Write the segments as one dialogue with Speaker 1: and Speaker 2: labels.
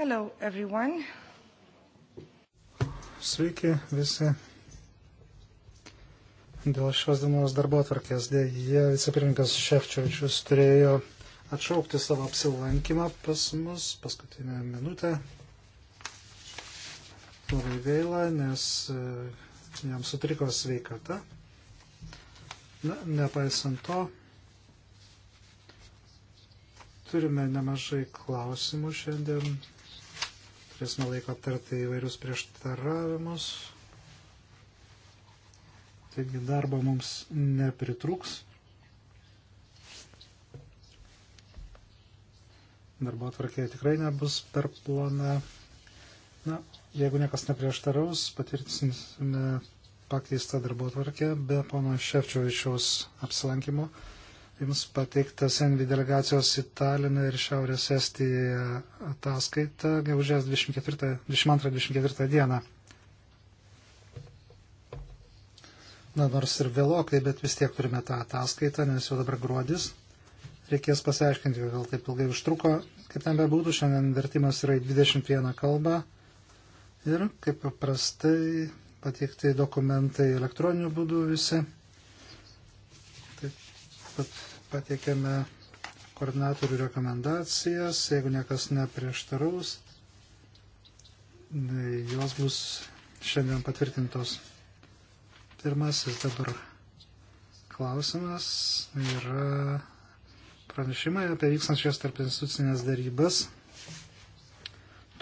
Speaker 1: Hello, everyone.
Speaker 2: Sveiki visi. Dėl šios dienos darbo atvarkės dėje vicepirmininkas Šefčiovičius turėjo atšaukti savo apsilankymą pas mus paskutinę minutę. Labai gaila, nes e, jam sutriko sveikata. Na, nepaisant to, turime nemažai klausimų šiandien turėsime laiko aptarti įvairius prieštaravimus. Taigi darbo mums nepritrūks. Darbo atvarkė tikrai nebus per plona. Na, jeigu niekas neprieštaraus, patvirtinsime pakeistą darbo atvarkę be pono Šefčiovičiaus apsilankimo. Jums pateiktas Envi delegacijos į Taliną ir Šiaurės Estiją ataskaita gegužės 22-24 dieną. Na, nors ir vėlokai, bet vis tiek turime tą ataskaitą, nes jau dabar gruodis. Reikės pasiaiškinti, gal taip ilgai užtruko. Kaip ten bebūtų, šiandien vertimas yra į 21 kalbą. Ir kaip paprastai pateikti dokumentai elektroniniu būdu visi. Taip pat pateikėme koordinatorių rekomendacijas, jeigu niekas neprieštaraus, tai jos bus šiandien patvirtintos. Pirmasis dabar klausimas yra pranešimai apie vykstančias tarp institucinės darybas.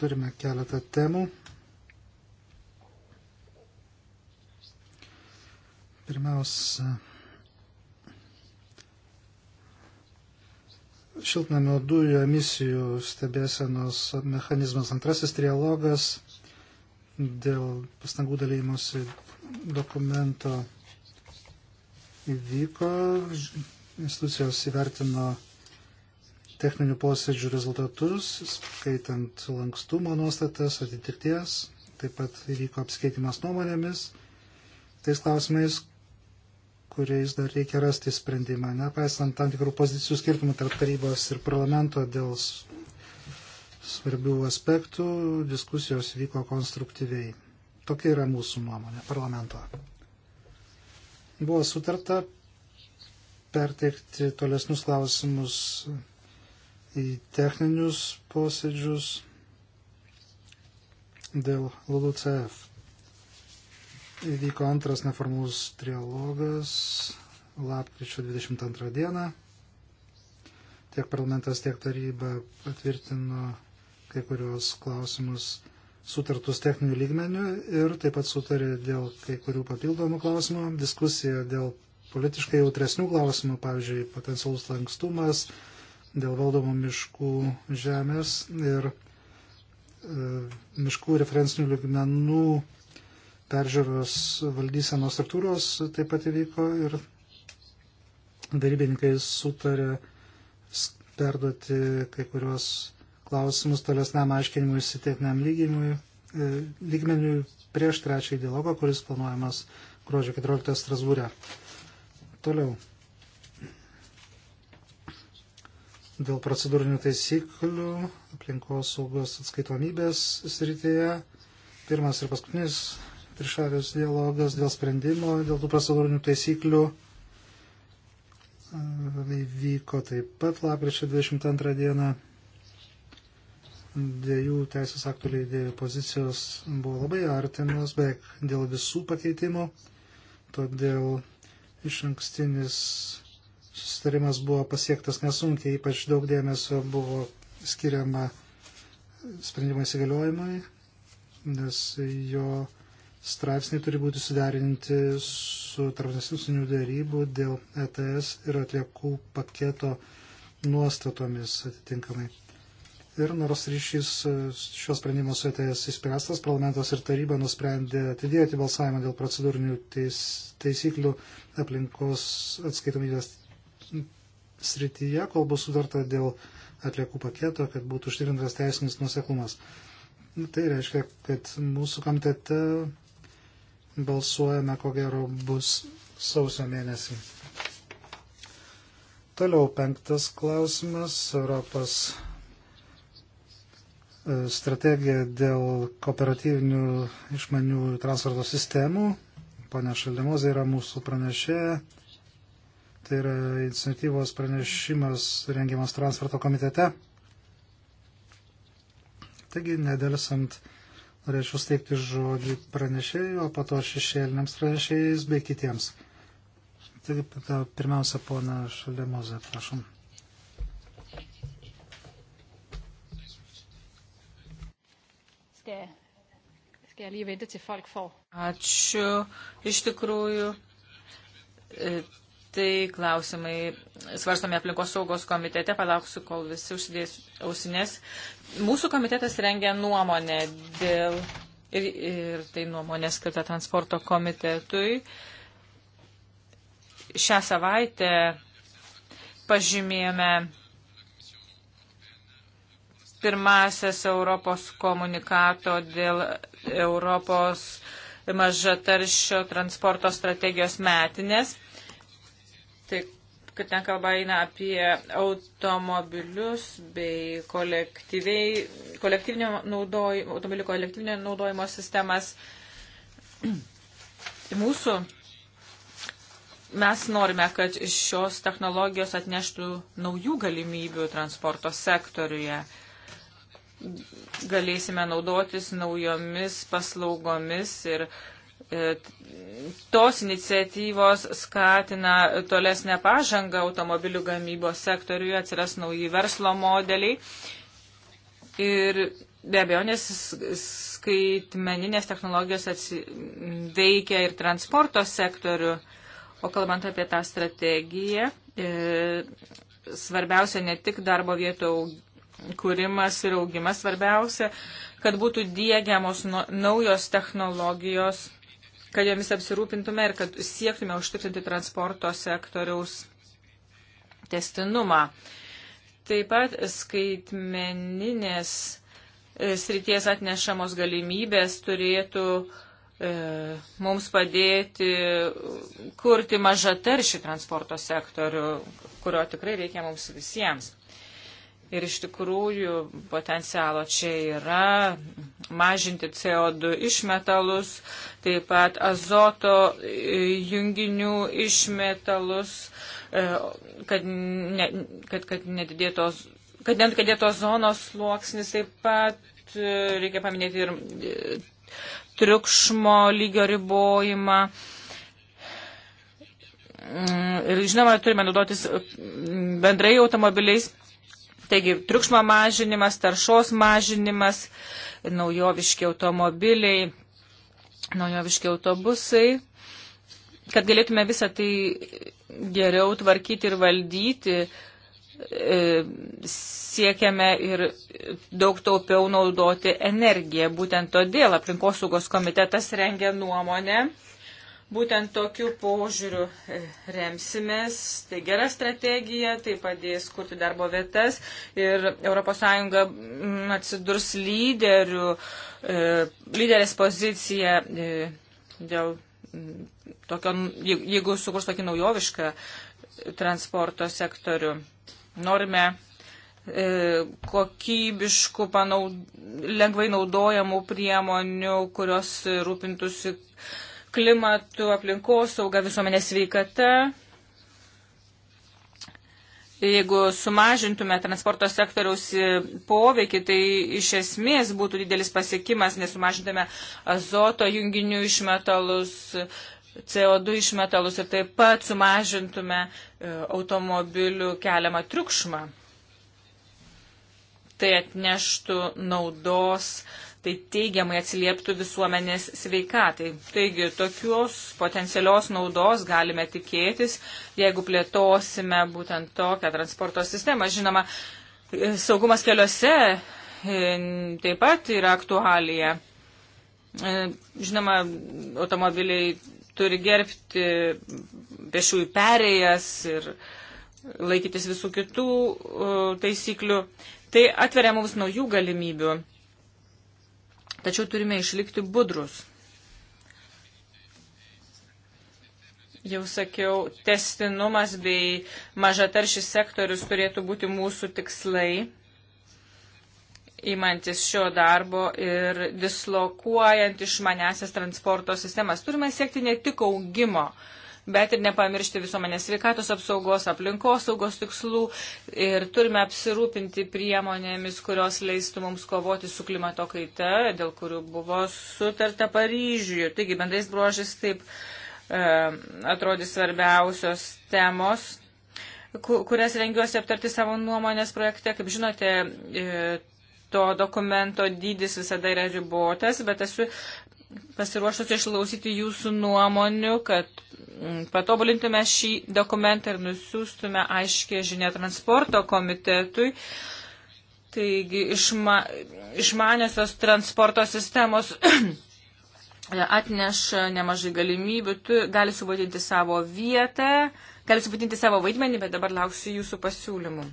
Speaker 2: Turime keletą temų. Pirmiausia, šiltnamio dujų emisijų stebėsenos mechanizmas. Antrasis trialogas dėl pastangų dalymosi dokumento įvyko. Institucijos įvertino techninių posėdžių rezultatus, skaitant lankstumo nuostatas, atitikties. Taip pat įvyko apskaitimas nuomonėmis tais klausimais, kuriais dar reikia rasti sprendimą, nepaisant tam tikrų pozicijų skirtumų tarp tarybos ir parlamento dėl svarbių aspektų, diskusijos vyko konstruktyviai. Tokia yra mūsų nuomonė parlamento. Buvo sutarta perteikti tolesnius klausimus į techninius posėdžius dėl LULUCF. Įvyko antras neformus trialogas lapkričio 22 dieną. Tiek parlamentas, tiek taryba patvirtino kai kurios klausimus sutartus techninių lygmenių ir taip pat sutarė dėl kai kurių papildomų klausimų. Diskusija dėl politiškai jautresnių klausimų, pavyzdžiui, potencialus lankstumas, dėl valdomų miškų žemės ir e, miškų referencinių lygmenų peržiūros valdysenos struktūros taip pat įvyko ir darybininkai sutarė perduoti kai kurios klausimus tolesniam aiškinimui įsitėtiniam e, lygmeniui prieš trečiąjį dialogą, kuris planuojamas gruodžio 14 Strasbūrė. Toliau. Dėl procedūrinių taisyklių aplinkos saugos atskaitomybės srityje pirmas ir paskutinis trišalius dialogas dėl sprendimo, dėl tų procedūrinių taisyklių tai vyko taip pat lapkričio 22 dieną. Dviejų teisės aktų leidėjų pozicijos buvo labai artimos, beveik dėl visų pakeitimų, todėl iš ankstinis sustarimas buvo pasiektas nesunkiai, ypač daug dėmesio buvo skiriama sprendimo įsigaliojimui, nes jo straipsniai turi būti suderinti su tarptautinių dėrybų dėl ETS ir atliekų paketo nuostatomis atitinkamai. Ir nors ryšys e, šios sprendimo su ETS įspręstas, parlamentas ir taryba nusprendė atidėti balsavimą dėl procedūrinių teis, taisyklių aplinkos atskaitomybės srityje, kol bus sudarta dėl atliekų paketo, kad būtų užtikrintas teisinis nuseklumas. Tai reiškia, kad mūsų komitete balsuojame, ko gero, bus sausio mėnesį. Toliau penktas klausimas. Europos e, strategija dėl kooperatyvinių išmanių transporto sistemų. Pane Šaldemozė yra mūsų pranešėja. Tai yra iniciatyvos pranešimas rengiamas transporto komitete. Taigi, nedėlisant, Norėčiau steigti žodį pranešėjų, o po to šešėliniams pranešėjais bei kitiems. Taigi, pirmiausia, pona Šaldemoze, prašom.
Speaker 3: Skal jeg lige vente til folk får? Ačiū. Iš tikrųjų, e, tai klausimai svarstomi aplinkos saugos komitete, palauksiu, kol visi užsidės ausinės. Mūsų komitetas rengia nuomonę dėl, ir, ir tai nuomonė skirta transporto komitetui. Šią savaitę pažymėjome pirmasias Europos komunikato dėl Europos mažataršio transporto strategijos metinės tai kad ten kalba eina apie automobilius bei kolektyvinio naudojimo, automobilių kolektyvinio naudojimo sistemas. Mūsų mes norime, kad šios technologijos atneštų naujų galimybių transporto sektoriuje. Galėsime naudotis naujomis paslaugomis ir uh, E, tos iniciatyvos skatina tolesnę pažangą automobilių gamybos sektoriuje, atsiras nauji verslo modeliai. Ir be abejo, nes skaitmeninės technologijos atsi... veikia ir transporto sektorių. O kalbant apie tą strategiją, e, svarbiausia ne tik darbo vietų kūrimas ir augimas, svarbiausia, kad būtų dėgiamos naujos technologijos kad jomis apsirūpintume ir kad siektume užtikrinti transporto sektoriaus testinumą. Taip pat skaitmeninės e, srities atnešamos galimybės turėtų e, mums padėti kurti mažataršį transporto sektorių, kurio tikrai reikia mums visiems. Ir iš tikrųjų potencialo čia yra mažinti CO2 išmetalus, taip pat azoto e, junginių išmetalus, e, kad, ne, kad, kad nedidėtos, kad net kadėtos zonos sluoksnis taip pat e, reikia paminėti ir triukšmo lygio ribojimą. Mm, ir žinoma, turime naudotis bendrai automobiliais Taigi, triukšmo mažinimas, taršos mažinimas, naujoviški automobiliai, naujoviški autobusai, kad galėtume visą tai geriau tvarkyti ir valdyti, e, siekiame ir daug taupiau naudoti energiją. Būtent todėl aplinkosaugos komitetas rengia nuomonę Būtent tokiu požiūriu e, remsimės. Tai gera strategija, tai padės kurti darbo vietas ir ES mm, atsidurs lyderių, e, lyderės poziciją e, dėl mm, tokio, jeigu sukurs tokį naujovišką transporto sektorių. Norime kokybiškų, panaud, lengvai naudojamų priemonių, kurios rūpintųsi klimatu, aplinkos sauga, visuomenės sveikata. Jeigu sumažintume transporto sektoriaus poveikį, tai iš esmės būtų didelis pasiekimas, nes sumažintume azoto junginių išmetalus, CO2 išmetalus ir taip pat sumažintume e, automobilių keliamą triukšmą. Tai atneštų naudos uh, tai teigiamai atsilieptų visuomenės sveikatai. Taigi, tokios potencialios naudos galime tikėtis, jeigu plėtosime būtent tokią transporto sistemą. Žinoma, saugumas keliuose e, taip pat yra aktualija. E, žinoma, automobiliai turi gerbti pešiųjų perėjas ir laikytis visų kitų e, taisyklių. Tai atveria mums naujų galimybių Tačiau turime išlikti budrus. Jau sakiau, testinumas bei mažataršis sektorius turėtų būti mūsų tikslai įmantis šio darbo ir dislokuojant išmanesias transporto sistemas. Turime siekti ne tik augimo, uh, bet ir nepamiršti visuomenės sveikatos apsaugos, aplinkos saugos tikslų ir turime apsirūpinti priemonėmis, kurios leistų mums kovoti su klimato kaita, dėl kurių buvo sutarta Paryžiuje. Taigi bendrais bruožais taip e, atrodys svarbiausios temos kurias rengiuosi aptarti savo nuomonės projekte. Kaip žinote, e, to dokumento dydis visada yra ribotas, bet esu pasiruošusi išklausyti jūsų nuomonių, kad mm, patobulintume šį dokumentą ir nusiųstume aiškiai žinia transporto komitetui. Taigi išma, išmaniosios transporto sistemos atneša nemažai galimybių, tu gali suvadinti savo vietą, gali suvadinti savo vaidmenį, bet dabar lauksiu jūsų pasiūlymų.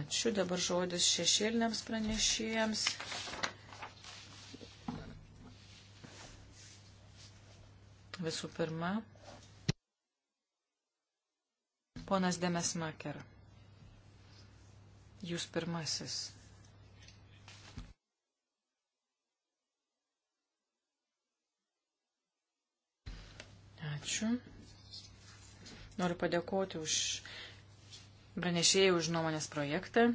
Speaker 3: Ačiū, dabar žodis šešėliniams pranešėjams. Visų pirma, ponas Demesmaker, jūs pirmasis. Ačiū. Noriu padėkoti už pranešėjai už nuomonės projektą.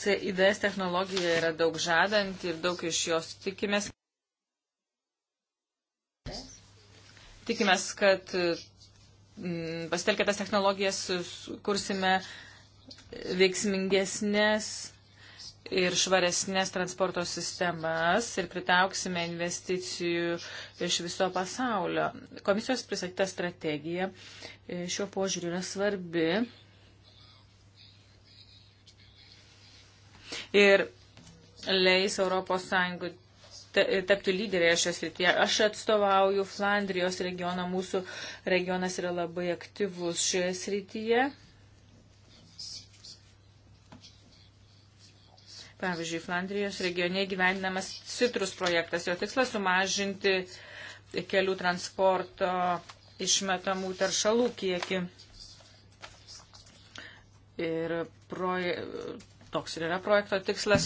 Speaker 3: CIDS technologija yra daug žadanti ir daug iš jos tikimės. Tikimės, kad mm, pasitelkę tas technologijas kursime veiksmingesnės ir švaresnės transporto sistemas ir pritauksime investicijų iš viso pasaulio. Komisijos prisakyta strategija e, šiuo požiūriu yra svarbi ir leis ES tapti lyderėje šios rytyje. Aš atstovauju Flandrijos regioną, mūsų regionas yra labai aktyvus šioje srityje. Pavyzdžiui, Flandrijos regione gyvendinamas citrus projektas. Jo tikslas sumažinti kelių transporto išmetamų teršalų kiekį. Ir proje, Toks ir yra projekto tikslas.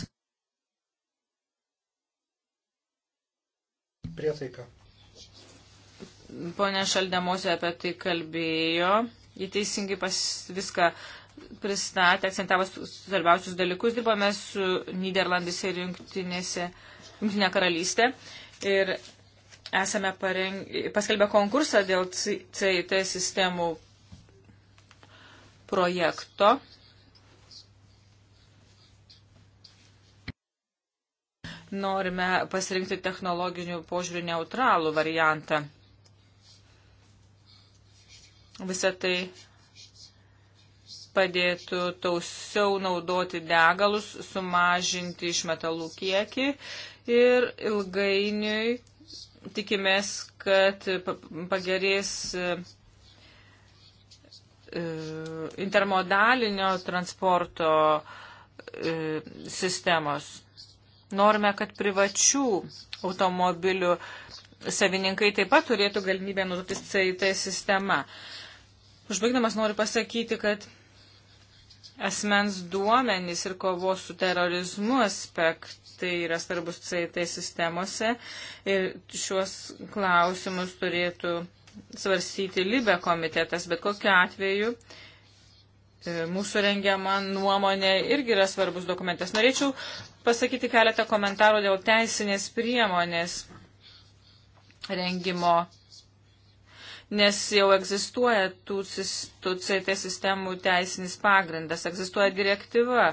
Speaker 3: Prietaika. Pone Šaldemose apie tai kalbėjo. Jie teisingai pas viską pristatė, akcentavo svarbiausius dalykus. Dirbame su Niderlandais ir Junktinėse, Junktinė karalystė. Ir esame pareng... paskelbę konkursą dėl CIT sistemų projekto. norime pasirinkti technologinių požiūrių neutralų variantą. Visą tai padėtų tausiau naudoti degalus, sumažinti išmetalų kiekį ir ilgainiui tikimės, kad pagerės e, intermodalinio transporto e, sistemos. Norime, kad privačių automobilių savininkai taip pat turėtų galimybę naudotis CIT sistema. Užbaigdamas noriu pasakyti, kad asmens duomenys ir kovos su terorizmu aspektai yra svarbus CIT sistemose ir šiuos klausimus turėtų svarstyti Libe komitetas, bet kokiu atveju uh, E, mūsų rengiama nuomonė irgi yra svarbus dokumentas. Norėčiau pasakyti keletą komentarų dėl teisinės priemonės rengimo, nes jau egzistuoja tų, tų CT sistemų teisinis pagrindas, egzistuoja direktyva.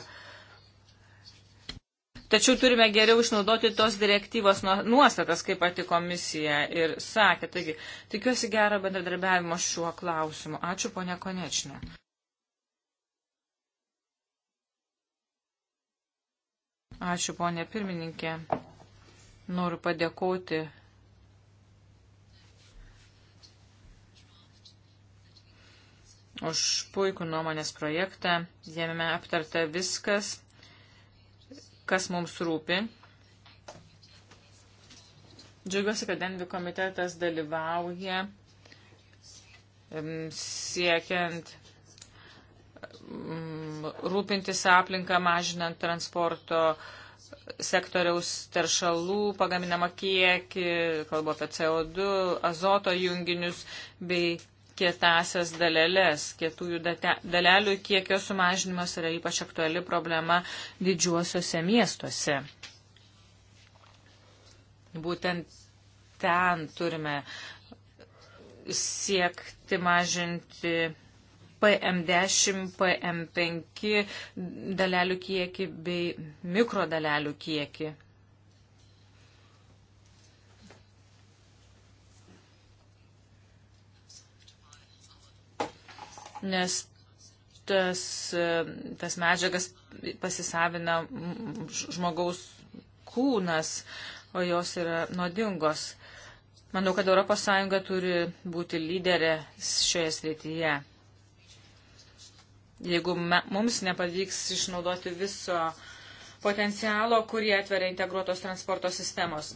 Speaker 3: Tačiau turime geriau išnaudoti tos direktyvos nuostatas, kaip pati komisija ir sakė. Taigi, tikiuosi gerą bendradarbiavimo šiuo klausimu. Ačiū, ponia Konečinė. Ačiū, ponė pirmininkė. Noriu padėkoti už puikų nuomonės projektą. Jame aptarta viskas, kas mums rūpi. Džiaugiuosi, kad Envi komitetas dalyvauja siekiant Mm, rūpintis aplinką, mažinant transporto sektoriaus teršalų pagaminamą kiekį, kalbu apie CO2, azoto junginius bei kietasias dalelės. Kietųjų dalelių kiekio sumažinimas yra ypač aktuali problema didžiuosiuose miestuose. Būtent ten turime siekti mažinti PM10, PM5 dalelių kiekį bei mikrodalelių kiekį. Nes tas, tas medžiagas pasisavina žmogaus kūnas, o jos yra nuodingos. Manau, kad ES turi būti lyderė šioje srityje jeigu me, mums nepavyks išnaudoti viso potencialo, kurį atveria integruotos transporto sistemos.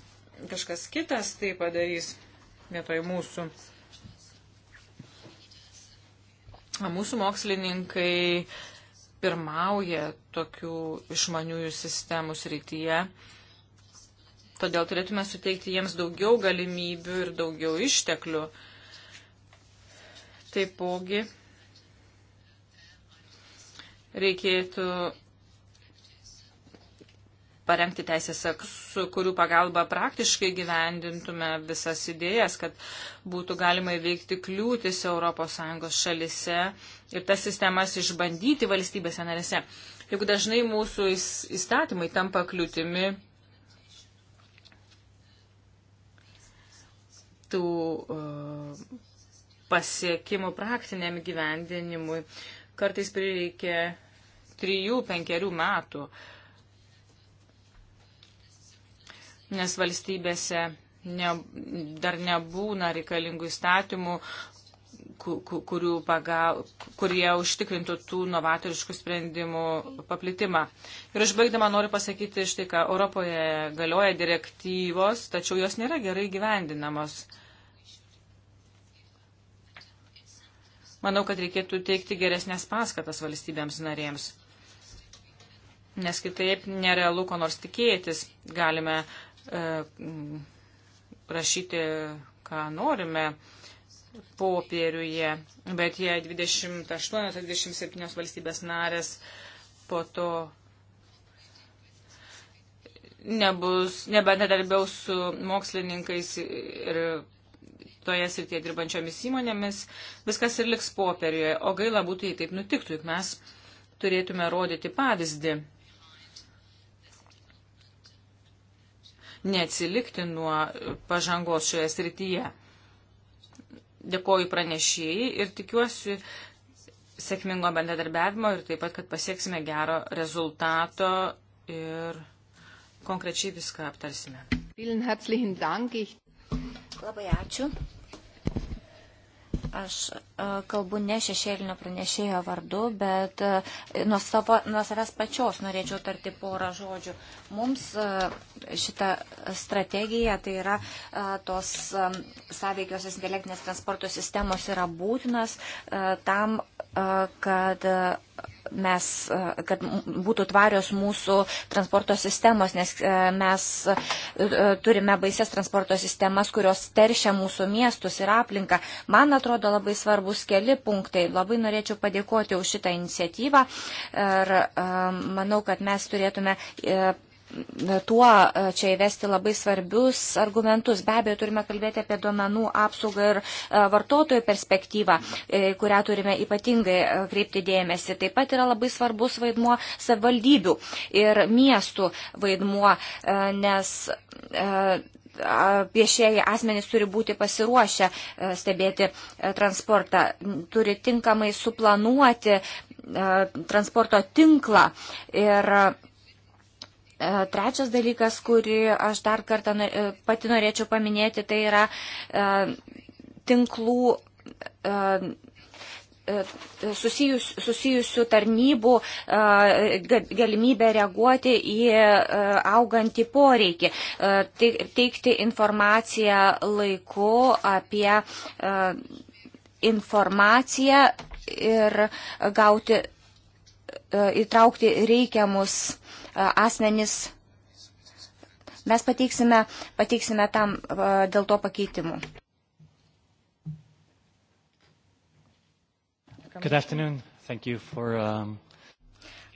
Speaker 3: Kažkas kitas tai padarys vietoj mūsų. Mūsų mokslininkai pirmauja tokių išmaniųjų sistemų srityje. Todėl turėtume suteikti jiems daugiau galimybių ir daugiau išteklių. Taipogi reikėtų parengti teisės aktus, kurių pagalba praktiškai gyvendintume visas idėjas, kad būtų galima įveikti kliūtis ES šalise ir tas sistemas išbandyti valstybėse narėse. Juk dažnai mūsų įstatymai tampa kliūtimi tų uh, pasiekimų praktiniam gyvendinimui. Kartais prireikia 3-5 metų, nes valstybėse ne, dar nebūna reikalingų įstatymų, kurių pagal, kurie užtikrintų tų novatoriškų sprendimų paplitimą. Ir užbaigdama noriu pasakyti štai, ką Europoje galioja direktyvos, tačiau jos nėra gerai gyvendinamos. Manau, kad reikėtų teikti geresnės paskatas valstybėms narėms nes kitaip nerealu, ko nors tikėtis. Galime e, rašyti, ką norime popieriuje, bet jei 28-27 valstybės narės po to nebus, nebendradarbiaus su mokslininkais ir toje srityje dirbančiomis įmonėmis, viskas ir liks popieriuje. O gaila būtų, jei taip nutiktų, juk mes turėtume rodyti pavyzdį neatsilikti nuo pažangos šioje srityje. Dėkoju pranešėjai ir tikiuosi sėkmingo bendradarbiavimo ir taip pat, kad pasieksime gero rezultato ir konkrečiai viską aptarsime. Labai
Speaker 1: ačiū. Aš e, kalbu ne šešėlinio pranešėjo vardu, bet e, nuo, savo, nuo savęs pačios norėčiau tarti porą žodžių. Mums e, šita strategija, tai yra tos sąveikios intelektinės transporto sistemos yra būtinas tam, kad mes, kad būtų tvarios mūsų transporto sistemos, nes mes turime baises transporto sistemas, kurios teršia mūsų miestus ir aplinką. Man atrodo labai svarbus keli punktai. Labai norėčiau padėkoti už šitą iniciatyvą ir manau, kad mes turėtume e, tuo e, čia įvesti labai svarbius argumentus. Be abejo, turime kalbėti apie duomenų apsaugą ir e, vartotojų perspektyvą, e, kurią turime ypatingai kreipti dėmesį. Taip pat yra labai svarbus vaidmuo savivaldybių ir miestų vaidmuo, nes viešieji asmenys turi būti pasiruošę stebėti transportą, turi tinkamai suplanuoti transporto tinklą ir E, trečias dalykas, kurį aš dar kartą e, pati norėčiau paminėti, tai yra e, tinklų susijus, susijusių tarnybų galimybę reaguoti į augantį poreikį, tai teikti informaciją laiku apie informaciją ir gauti, įtraukti reikiamus asmenys. Mes pateiksime, pateiksime tam dėl to pakeitimų. Good afternoon. Thank you for. Um...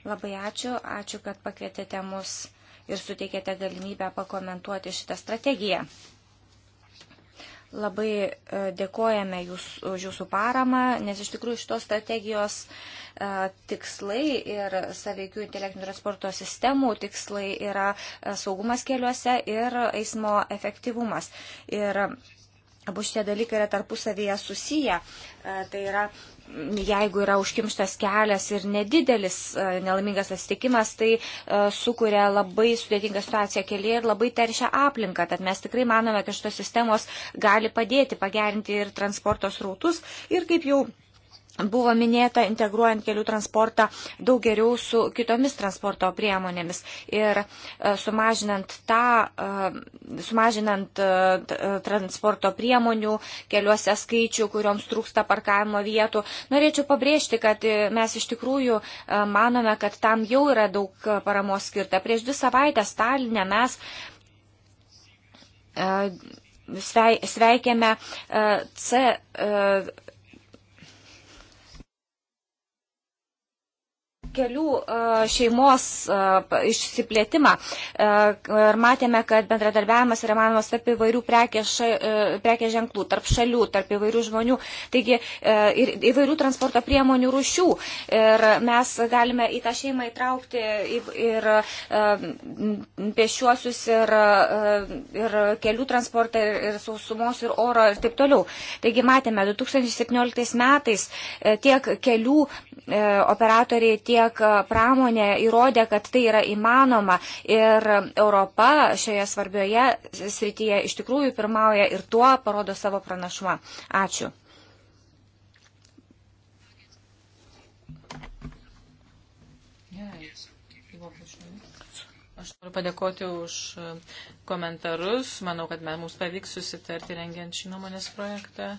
Speaker 1: Labai ačiū, ačiū, kad pakvietėte mus ir suteikėte galimybę pakomentuoti šitą strategiją. Labai e, dėkojame jūs, už jūsų paramą, nes iš tikrųjų šitos strategijos e, tikslai ir saveikių intelektinių transporto sistemų tikslai yra e, saugumas keliuose ir eismo efektyvumas. Ir abu šitie dalykai yra tarpusavyje susiję. Tai yra jeigu yra užkimštas kelias ir nedidelis e, nelaimingas atsitikimas, tai e, sukuria labai sudėtingą situaciją kelyje ir labai teršia aplinką. Tad mes tikrai manome, kad šitos sistemos gali padėti pagerinti ir transporto srautus ir kaip jau buvo minėta integruojant kelių transportą daug geriau su kitomis transporto priemonėmis ir e, sumažinant tą, e, sumažinant e, transporto priemonių keliuose skaičių, kurioms trūksta parkavimo vietų. Norėčiau pabrėžti, kad mes iš tikrųjų manome, kad tam jau yra daug paramos skirta. Prieš dvi savaitės Stalinę mes sveikėme C kelių e, šeimos e, išsiplėtimą. E, ir matėme, kad bendradarbiavimas yra manomas tarp įvairių prekės, prekės ženklų, tarp šalių, tarp įvairių žmonių, taigi ir įvairių transporto priemonių rušių. Ir mes galime į tą šeimą įtraukti ir pešiuosius, ir, ir kelių transportą, ir, ir sausumos, ir oro, ir taip toliau. Taigi matėme, 2017 metais tiek kelių operatoriai, tiek tiek pramonė įrodė, kad tai yra įmanoma ir Europa šioje svarbioje srityje iš tikrųjų pirmauja ir tuo parodo savo pranašumą. Ačiū.
Speaker 3: Aš noriu padėkoti už komentarus. Manau, kad mums pavyks susitarti rengiant šį nuomonės projektą.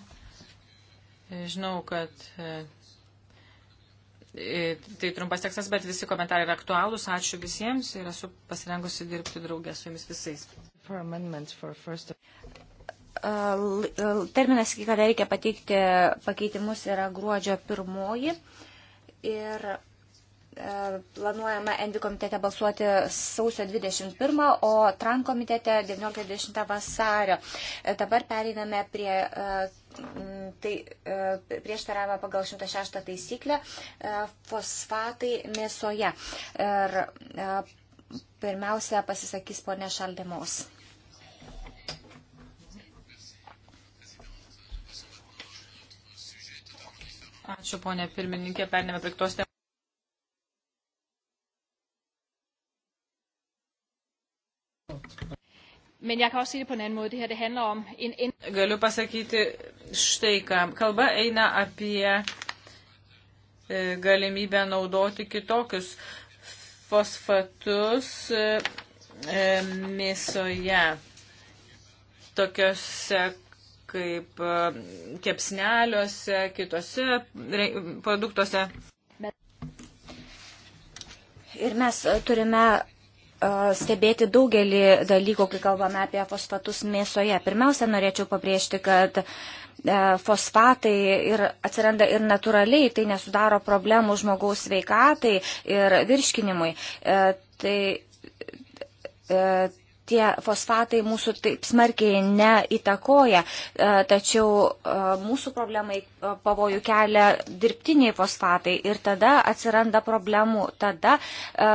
Speaker 3: Žinau, kad e, E, tai trumpas tekstas, bet visi komentarai yra aktualūs. Ačiū visiems ir esu pasirengusi dirbti draugę su jumis visais.
Speaker 1: Terminas, iki kada reikia pateikti pakeitimus, yra gruodžio pirmoji. Ir E, planuojama Envi komitete balsuoti sausio 21, o Tran komitete 19-20 vasario. E, dabar pereiname prie e, tai, prieštaravimą pagal 106 taisyklę fosfatai mėsoje. Ir pirmiausia pasisakys ponė Šaldemos.
Speaker 3: Ačiū, ponė pirmininkė, pernėme prie tos temos. Men jeg kan også sige det på en anden måde. Det her det handler om en... en Galiu pasakyti štai ką. Kalba eina apie e, galimybę naudoti kitokius fosfatus e, mėsoje. Tokiose kaip e, kepsneliuose, kitose produktuose.
Speaker 1: Ir mes turime stebėti daugelį dalykų, kai kalbame apie fosfatus mėsoje. Pirmiausia, norėčiau pabrėžti, kad e, fosfatai ir atsiranda ir natūraliai, tai nesudaro problemų žmogaus sveikatai ir virškinimui. E, tai, e, tie fosfatai mūsų taip smarkiai neįtakoja, e, tačiau e, mūsų problemai e, pavojų kelia dirbtiniai fosfatai ir tada atsiranda problemų tada,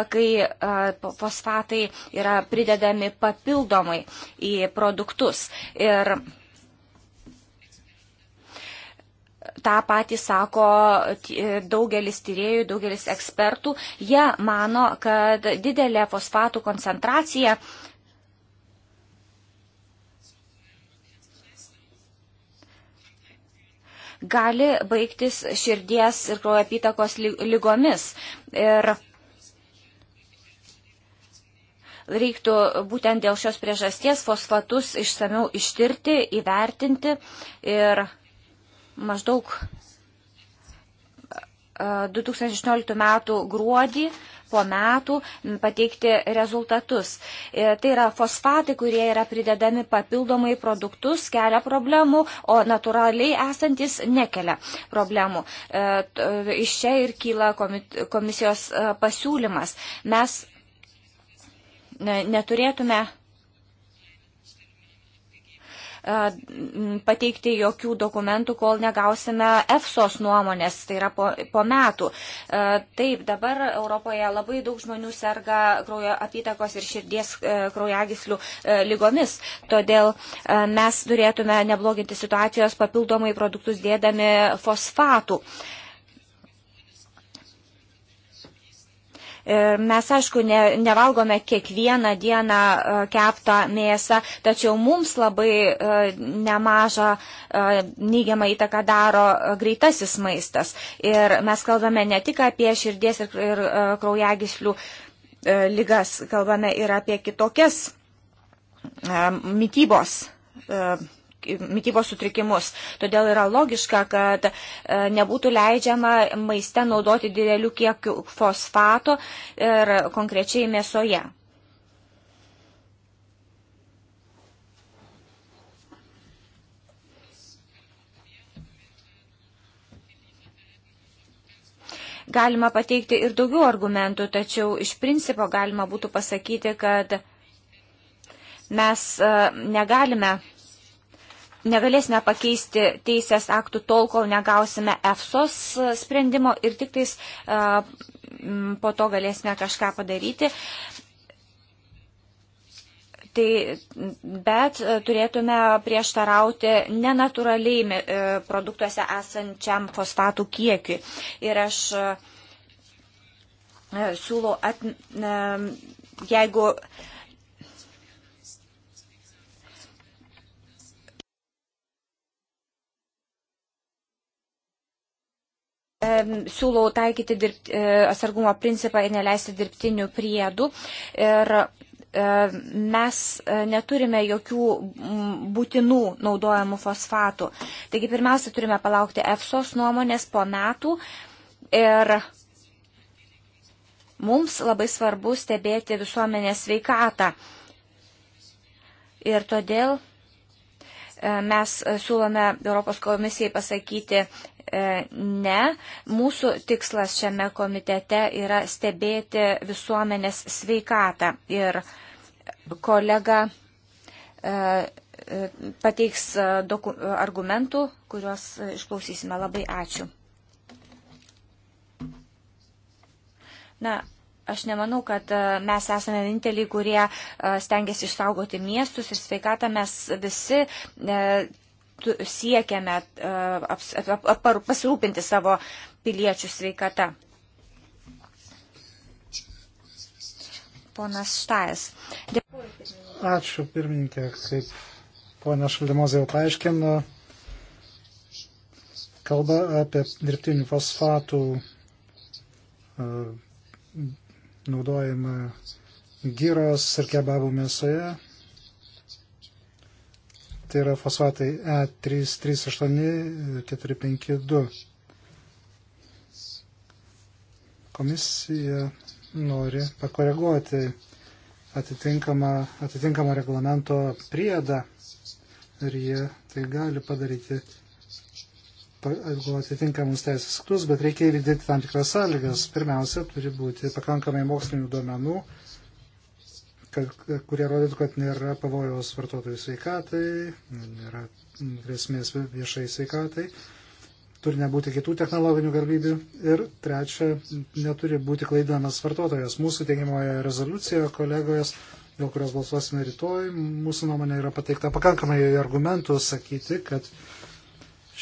Speaker 1: kai fosfatai yra pridedami papildomai į produktus. Ir tą patį sako daugelis tyriejų, daugelis ekspertų. Jie mano, kad didelė fosfatų koncentracija uh, gali baigtis širdies ir kraujo apytakos lygomis. Ir reiktų būtent dėl šios priežasties fosfatus išsameu ištirti, įvertinti ir maždaug 2016 m. gruodį po metų pateikti rezultatus. E, tai yra fosfatai, kurie yra pridedami papildomai produktus, kelia problemų, o natūraliai esantis nekelia problemų. E, e, iš čia ir kyla komisijos pasiūlymas. Mes neturėtume pateikti jokių dokumentų, kol negausime EFSOS nuomonės, tai yra po, po metų. Taip, dabar Europoje labai daug žmonių serga kraujo apytakos ir širdies kraujagislių lygomis, todėl mes turėtume nebloginti situacijos papildomai produktus dėdami fosfatų. Uh, Mes, aišku, ne, nevalgome kiekvieną dieną e, keptą mėsą, tačiau mums labai e, nemažą e, neigiamą įtaką daro greitasis maistas. Ir mes kalbame ne tik apie širdies ir, ir kraujagislių lygas, kalbame ir apie kitokias mytybos mytybos sutrikimus. Todėl yra logiška, kad e, nebūtų leidžiama maiste naudoti didelių kiekių fosfato ir konkrečiai mėsoje. Galima pateikti ir daugiau argumentų, tačiau iš principo galima būtų pasakyti, kad mes e, negalime negalėsime pakeisti teisės aktų tol, kol negausime EFSOS e, sprendimo ir tik tais e, po to galėsime kažką padaryti. Tai, bet e, turėtume prieštarauti nenatūraliai produktuose esančiam fosfatų kiekiui. Ir aš siūlau, at, jeigu siūlau taikyti dirbt, e, atsargumo principą ir neleisti dirbtinių priedų. Ir e, mes e, neturime jokių būtinų naudojamų fosfatų. Taigi pirmiausia, turime palaukti EFSOS nuomonės po metų ir mums labai svarbu stebėti visuomenės veikatą. Ir todėl mes siūlome Europos komisijai pasakyti E, ne. Mūsų tikslas šiame komitete yra stebėti visuomenės sveikatą. Ir kolega e, e, pateiks argumentų, kuriuos išklausysime. Labai ačiū. Na, aš nemanau, kad mes esame vieninteliai, kurie stengiasi išsaugoti miestus ir sveikatą. Mes visi siekiame e, pasirūpinti savo piliečių sveikata. Ponas Štajas.
Speaker 2: Ačiū pirmininkė, kaip ponia Šaldimozė jau paaiškino, kalba apie dirbtinių fosfatų e, naudojimą gyros ir kebabų mėsoje tai yra fosfatai E338 ir 452. Komisija nori pakoreguoti atitinkamą, atitinkamą reglamento priedą ir jie tai gali padaryti atitinkamus teisės aktus, bet reikia įvykdyti tam tikras sąlygas. Pirmiausia, turi būti pakankamai mokslinių duomenų kad, kurie rodytų, kad nėra pavojaus vartotojų sveikatai, nėra grėsmės viešai sveikatai, turi nebūti kitų technologinių galimybių ir trečia, neturi būti klaidinamas vartotojas. Mūsų teigiamoje rezoliucijoje kolegojas, dėl kurios balsuosime rytoj, mūsų nuomonė yra pateikta pakankamai argumentų sakyti, kad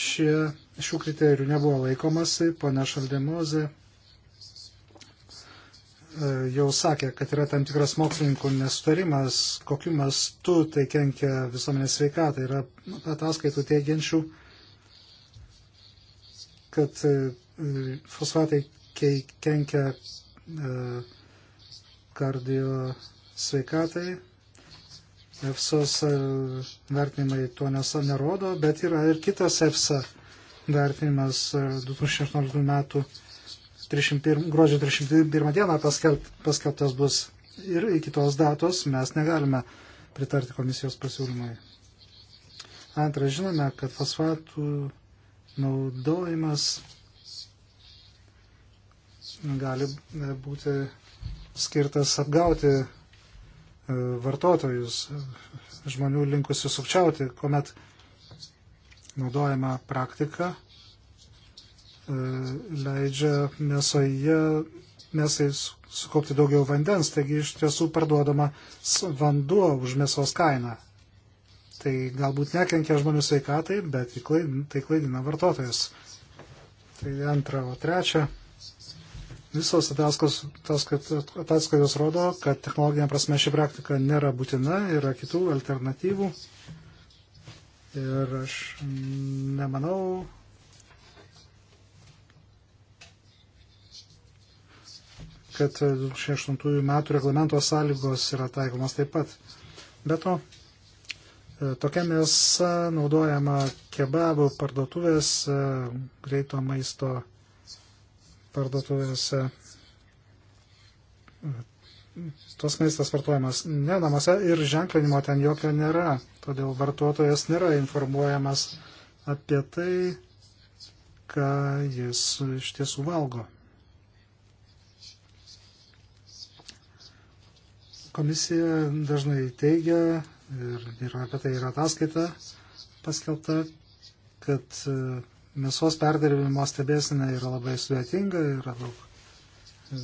Speaker 2: šie, šių kriterijų nebuvo laikomasi, ponia Šaldemozė E, jau sakė, kad yra tam tikras mokslininkų nesutarimas, kokiu mastu tai kenkia visuomenės sveikatai. Yra ataskaitų teigiančių, kad e, fosfatai kenkia e, kardio sveikatai. EFSOS vertinimai to nerodo, bet yra ir kitas EFSA vertinimas 2016 metų 31, gruodžio 31 dieną paskelb, paskelbtas bus ir iki tos datos mes negalime pritarti komisijos pasiūlymai. Antra, žinome, kad fosfatų naudojimas gali e, būti skirtas apgauti e, vartotojus, žmonių linkusių sukčiauti, kuomet naudojama praktika E, leidžia mėsoje, mėsai sukaupti daugiau vandens, taigi iš tiesų parduodama vanduo už mėsos kainą. Tai galbūt nekenkia žmonių sveikatai, bet tai klaidina vartotojas. Tai antra, o trečia. Visos ataskaitos rodo, kad technologinė prasme ši praktika nėra būtina, yra kitų alternatyvų. Ir aš nemanau, kad 2008 metų reglamento sąlygos yra taikomas taip pat. Be to, e, tokia mėsa naudojama kebabų parduotuvės, e, greito maisto parduotuvėse. Tos maistas vartojamas ne namuose ir ženklinimo ten jokio nėra, todėl vartotojas nėra informuojamas apie tai, ką jis iš tiesų valgo. Komisija dažnai teigia, ir, ir apie tai yra ataskaita paskelbta, kad e, mėsos perdirbimo stebėsina yra labai sudėtinga, yra daug e,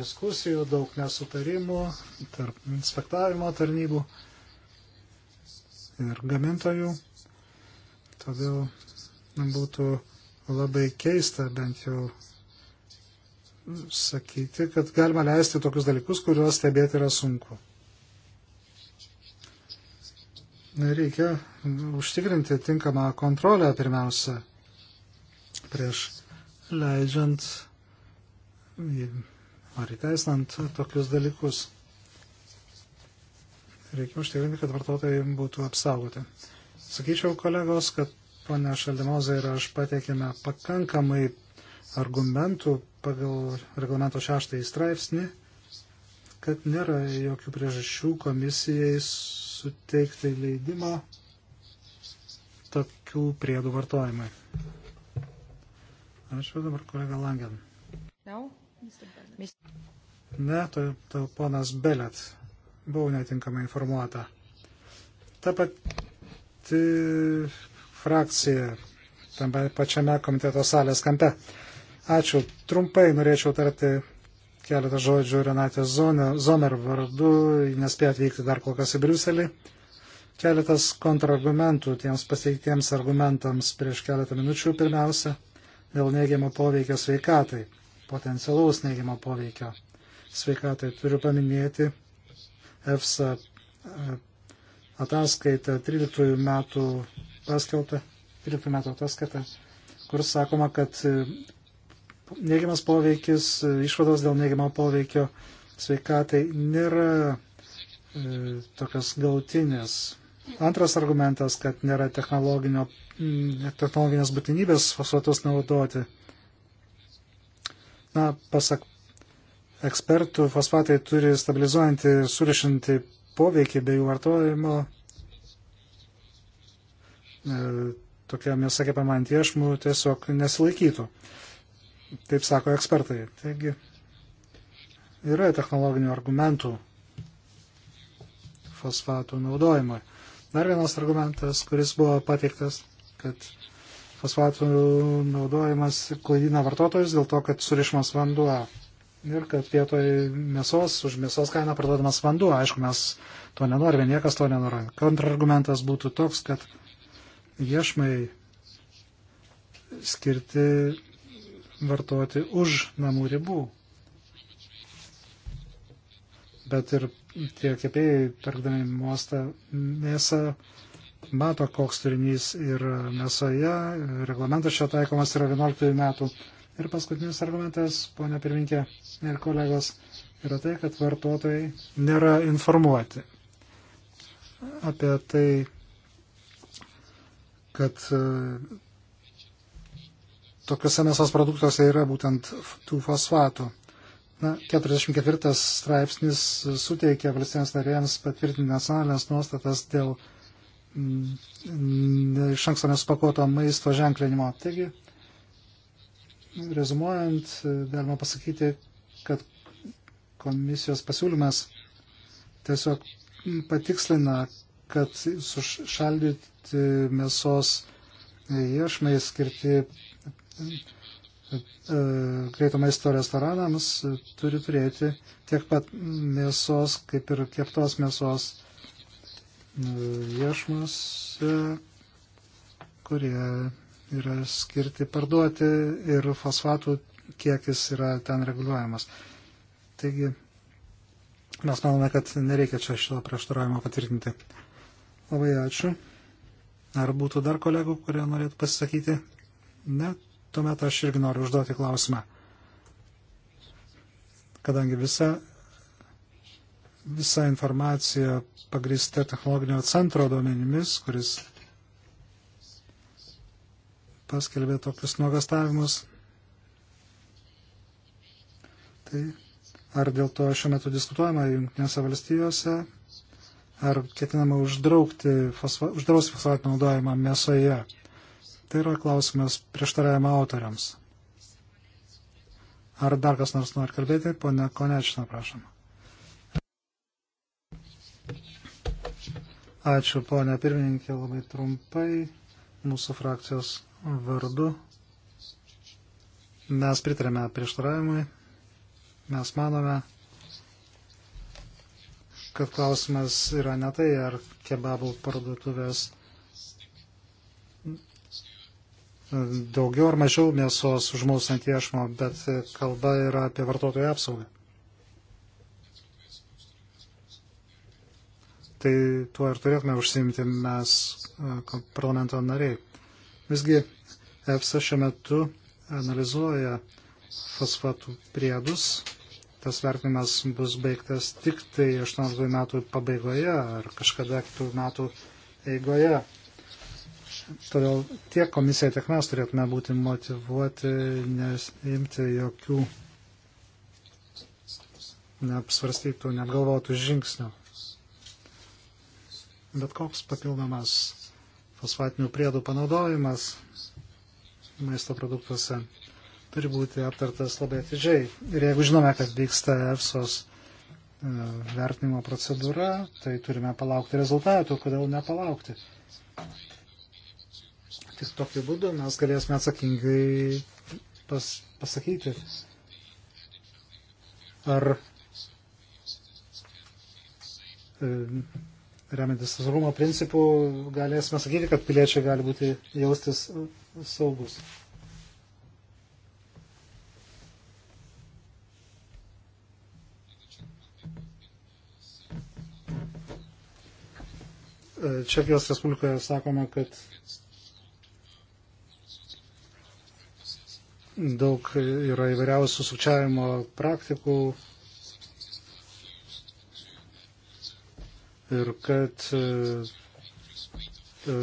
Speaker 2: diskusijų, daug nesutarimų tarp inspektavimo tarnybų ir gamintojų. Todėl būtų labai keista bent jau sakyti, kad galima leisti tokius dalykus, kuriuos stebėti yra sunku. Reikia užtikrinti tinkamą kontrolę pirmiausia prieš leidžiant ar įteisinant tokius dalykus. Reikia užtikrinti, kad vartotojai būtų apsaugoti. Sakyčiau, kolegos, kad ponia Šaldimozė ir aš pateikėme pakankamai argumentų pagal reglamento šeštąjį straipsnį, kad nėra jokių priežasčių komisijai suteikti leidimą tokių priedų vartojimai. Ačiū dabar kolega Langen. Ne, tai, tai ponas Belet. Buvau netinkamai informuota. Ta pati frakcija tam pačiame komiteto salės kampe. Ačiū. Trumpai norėčiau tarti keletą žodžių Renatė Zomer vardu, nespėjo atvykti dar kol kas į Briuselį. Keletas kontrargumentų tiems pasteiktiems argumentams prieš keletą minučių pirmiausia dėl neigiamo poveikio sveikatai, potencialaus neigiamo poveikio sveikatai. Turiu paminėti EFSA e, ataskaitą 13 metų paskelbtą, 13 metų ataskaitą, kur sakoma, kad e, neigiamas poveikis, išvados dėl neigiamo poveikio sveikatai nėra e, tokios gautinės. Antras argumentas, kad nėra technologinės būtinybės fosfatus naudoti. Na, pasak ekspertų, fosfatai turi stabilizuojantį ir surišantį poveikį bei jų vartojimo. E, tokia mėsa kepama ant iešmų tiesiog nesilaikytų. E, Taip sako ekspertai. Taigi yra technologinių argumentų fosfatų naudojimui. Dar vienas argumentas, kuris buvo pateiktas, kad fosfatų naudojimas klaidina vartotojus dėl to, kad surišmas vanduo. Ir kad vietoj mėsos už mėsos kainą parduodamas vanduo. Aišku, mes to nenorime, niekas to nenori. Kontrargumentas būtų toks, kad iešmai skirti vartoti už namų ribų. Bet ir tie kepėjai, perkdami mostą mėsą, mato, koks turinys yra mėsoje. Reglamentas šio taikomas yra 11 metų. Ir paskutinis argumentas, ponia pirminkė ir kolegos, yra tai, kad vartotojai nėra informuoti apie tai, kad tokiuose mėsos produktuose yra būtent tų fosfatų. Na, 44 straipsnis suteikia valstybėms narėms patvirtinti nacionalinės nuostatas dėl mm, iš anksto nesupakuoto maisto ženklinimo. Taigi, rezumuojant, galima pasakyti, kad komisijos pasiūlymas tiesiog patikslina, kad sušaldyti mėsos iešmai skirti greito maisto restoranams turi turėti tiek pat mėsos, kaip ir keptos mėsos iešmus, kurie yra skirti parduoti ir fosfatų kiekis yra ten reguliuojamas. Taigi mes manome, kad nereikia čia šito prieštaravimo patvirtinti. Labai ačiū. Ar būtų dar kolegų, kurie norėtų pasisakyti? Ne, tuomet aš irgi noriu užduoti klausimą. Kadangi visa, visa informacija pagrįsta technologinio centro duomenimis, kuris paskelbė tokius nuogastavimus, tai ar dėl to šiuo metu diskutuojama Junktinėse valstijose, ar ketinama uždrausti fosfato naudojimą mėsoje. Tai yra klausimas prieštaravimo autoriams. Ar dar kas nors nori kalbėti? Pone Konečino, prašom. Ačiū, ponė pirmininkė, labai trumpai mūsų frakcijos vardu. Mes pritarėme prieštaravimui. Mes manome, kad klausimas yra ne tai, ar kebabų parduotuvės daugiau ar mažiau mėsos užmaus ant iešmo, bet kalba yra apie vartotojų apsaugą. Tai tuo ir turėtume užsimti mes e, parlamento nariai. Visgi EFSA šiuo metu analizuoja fosfatų priedus. Tas vertinimas bus baigtas tik tai 18 metų pabaigoje ar kažkada kitų metų eigoje. Todėl tiek komisija, tiek mes turėtume būti motivuoti, nesimti jokių neapsvarstytų, neapgalvotų žingsnių. Bet koks papildomas fosfatinių priedų panaudojimas maisto produktuose turi būti aptartas labai atidžiai. Ir jeigu žinome, kad vyksta EFSOS e, vertinimo procedūra, tai turime palaukti rezultatų, kodėl nepalaukti tik tokiu būdu mes galėsime atsakingai pas, pasakyti, ar e, remiantis saugumo principų galėsime sakyti, kad piliečiai gali būti jaustis saugus. E, Čekijos Respublikoje sakoma, kad daug yra įvairiausių sukčiavimo praktikų ir kad e, e,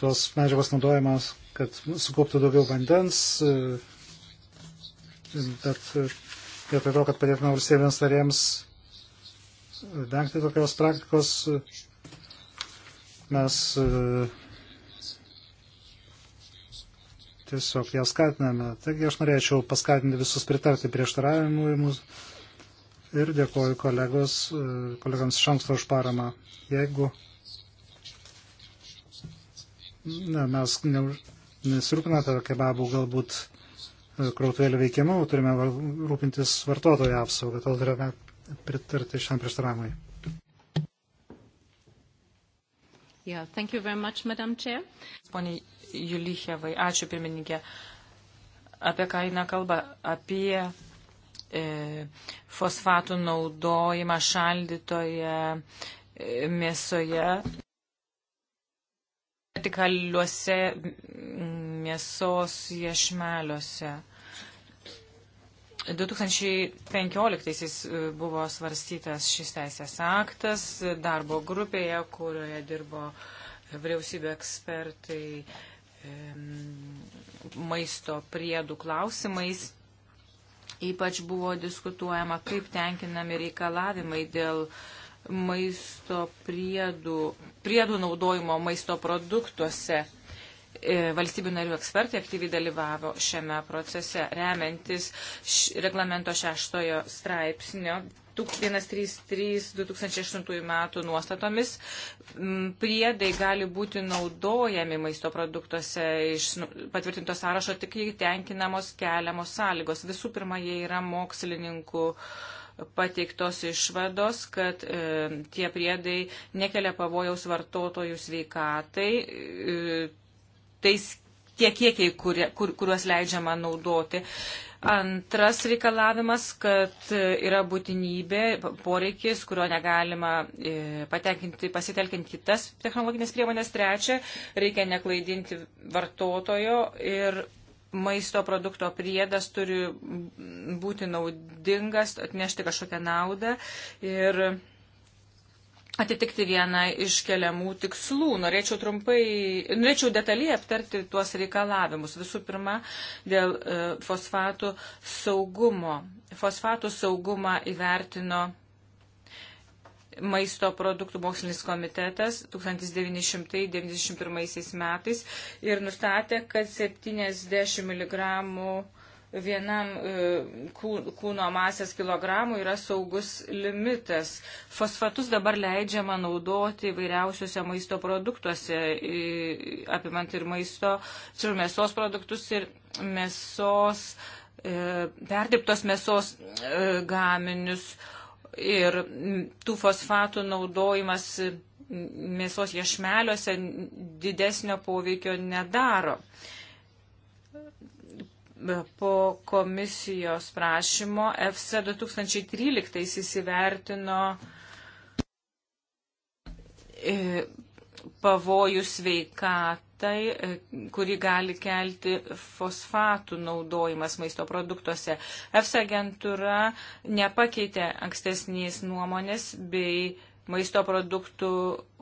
Speaker 2: tos medžiagos naudojamas, kad sukauptų daugiau vandens, e, bet vietoj to, kad padėtume valstybėms narėms vengti tokios praktikos, mes tiesiog ją skatiname. Taigi aš norėčiau paskatinti visus pritarti prieštaravimui mūsų ir dėkoju kolegos, e, kolegams iš anksto už paramą. Jeigu na, mes ne, nesirūpinate kebabų galbūt e, krautuvėlių veikimu, turime rūpintis vartotojo apsaugą, todėl turime pritarti šiam prieštaravimui.
Speaker 3: Yeah, thank you very much, Madam Chair. Pone Julichevai. Ačiū pirmininkė. Apie ką eina kalba? Apie e, fosfatų naudojimą šaldytoje e, mėsoje. Vertikaliuose mėsos iešmeliuose. 2015-aisiais e, buvo svarstytas šis teisės aktas darbo grupėje, kurioje dirbo e, vyriausybė ekspertai maisto priedų klausimais. Ypač buvo diskutuojama, kaip tenkinami reikalavimai dėl maisto priedų, priedų naudojimo maisto produktuose. E, valstybių narių ekspertai aktyviai dalyvavo šiame procese, remiantis reglamento šeštojo straipsnio 133-2008 metų nuostatomis mm, priedai gali būti naudojami maisto produktuose iš nu, patvirtinto sąrašo tik jei tenkinamos keliamos sąlygos. Visų pirma, jie yra mokslininkų pateiktos išvados, kad e, tie priedai nekelia pavojaus vartotojų sveikatai. E, tais tie kiekiai, kurie, kur, kuriuos leidžiama naudoti. E, Antras reikalavimas, kad yra būtinybė, poreikis, kurio negalima e, patenkinti pasitelkinti kitas technologinės priemonės. Trečia, reikia neklaidinti vartotojo ir maisto produkto priedas turi būti naudingas, atnešti kažkokią naudą. Ir atitikti vieną iš keliamų tikslų. Norėčiau trumpai, norėčiau detaliai aptarti tuos reikalavimus. Visų pirma, dėl e, fosfatų saugumo. Fosfatų saugumą įvertino maisto produktų mokslinis komitetas 1991 metais ir nustatė, kad 70 mg vienam e, kūno masės kilogramų yra saugus limitas. Fosfatus dabar leidžiama naudoti įvairiausiuose maisto produktuose, apimant ir maisto, ir mėsos produktus, ir mėsos, e, perdirbtos mėsos e, gaminius. Ir tų fosfatų naudojimas mėsos iešmeliuose didesnio poveikio nedaro. Uh, po komisijos prašymo FC 2013 įsivertino e, pavojų sveikatai, e, kuri gali kelti fosfatų naudojimas maisto produktuose. EFSA agentūra nepakeitė ankstesnės nuomonės bei maisto produktų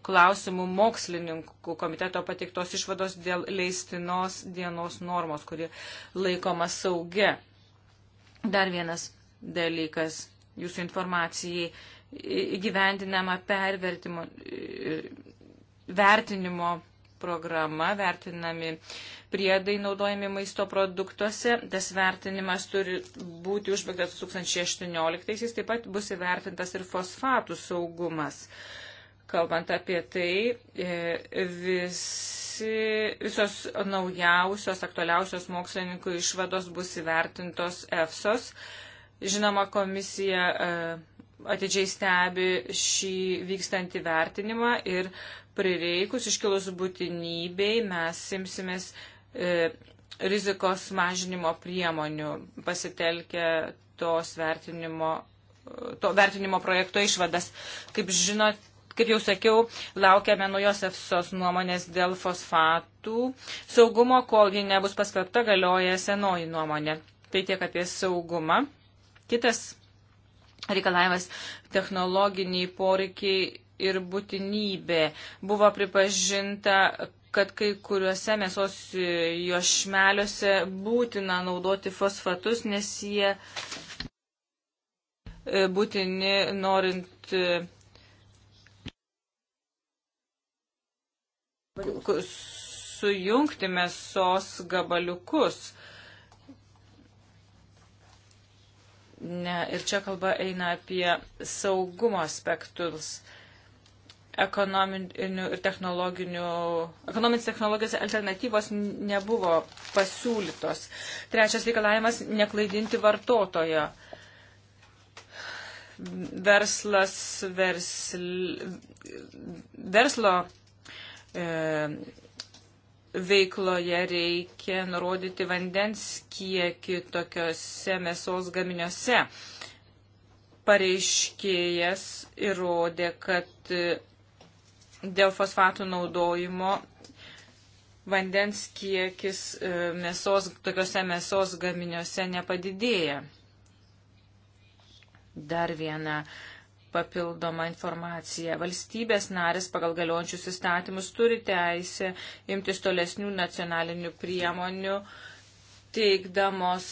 Speaker 3: klausimų mokslininkų komiteto pateiktos išvados dėl leistinos dienos normos, kuri laikoma saugia. Dar vienas dalykas jūsų informacijai įgyvendinama pervertimo vertinimo programa, vertinami priedai naudojami maisto produktuose. Tas vertinimas turi būti užbaigtas 2018-aisiais, taip pat bus įvertintas ir fosfatų saugumas. Uh, Kalbant apie tai, e, visi, visos naujausios, aktualiausios mokslininkų išvados bus įvertintos EFSOS. Žinoma, komisija e, atidžiai stebi šį vykstantį vertinimą ir prireikus iškilus būtinybei mes simsimės e, rizikos mažinimo priemonių pasitelkę tos vertinimo to vertinimo projekto išvadas. Kaip žinot, Kaip jau sakiau, laukiame naujos EFSOS nuomonės dėl fosfatų saugumo, kol ji nebus paskelbta galioja senoji nuomonė. Tai tiek apie saugumą. Kitas reikalavimas - technologiniai poreikiai ir būtinybė. Buvo pripažinta, kad kai kuriuose mėsos juošmeliuose būtina naudoti fosfatus, nes jie e, būtini norint e, sujungti mėsos gabaliukus. Ne, ir čia kalba eina apie saugumo aspektus ekonominių ir technologinių, ekonominis technologijos alternatyvos nebuvo pasiūlytos. Trečias reikalavimas - neklaidinti vartotojo. Verslas, versl, verslo E, veikloje reikia nurodyti vandens kiekį tokiuose mėsos gaminiuose. Pareiškėjas įrodė, kad e, dėl fosfatų naudojimo vandens kiekis e, mėsos, tokiuose mėsos gaminiuose nepadidėja. Dar viena papildomą informaciją. Valstybės narės pagal galiojančius įstatymus turi teisę imtis tolesnių nacionalinių priemonių, teikdamos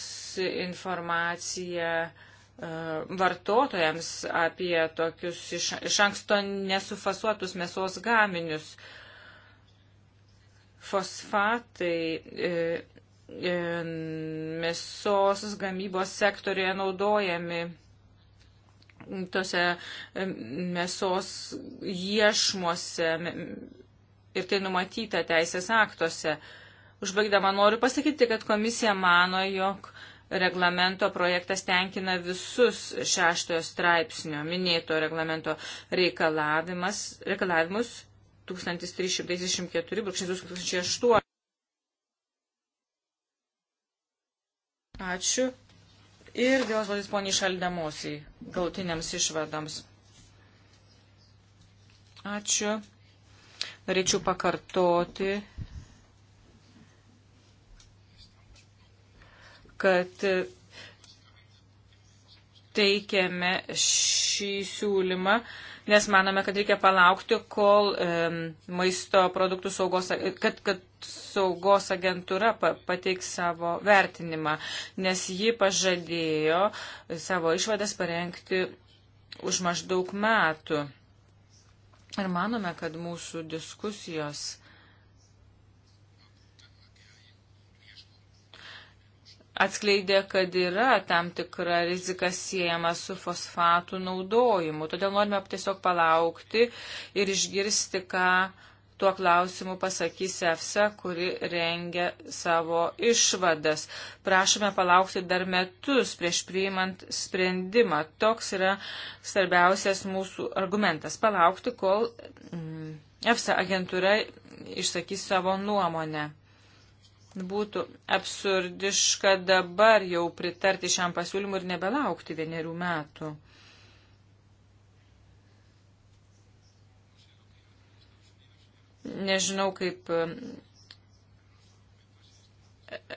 Speaker 3: informaciją e, vartotojams apie tokius iš, iš anksto nesufasuotus mėsos gaminius. Fosfatai e, e, mėsos gamybos sektorioje naudojami tose e, mėsos iešmuose ir tai numatyta teisės aktuose. Užbaigdama noriu pasakyti, kad komisija mano, jog reglamento projektas tenkina visus šeštojo straipsnio minėto reglamento reikalavimus 1334-2008. Ačiū. Ir vėl žodis poniai šaldamusiai galutiniams išvadams. Ačiū. Norėčiau pakartoti, kad teikiame šį siūlymą, nes manome, kad reikia palaukti, kol e, maisto produktų saugos, kad, kad saugos agentūra pateiks savo vertinimą, nes ji pažadėjo savo išvadas parengti už maždaug metų. Ir manome, kad mūsų diskusijos atskleidė, kad yra tam tikra rizika siejama su fosfatų naudojimu. Todėl norime tiesiog palaukti ir išgirsti, ką tuo klausimu pasakys EFSA, kuri rengia savo išvadas. Prašome palaukti dar metus prieš priimant sprendimą. Toks yra svarbiausias mūsų argumentas. Palaukti, kol mm, EFSA agentūra išsakys savo nuomonę. Būtų absurdiška dabar jau pritarti šiam pasiūlymui ir nebelaukti vienerių metų. Nežinau, kaip um,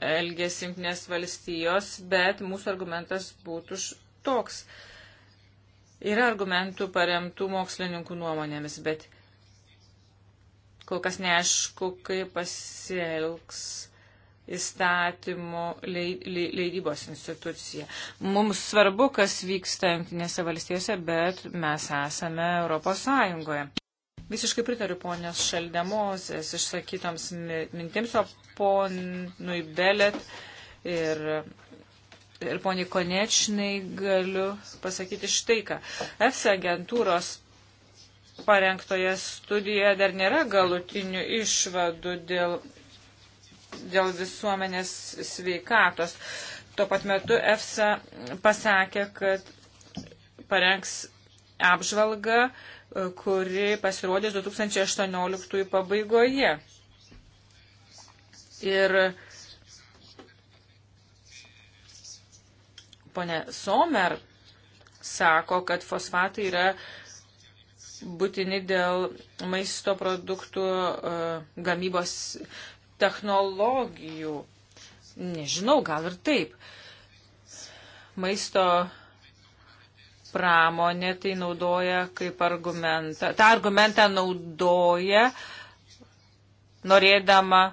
Speaker 3: elgės jungtinės valstijos, bet mūsų argumentas būtų toks. Yra argumentų paremtų mokslininkų nuomonėmis, bet kol kas neaišku, kaip pasielgs įstatymų leidybos institucija. Mums svarbu, kas vyksta Junktinėse valstijose, bet mes esame Europos Sąjungoje. Visiškai pritariu ponios Šaldemozės išsakytoms mintims, o ponui Belet ir ir poniai Konečnai galiu pasakyti štai ką. EFSA agentūros parengtoje studijoje dar nėra galutinių išvadų dėl dėl visuomenės sveikatos. Tuo pat metu EFSA pasakė, kad parengs apžvalgą, kuri pasirodys 2018 pabaigoje. Ir ponė Somer sako, kad fosfatai yra būtini dėl maisto produktų uh, gamybos technologijų. Nežinau, gal ir taip. Maisto pramonė tai naudoja kaip argumentą. Ta argumentą naudoja norėdama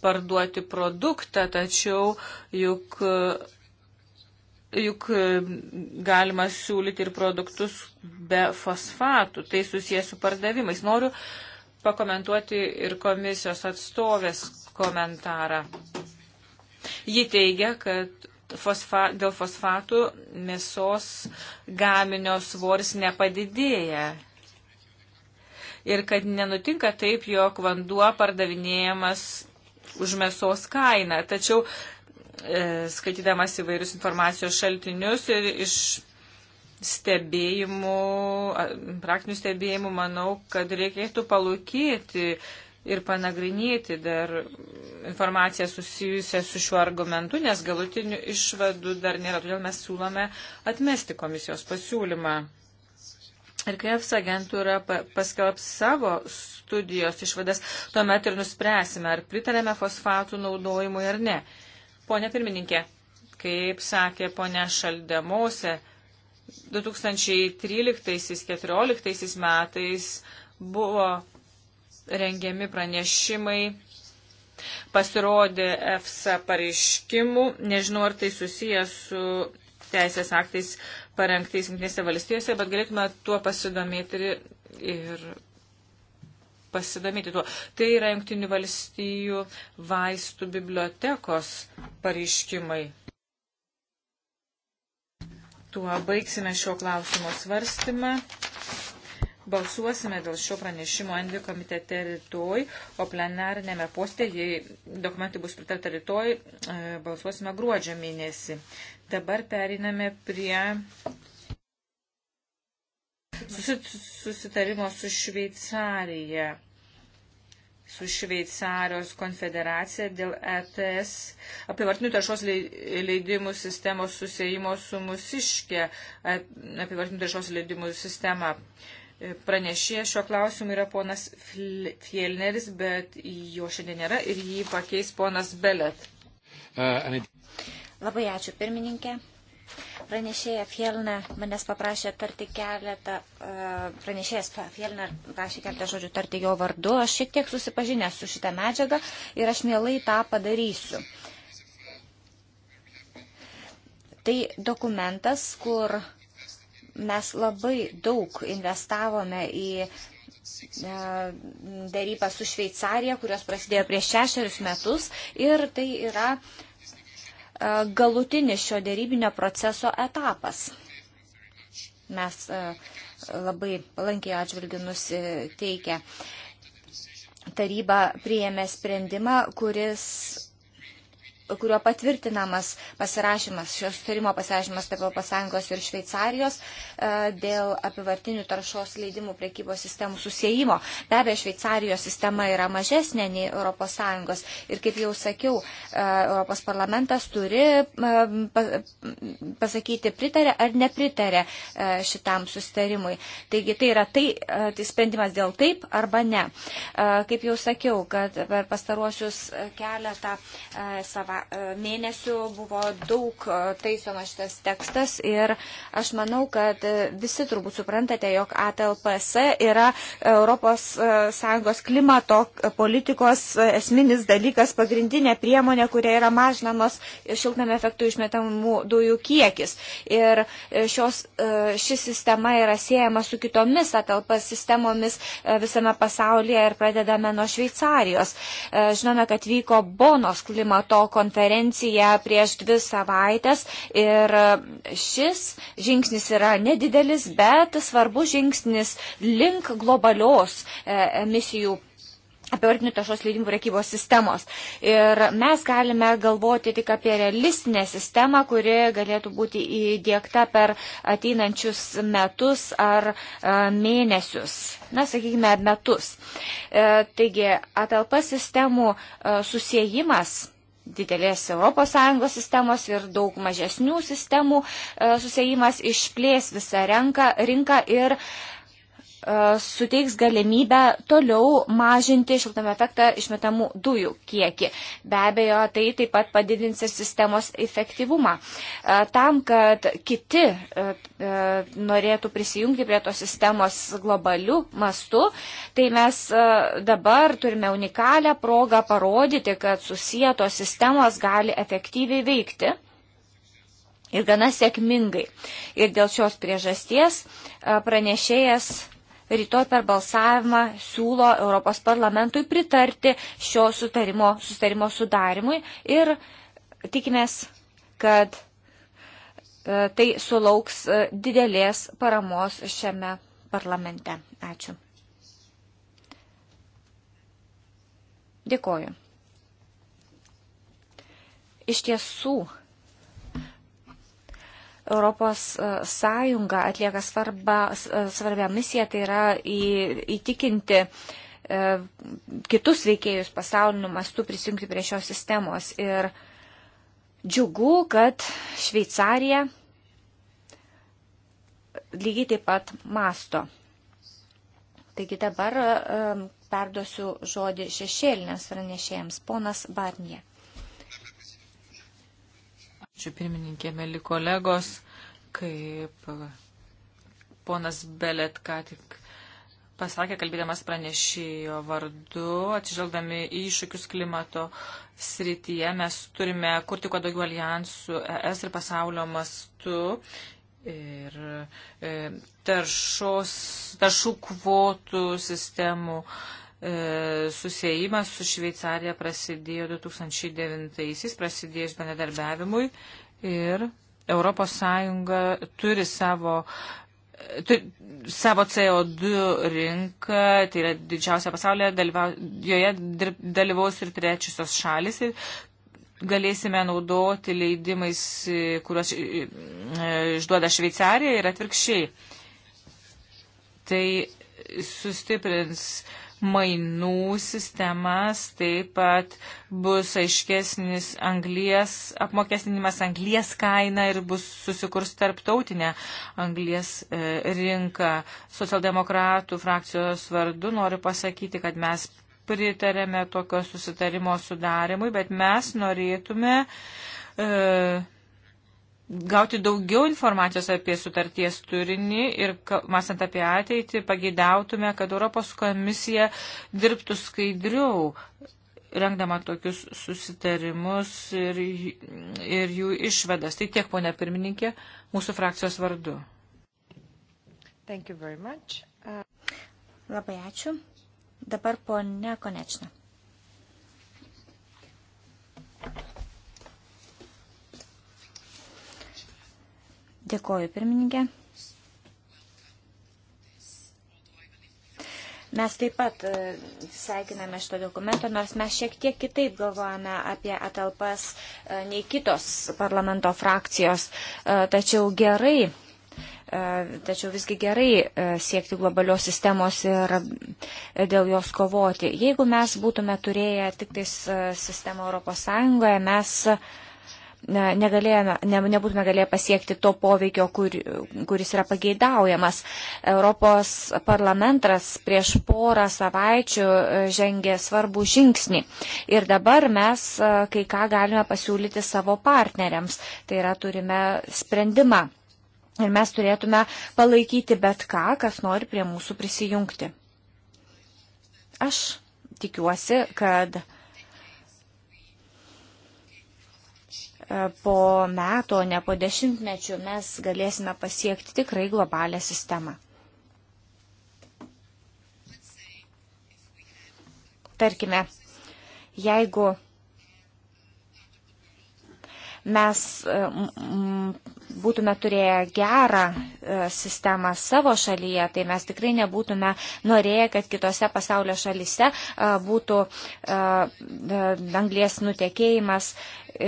Speaker 3: parduoti produktą, tačiau juk, juk galima siūlyti ir produktus be fosfatų. Tai susijęs su pardavimais. Noriu uh, pakomentuoti ir komisijos atstovės komentarą. Ji teigia, kad fosfa, dėl fosfatų mėsos gaminio svoris nepadidėja. Ir kad nenutinka taip, jog vanduo pardavinėjamas už mėsos kainą. Tačiau e, skaitydamas įvairius informacijos šaltinius ir iš stebėjimų, praktinių stebėjimų, manau, kad reikėtų palūkėti ir panagrinėti dar informaciją susijusią su šiuo argumentu, nes galutinių išvadų dar nėra. Todėl mes siūlome atmesti komisijos pasiūlymą. Ir kai EFSA agentūra paskelbs savo studijos išvadas, tuomet ir nuspręsime, ar pritarėme fosfatų naudojimui ar ne. Pone pirmininkė, kaip sakė ponia Šaldemose, 2013-2014 metais buvo rengiami pranešimai, pasirodė EFSA pareiškimų, nežinau ar tai susijęs su teisės aktais parengtais Junktinėse valstijose, bet galėtume tuo pasidomėti ir pasidomėti tuo. Tai yra Junktinių valstijų vaistų bibliotekos pareiškimai. Tuo baigsime šio klausimo svarstymą. Balsuosime dėl šio pranešimo Envi komitete rytoj, o plenarinėme postė, jei dokumentai bus pritarta rytoj, e, balsuosime gruodžio mėnesį. Dabar periname prie susitarimo su Šveicarija su Šveicarijos konfederacija dėl ETS apivartinių taršos leidimų sistemos susijimo su musiškė e, apivartinių taršos leidimų sistema. E, pranešė šio klausimu yra ponas Fielneris, bet jo šiandien nėra ir jį pakeis ponas Belet. Uh, Labai ačiū pirmininkė.
Speaker 1: Pranešėja Fielna manęs paprašė tarti keletą, e, pranešėjas Fielna prašė keletą žodžių tarti jo vardu. Aš šiek tiek susipažinęs su šitą medžiagą ir aš mielai tą padarysiu. Tai dokumentas, kur mes labai daug investavome į e, darybą su Šveicarija, kurios prasidėjo prieš šešerius metus. Ir tai yra uh, E, galutinis šio dėrybinio proceso etapas. Mes e, labai palankiai atžvilgiu nusiteikę. Taryba priėmė sprendimą, kuris kuriuo patvirtinamas pasirašymas, šios sutarimo pasirašymas tarp ES ir Šveicarijos e, dėl apivartinių taršos leidimų priekybos sistemų susijimo. Be abejo, Šveicarijos sistema yra mažesnė nei ES ir, kaip jau sakiau, e, Europos parlamentas turi e, pasakyti pritarė ar nepritarė šitam sustarimui. Taigi tai yra tai, tai sprendimas dėl taip arba ne. Kaip jau sakiau, kad per pastaruosius keletą savaitę E, mėnesių buvo daug e, taisoma šitas tekstas ir aš manau, kad e, visi turbūt suprantate, jog ATLPS yra ES klimato politikos esminis dalykas, pagrindinė priemonė, kuria yra mažinamas šiltnamio efektų išmetamų dujų kiekis. Ir šios, ši sistema yra siejama su kitomis ATLPS sistemomis visame pasaulyje ir pradedame nuo Šveicarijos. Žinome, kad vyko Bonos klimato konferencija konferenciją prieš dvi savaitės ir šis žingsnis yra nedidelis, bet svarbus žingsnis link globalios e, emisijų apivartinių taršos leidimų rekybos sistemos. Ir mes galime galvoti tik apie realistinę sistemą, kuri galėtų būti įdėkta per ateinančius metus ar e, mėnesius. Na, sakykime, metus. E, taigi, atalpa sistemų susijimas didelės ES sistemos ir daug mažesnių sistemų e, susėjimas išplės visą renką, rinką ir uh, E, suteiks galimybę toliau mažinti šiltame efektą išmetamų dujų kiekį. Be abejo, tai taip pat padidins ir sistemos efektyvumą. E, tam, kad kiti e, norėtų prisijungti prie tos sistemos globalių mastų, tai mes dabar turime unikalią progą parodyti, kad susijėtos sistemos gali efektyviai veikti ir gana sėkmingai. Ir dėl šios priežasties pranešėjas rytoj per balsavimą siūlo Europos parlamentui pritarti šio sutarimo, sutarimo sudarimui ir tikimės, kad e, tai sulauks e, didelės paramos šiame parlamente. Ačiū. Dėkoju. Iš tiesų, Europos e, Sąjunga atlieka svarbą, e, svarbią misiją, tai yra į, įtikinti e, kitus veikėjus pasauliniu mastu prisijungti prie šios sistemos. Ir džiugu, kad Šveicarija lygiai taip pat masto. Taigi dabar perduosiu žodį šešėlinės pranešėjams, ponas Barnie.
Speaker 3: Čia pirmininkė, mėly kolegos, kaip ponas Belet ką tik pasakė, kalbėdamas pranešėjo vardu, atsižvelgdami į iššūkius klimato srityje, mes turime kurti kuo daugiau alijansų ES ir pasaulio mastu. Ir e, taršos, taršų kvotų sistemų E, Susėjimas su Šveicarija prasidėjo 2009-aisiais, prasidėjus bendradarbiavimui ir ES turi savo e, savo CO2 rinką, tai yra didžiausia pasaulyje, dalyvau, joje dalyvaus ir trečiosios šalis ir galėsime naudoti leidimais, e, kuriuos išduoda Šveicarija ir atvirkščiai. Tai sustiprins uh, mainų sistemas, taip pat bus aiškesnis anglies, apmokestinimas anglies kaina ir bus susikurs tarptautinė anglies e, rinka. Socialdemokratų frakcijos vardu noriu pasakyti, kad mes pritarėme tokio susitarimo sudarimui, bet mes norėtume e, gauti daugiau informacijos apie sutarties turinį ir, mąstant apie ateitį, pagėdautume, kad Europos komisija dirbtų skaidriau, rengdama tokius susitarimus ir, ir jų išvadas. Tai tiek, ponia pirmininkė, mūsų frakcijos vardu.
Speaker 1: Uh... Labai ačiū. Dabar ponia Konečna. Dėkoju, pirmininkė. Mes taip pat e, sveikiname šito dokumento, nors mes šiek tiek kitaip galvojame apie atalpas e, nei kitos parlamento frakcijos. E, tačiau gerai, tačiau visgi gerai siekti globalios sistemos ir dėl jos kovoti. Jeigu mes būtume turėję tik tais sistemą Europos Sąjungoje, mes negalėjome, ne, nebūtume galėję pasiekti to poveikio, kur, kuris yra pageidaujamas. Europos parlamentas prieš porą savaičių e, žengė svarbų žingsnį. Ir dabar mes e, kai ką galime pasiūlyti savo partneriams. Tai yra turime sprendimą. Ir mes turėtume palaikyti bet ką, kas nori prie mūsų prisijungti. Aš tikiuosi, kad uh, E, po metų, ne po dešimtmečių mes galėsime pasiekti tikrai globalią sistemą. Tarkime, jeigu mes e, būtume turėję gerą e, sistemą savo šalyje, tai mes tikrai nebūtume norėję, kad kitose pasaulio šalyse e, būtų e, anglės nutekėjimas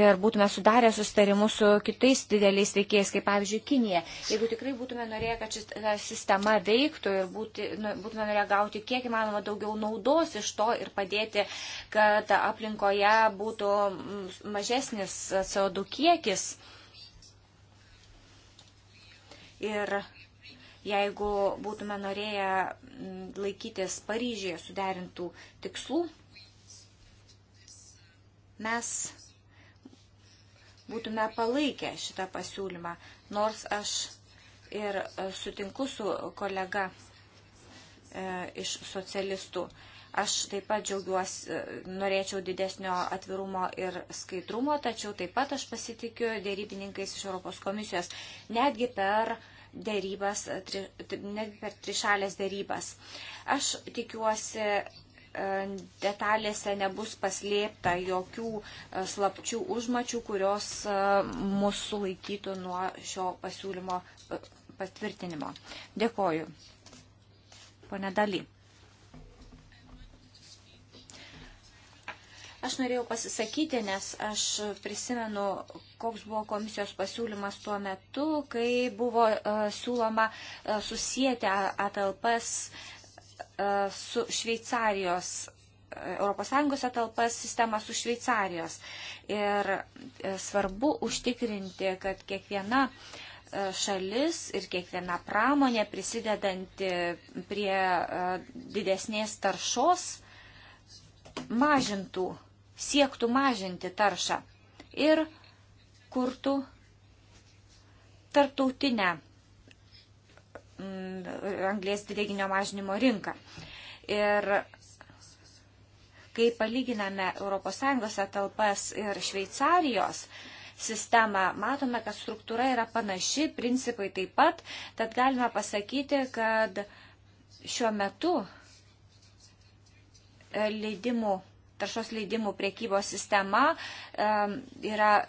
Speaker 1: ir būtume sudarę sustarimus su kitais dideliais veikėjais, kaip pavyzdžiui Kinija. Jeigu tikrai būtume norėję, kad ši sistema veiktų ir būti, nu, būtume norėję gauti kiek įmanoma daugiau naudos iš to ir padėti, kad aplinkoje būtų mažesnis CO2 kiekis, Ir jeigu būtume norėję mm, laikytis Paryžėje suderintų tikslų, mes būtume palaikę šitą pasiūlymą, nors aš ir e, sutinku su kolega E, iš socialistų. Aš taip pat džiaugiuosi, e, norėčiau didesnio atvirumo ir skaidrumo, tačiau taip pat aš pasitikiu dėrybininkais iš Europos komisijos, netgi per dėrybas, tri, netgi per trišalės dėrybas. Aš tikiuosi, e, detalėse nebus paslėpta jokių slapčių užmačių, kurios mūsų laikytų nuo šio pasiūlymo patvirtinimo. Dėkoju. Pone Daly. Aš norėjau pasisakyti, nes aš prisimenu, koks buvo komisijos pasiūlymas tuo metu, kai buvo uh, siūloma uh, e, susijęti atalpas uh, e, su Šveicarijos. ES atalpas sistema su Šveicarijos. Ir svarbu užtikrinti, kad kiekviena uh, E, šalis ir kiekviena pramonė prisidedanti prie e, didesnės taršos mažintų, siektų mažinti taršą ir kurtų tarptautinę anglės dvideginio mažinimo rinką. Ir kai palyginame ES atalpas ir Šveicarijos, sistemą, matome, kad struktūra yra panaši, principai taip pat, tad galime pasakyti, kad šiuo metu e, leidimų taršos leidimų priekybos sistema e, yra e,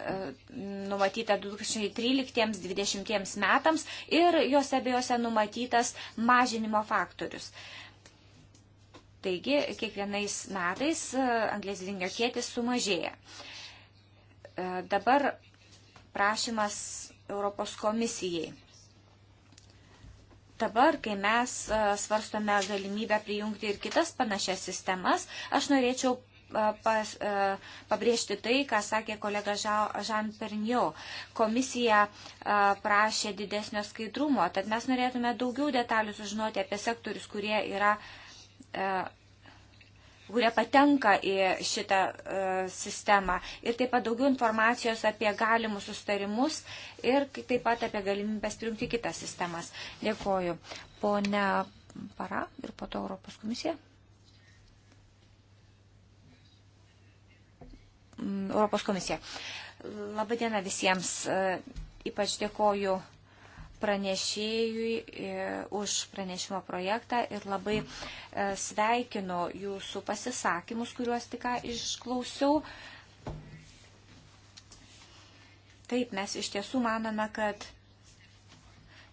Speaker 1: numatyta 2013-2020 metams ir jos abiejose numatytas mažinimo faktorius. Taigi, kiekvienais metais anglės dvingio kietis sumažėja. E, dabar prašymas Europos komisijai. Dabar, kai mes e, svarstome galimybę prijungti ir kitas panašias sistemas, aš norėčiau e, pas, pabrėžti tai, ką sakė kolega Žan Pernio. Komisija prašė didesnio skaidrumo, tad mes norėtume daugiau detalių sužinoti apie sektorius, kurie yra kurie patenka į šitą e, sistemą. Ir taip pat daugiau informacijos apie galimus sustarimus ir taip pat apie galimybės prijungti kitas sistemas. Dėkoju. Pone Para ir po to Europos komisija. Mm, Europos komisija. Labadiena visiems. E, ypač dėkoju pranešėjui e, už pranešimo projektą ir labai e, sveikinu jūsų pasisakymus, kuriuos tik išklausiau. Taip, mes iš tiesų manome, kad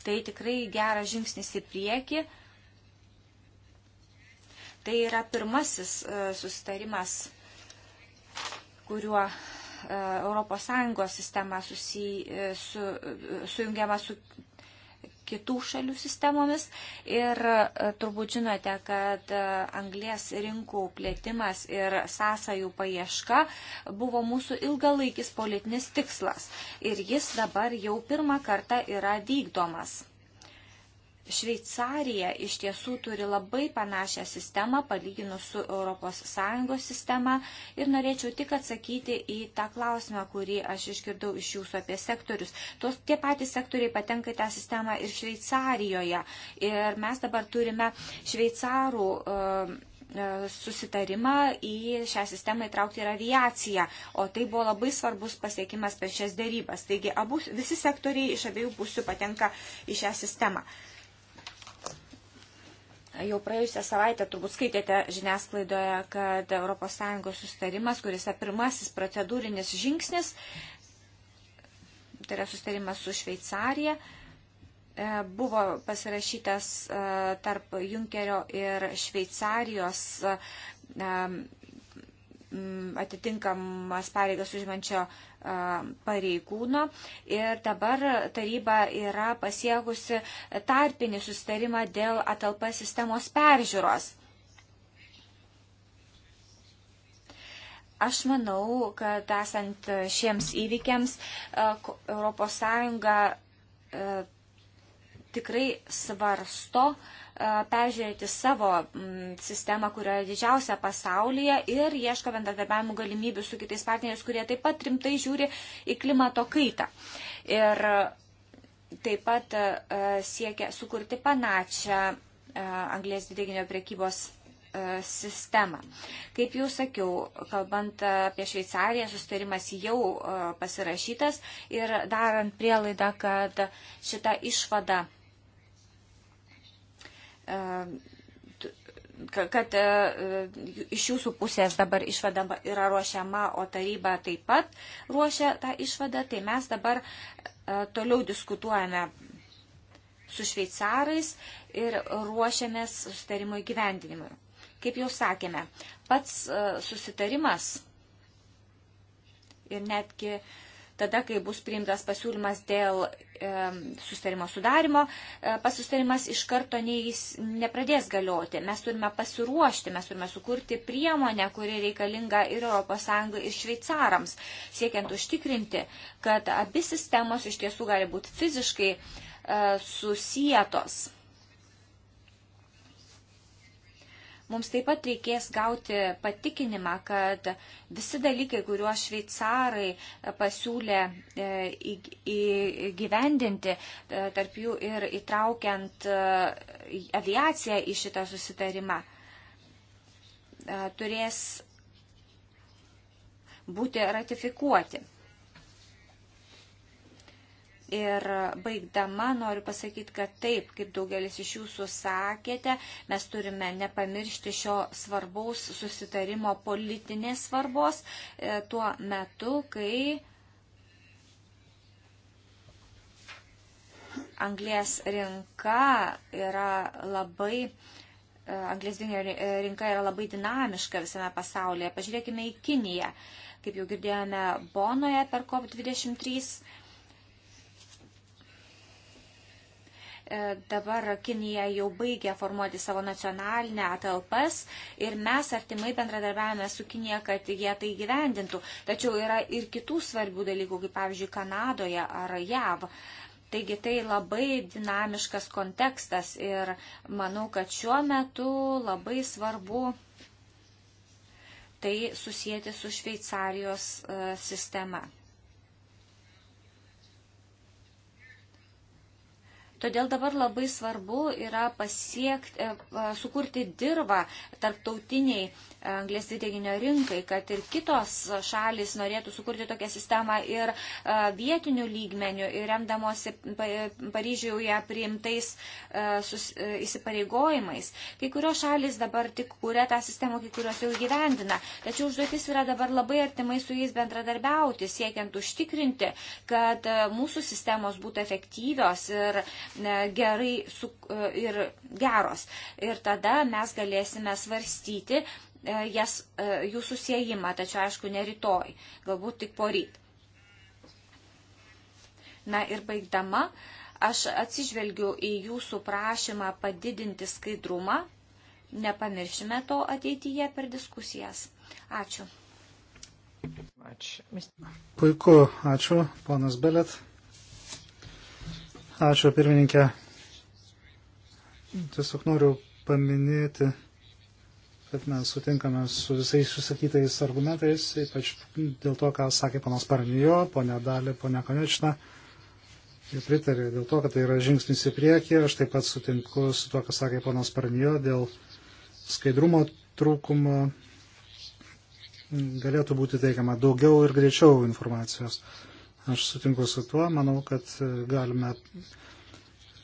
Speaker 1: tai tikrai geras žingsnis į priekį. Tai yra pirmasis e, susitarimas, kuriuo ES sistema susi, su, sujungiama su kitų šalių sistemomis. Ir e, turbūt žinote, kad e, anglės rinkų plėtimas ir sąsajų paieška buvo mūsų ilgalaikis politinis tikslas. Ir jis dabar jau pirmą kartą yra vykdomas. Šveicarija iš tiesų turi labai panašią sistemą palyginus su ES sistema ir norėčiau tik atsakyti į tą klausimą, kurį aš išgirdau iš jūsų apie sektorius. Tos, tie patys sektoriai patenka į tą sistemą ir Šveicarijoje. Ir mes dabar turime šveicarų. Uh, susitarimą į šią sistemą įtraukti ir aviaciją, o tai buvo labai svarbus pasiekimas per šias dėrybas. Taigi abu, visi sektoriai iš abiejų pusių patenka į šią sistemą. Uh, Jau praėjusią savaitę turbūt skaitėte žiniasklaidoje, kad ES sustarimas, kuris yra pirmasis procedūrinis žingsnis, tai yra sustarimas su Šveicarija, e, buvo pasirašytas e, tarp Junkerio ir Šveicarijos e, Mm, atitinkamas pareigas užimančio pareigūno. Ir dabar taryba yra pasiekusi tarpinį sustarimą dėl atalpa sistemos peržiūros. Aš manau, kad esant šiems įvykiams ES tikrai svarsto, peržiūrėti savo sistemą, kurioje didžiausia pasaulyje ir ieško bendradarbiavimo galimybių su kitais partneriais, kurie taip pat rimtai žiūri į klimato kaitą. Ir taip pat siekia sukurti panašią anglės dvideginio priekybos sistemą. Kaip jau sakiau, kalbant apie Šveicariją, sustarimas jau pasirašytas ir darant prielaidą, kad šita išvada Ehm, kad e, iš jūsų pusės dabar išvada yra ruošiama, o taryba taip pat ruošia tą išvadą, tai mes dabar e, toliau diskutuojame su šveicarais ir ruošiamės susitarimo įgyvendinimui. Kaip jau sakėme, pats e, susitarimas ir netgi uh, tada, kai bus priimtas pasiūlymas dėl e, sustarimo sudarimo, e, pasustarimas iš karto neįs, nepradės galioti. Mes turime pasiruošti, mes turime sukurti priemonę, kuri reikalinga ir ES, ir šveicarams, siekiant užtikrinti, kad abi sistemos iš tiesų gali būti fiziškai e, susijėtos. Mums taip pat reikės gauti patikinimą, kad visi dalykai, kuriuos šveicarai pasiūlė e, įgyvendinti, e, tarp jų ir įtraukiant e, aviaciją į šitą susitarimą, turės būti ratifikuoti. Ir baigdama noriu pasakyti, kad taip, kaip daugelis iš jūsų sakėte, mes turime nepamiršti šio svarbaus susitarimo politinės svarbos e, tuo metu, kai anglės rinka yra labai e, anglės e, rinka yra labai dinamiška visame pasaulyje. Pažiūrėkime į Kiniją. Kaip jau girdėjome Bonoje per COP23, E, dabar Kinija jau baigė formuoti savo nacionalinę atalpas ir mes artimai bendradarbiavame su Kinija, kad jie tai gyvendintų. Tačiau yra ir kitų svarbių dalykų, kaip pavyzdžiui Kanadoje ar JAV. Taigi tai labai dinamiškas kontekstas ir manau, kad šiuo metu labai svarbu tai susijęti su Šveicarijos e, sistema. Todėl dabar labai svarbu yra pasiekti, e, e, sukurti dirbą tarptautiniai anglės dvideginio rinkai, kad ir kitos šalis norėtų sukurti tokią sistemą ir e, vietinių lygmenių ir remdamosi Paryžiuje priimtais e, sus, e, įsipareigojimais. Kai kurios šalis dabar tik kūrė tą sistemą, kai kurios jau gyvendina. Tačiau užduotis yra dabar labai artimai su jais bendradarbiauti, siekiant užtikrinti, kad mūsų sistemos būtų efektyvios ir gerai su, ir geros. Ir tada mes galėsime svarstyti, E, jas, e, jų susijimą, tačiau aišku, ne rytoj, galbūt tik poryt. Na ir baigdama, aš atsižvelgiu į jūsų prašymą padidinti skaidrumą. Nepamiršime to ateityje per diskusijas. Ačiū.
Speaker 2: Puiku, ačiū, ponas Belet. Ačiū, pirmininkė. Tiesiog noriu paminėti kad mes sutinkame su visais susakytais argumentais, ypač dėl to, ką sakė panas Parnijo, ponia Dalė, ponia Konečna. Jie pritarė dėl to, kad tai yra žingsnis į priekį. Aš taip pat sutinku su to, ką sakė ponas Parnijo, dėl skaidrumo trūkumo galėtų būti teikiama daugiau ir greičiau informacijos. Aš sutinku su tuo, manau, kad galime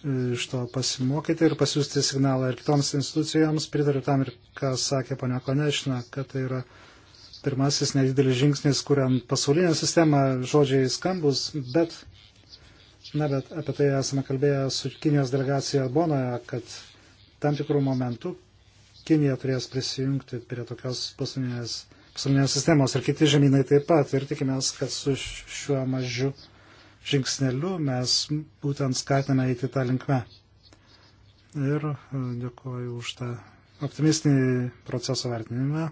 Speaker 2: iš to pasimokyti ir pasiūsti signalą ir kitoms institucijoms. Pritariu tam ir, ką sakė ponia Konešina, kad tai yra pirmasis nedidelis žingsnis, kuriant pasaulinę sistemą, žodžiai skambus, bet, na, bet apie tai esame kalbėję su Kinijos delegacija Bonoje, kad tam tikrų momentų Kinija turės prisijungti prie tokios pasaulinės, pasaulinės sistemos ir kiti žemynai taip pat. Ir tikimės, kad su šiuo mažiu žingsneliu mes būtent skatiname eiti tą linkmę. Ir e, dėkuoju už tą optimistinį proceso vertinimą.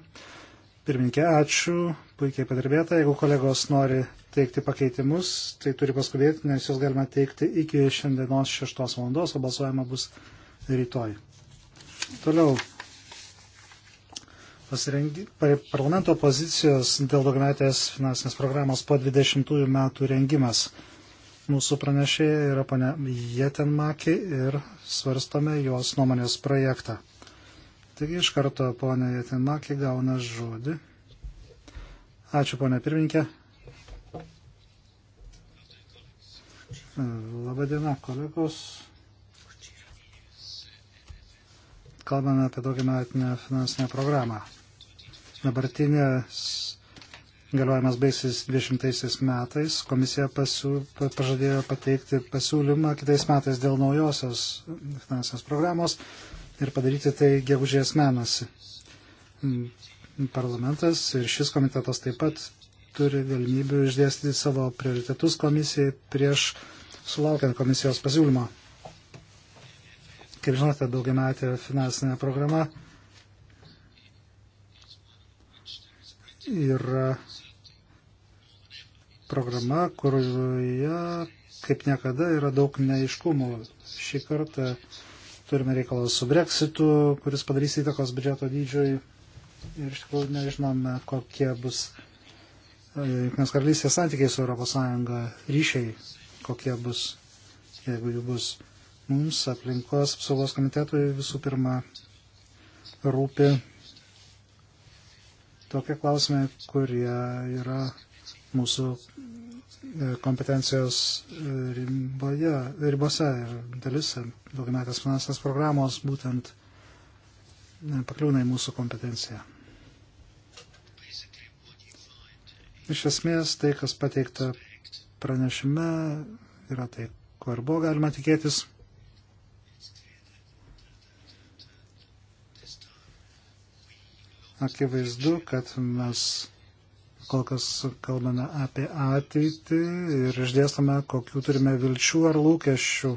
Speaker 2: Pirminkė, ačiū, puikiai padirbėta. Jeigu kolegos nori teikti pakeitimus, tai turi paskubėti, nes juos galima teikti iki šiandienos 6 valandos, o balsuojama bus rytoj. Toliau. Pasirengi, parlamento pozicijos dėl daugiametės finansinės programos po 20 metų rengimas. Mūsų pranešėja yra pane Jetenmaki ir svarstome jos nuomonės projektą. Taigi iš karto ponė Jetenmaki gauna žodį. Ačiū ponė pirminkė. Labadiena, kolegos. Kalbame apie daugiametinę finansinę programą. Dabartinės galiojimas baisys 20 metais. Komisija pasiū, pažadėjo pateikti pasiūlymą kitais metais dėl naujosios finansinės programos ir padaryti tai gegužės mėnesį. Mm, parlamentas ir šis komitetas taip pat turi galimybių išdėstyti savo prioritetus komisijai prieš sulaukiant komisijos pasiūlymo. Kaip žinote, daugiametė finansinė programa yra programa, kurioje kaip niekada yra daug neiškumų. Šį kartą turime reikalą su breksitu, kuris padarys įtakos biudžeto dydžiui ir iš tikrųjų nežinome, kokie bus e, Junktinės karalystės santykiai su ES ryšiai, kokie bus, jeigu jų bus. Mums aplinkos apsaugos komitetui visų pirma rūpi tokie klausimai, kurie yra mūsų e, kompetencijos e, riboje, ribose ir dalis daugiametės finansinės programos būtent e, pakliūna į mūsų kompetenciją. Iš esmės, tai, kas pateikta pranešime, yra tai, ko ir buvo galima tikėtis. Akivaizdu, kad mes kol kas kalbame apie ateitį ir išdėstame, kokių turime vilčių ar lūkesčių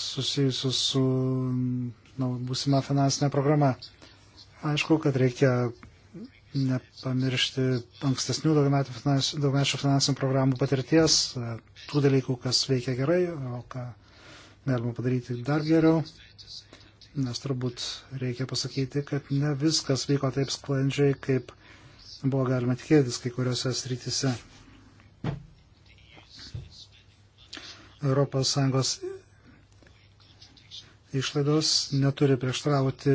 Speaker 2: susijusių su na, nu, būsima finansinė programa. Aišku, kad reikia nepamiršti ankstesnių daugmečių finansinių programų patirties, tų dalykų, kas veikia gerai, o ką galima padaryti dar geriau nes turbūt reikia pasakyti, kad ne viskas vyko taip sklandžiai, kaip buvo galima tikėtis kai kuriuose srityse. ES išlaidos neturi prieštrauti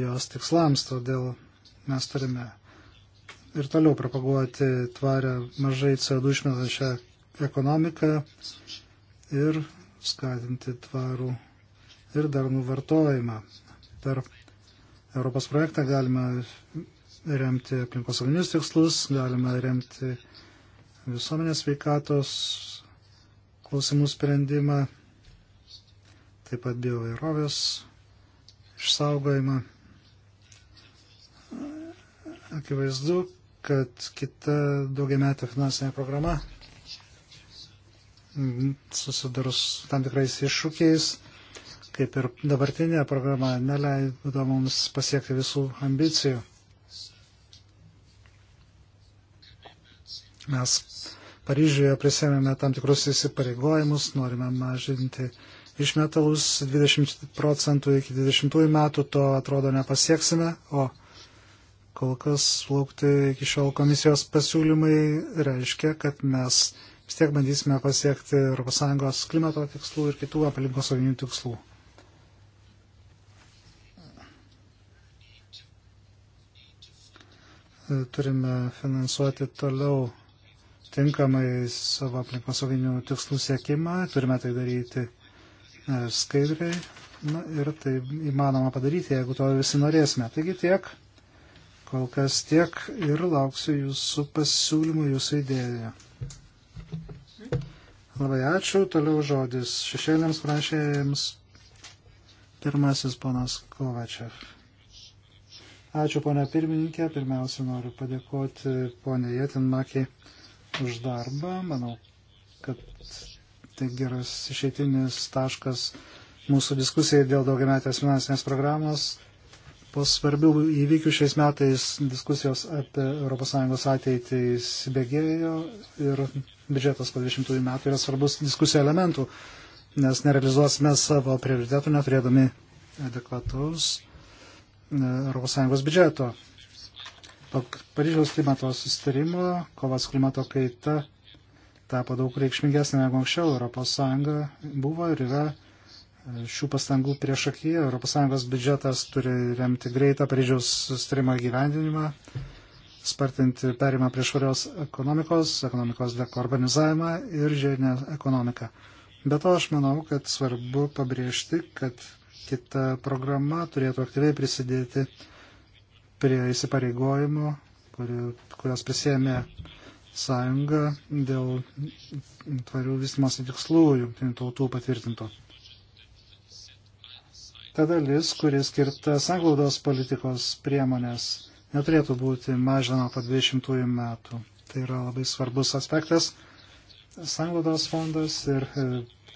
Speaker 2: jos tikslams, todėl mes turime ir toliau propaguoti tvarę mažai CO2 išmetančią ekonomiką ir skatinti tvarų ir darnų vartojimą. Per Europos projektą galima remti aplinkosauginius tikslus, galima remti visuomenės veikatos klausimų sprendimą, taip pat bioįrovės išsaugojimą. Akivaizdu, kad kita daugiametė finansinė programa susidurs tam tikrais iššūkiais kaip ir dabartinė programa, neleido mums pasiekti visų ambicijų. Mes Paryžiuje prisėmėme tam tikrus įsipareigojimus, norime mažinti išmetalus 20 procentų iki 20 metų, to atrodo nepasieksime, o kol kas laukti iki šiol komisijos pasiūlymai reiškia, kad mes vis tiek bandysime pasiekti ES klimato tikslų ir kitų aplinkosauginių tikslų. E, turime finansuoti toliau tinkamai savo aplinkosauginių tikslų siekimą, turime tai daryti e, skaidriai na, ir tai įmanoma padaryti, jeigu to visi norėsime. Taigi tiek, kol kas tiek ir lauksiu jūsų pasiūlymų, jūsų idėjų. Labai ačiū, toliau žodis šešėliams prašėjams. Pirmasis ponas Kovačev. Ačiū, ponia pirmininkė. Pirmiausia, noriu padėkoti ponia Jėtinmakį už darbą. Manau, kad tai geras išeitinis taškas mūsų diskusijai dėl daugiametės finansinės programos. Po svarbių įvykių šiais metais diskusijos apie ES ateitį įsibėgėjo ir biudžetas po 20 metų yra svarbus diskusijų elementų, nes nerealizuosime savo prioritetų neturėdami adekvatus ES biudžeto. Paryžiaus klimato sustarimo, kovas klimato kaita tapo daug reikšmingesnė negu anksčiau. ES buvo ir yra e, šių pastangų prieš akiją. ES biudžetas turi remti greitą Paryžiaus sustarimo gyvendinimą, spartinti perimą prie švarios ekonomikos, ekonomikos dekarbonizavimą ir žiedinę ekonomiką. Be to aš manau, kad svarbu pabrėžti, kad kita programa turėtų aktyviai prisidėti prie įsipareigojimo, kurios prisėmė sąjunga dėl tvarių vystimosi tikslų jungtinių tautų patvirtinto. Ta dalis, kuri skirta sanglaudos politikos priemonės, neturėtų būti mažinama po 20 metų. Tai yra labai svarbus aspektas. Sanglaudos fondas ir e,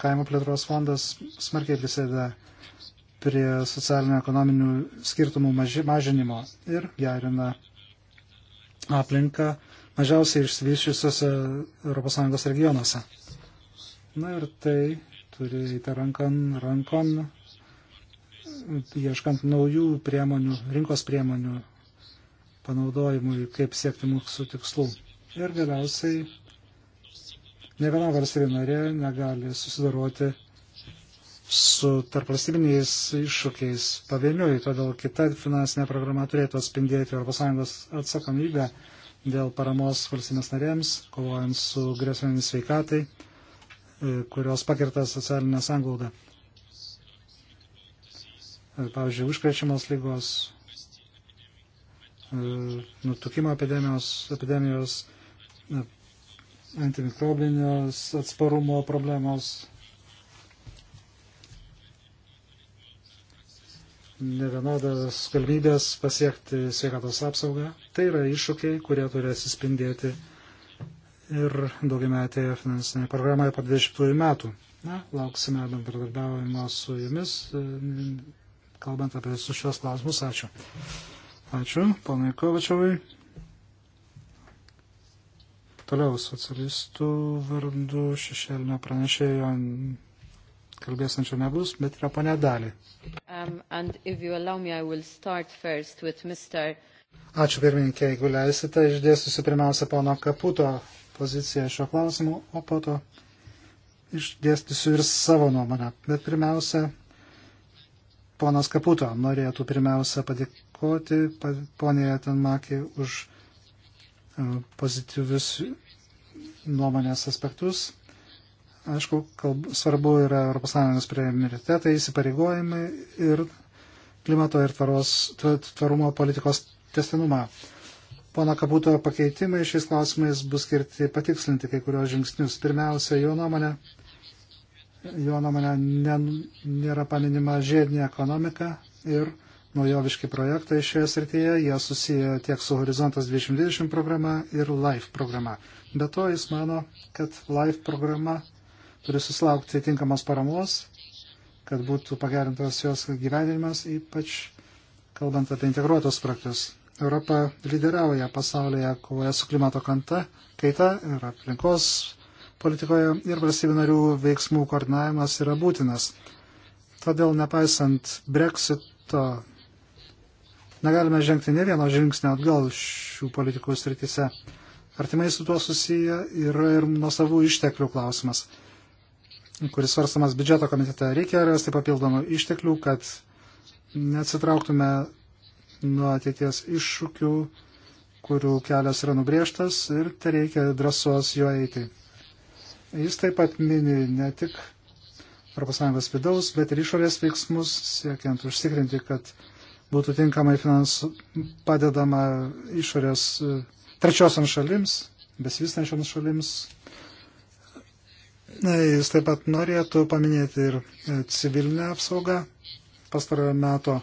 Speaker 2: kaimo plėtros fondas smarkiai prisideda prie socialinio ekonominių skirtumų mažinimo ir gerina aplinką mažiausiai išsivyščiusiuose ES regionuose. Na ir tai turi įti rankon, rankon, ieškant naujų priemonių, rinkos priemonių panaudojimui, kaip siekti mūsų tikslų. Ir galiausiai ne viena valstybė narė negali susidaroti su tarpvalstybiniais iššūkiais pavieniui, todėl kita finansinė programa turėtų atspindėti ES atsakomybę dėl paramos valstybės narėms, kovojant su grėsmėmis sveikatai, e, kurios pakirta socialinė sanglauda. E, pavyzdžiui, užkrečiamos lygos, e, nutukimo epidemijos, epidemijos antimikrobinės atsparumo problemos nevienodas galimybės pasiekti sveikatos apsaugą. Tai yra iššūkiai, kurie turi atsispindėti ir daugiametėje finansinėje programoje po 20 metų. Na, lauksime bendradarbiavimo su jumis, e, kalbant apie visus šios klausimus. Ačiū. Ačiū, ponai Kovačiovai. Toliau socialistų vardu šešėlinio pranešėjo kalbėsančio nebus, bet yra ponė dalį.
Speaker 3: Um, and if you allow me, I will start first with Mr.
Speaker 2: Ačiū pirmininkė, jeigu leisite, išdėstusiu pirmiausia pono Kaputo poziciją šio klausimu, o po to išdėstysiu ir savo nuomonę. Bet pirmiausia, ponas Kaputo norėtų pirmiausia padėkoti poniai Atenmakį už e, pozityvius nuomonės aspektus aišku, kalb, svarbu yra ES prioritetai, įsipareigojimai ir klimato ir tvaros, tvarumo politikos testinumą. Pono Kabuto pakeitimai šiais klausimais bus skirti patikslinti kai kurios žingsnius. Pirmiausia, jo nuomonė, jo nuomonė ne, nėra paminima žiedinė ekonomika ir naujoviški projektai šioje srityje. Jie susiję tiek su Horizontas 2020 programa ir LIFE programa. Be to, jis mano, kad LIFE programa turi susilaukti tinkamos paramos, kad būtų pagerintas jos gyvenimas, ypač kalbant apie integruotos projektus. Europa lyderiauja pasaulyje kovoje su klimato kanta, kaita ir aplinkos politikoje ir valstybių narių veiksmų koordinavimas yra būtinas. Todėl nepaisant breksito negalime žengti ne vieno žingsnio atgal šių politikų sritise. Artimai su tuo susiję yra ir nuosavų išteklių klausimas kuris svarstamas biudžeto komitete, reikia rasti papildomų išteklių, kad neatsitrauktume nuo ateities iššūkių, kurių kelias yra nubrėžtas ir tai reikia drąsos juo eiti. Jis taip pat mini ne tik ES vidaus, bet ir išorės veiksmus, siekiant užtikrinti, kad būtų tinkamai finansu, padedama išorės trečiosiams šalims, besivystančioms šalims, Jis taip pat norėtų paminėti ir e, civilinę apsaugą. Pastarojo meto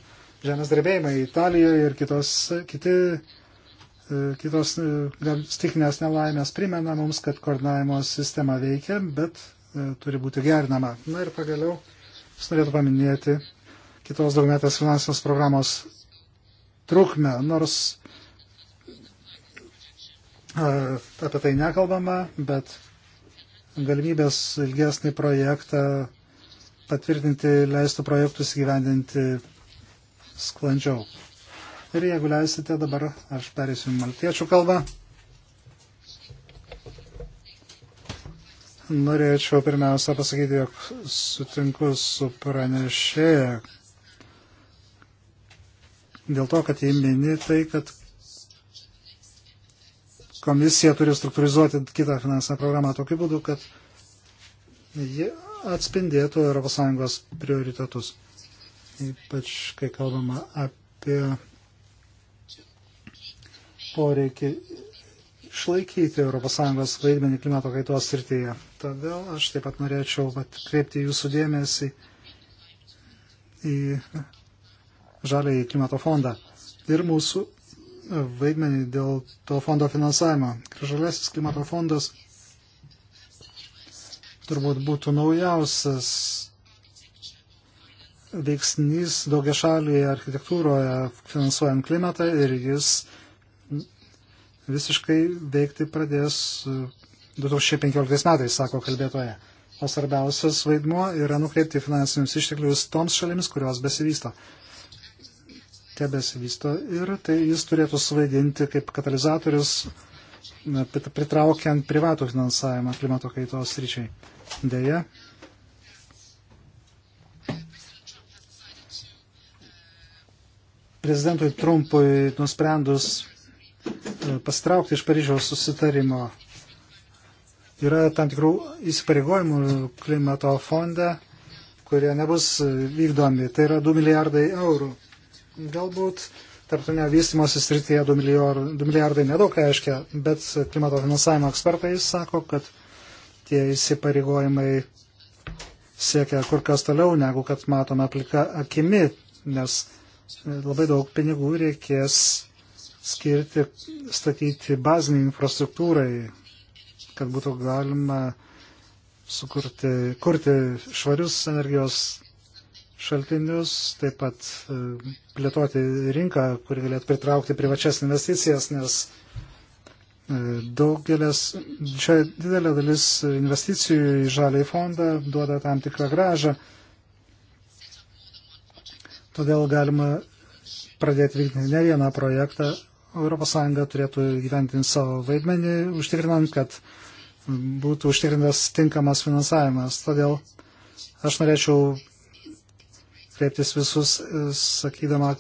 Speaker 2: žemės drebėjimai Italijoje ir kitos, kiti, e, kitos e, stiknės nelaimės primena mums, kad koordinavimo sistema veikia, bet turi būti gerinama. Na ir pagaliau jis norėtų paminėti kitos daugmetės finansinės programos trukmę, nors apie tai nekalbama, bet galimybės ilgesnį projektą patvirtinti, leistų projektus gyvendinti sklandžiau. Ir jeigu leisite, dabar aš perėsiu maltiečių kalbą. Norėčiau pirmiausia pasakyti, jog sutinku su pranešėja dėl to, kad jį mini tai, kad komisija turi struktūrizuoti kitą finansinę programą tokiu būdu, kad ji atspindėtų ES prioritetus. Ypač, kai kalbama apie poreikį išlaikyti ES vaidmenį klimato kaitos srityje. Todėl aš taip pat norėčiau atkreipti jūsų dėmesį į žalį į klimato fondą ir mūsų vaidmenį dėl to fondo finansavimo. Žaliasis klimato fondas turbūt būtų naujausias veiksnys daugia šalyje architektūroje finansuojant klimatą ir jis visiškai veikti pradės 2015 metais, sako kalbėtoje. O svarbiausias vaidmuo yra nukreipti finansinius išteklius toms šalims, kurios besivysto tebesivysto ir tai jis turėtų suvaidinti kaip katalizatorius pritraukiant privatų finansavimą klimato kaitos ryčiai. Deja, prezidentui Trumpui nusprendus e, pastraukti iš Paryžiaus susitarimo. Yra tam tikrų įsipareigojimų klimato fonde, kurie nebus vykdomi. Tai yra 2 milijardai eurų. Galbūt tarptautinio vystimosi srityje 2 milijardai, milijardai nedaug reiškia, bet klimato finansavimo ekspertai sako, kad tie įsipareigojimai siekia kur kas toliau, negu kad matome plika akimi, nes e, labai daug pinigų reikės skirti, statyti bazinį infrastruktūrai, kad būtų galima sukurti, kurti švarius energijos šaltinius, taip pat e, plėtoti rinką, kuri galėtų pritraukti privačias investicijas, nes e, daugelis, čia didelė dalis investicijų į žaliai fondą duoda tam tikrą gražą. Todėl galima pradėti vykdyti ne vieną projektą. ES turėtų gyventinti savo vaidmenį, užtikrinant, kad būtų užtikrintas tinkamas finansavimas. Todėl aš norėčiau kreiptis visus, e, sakydama,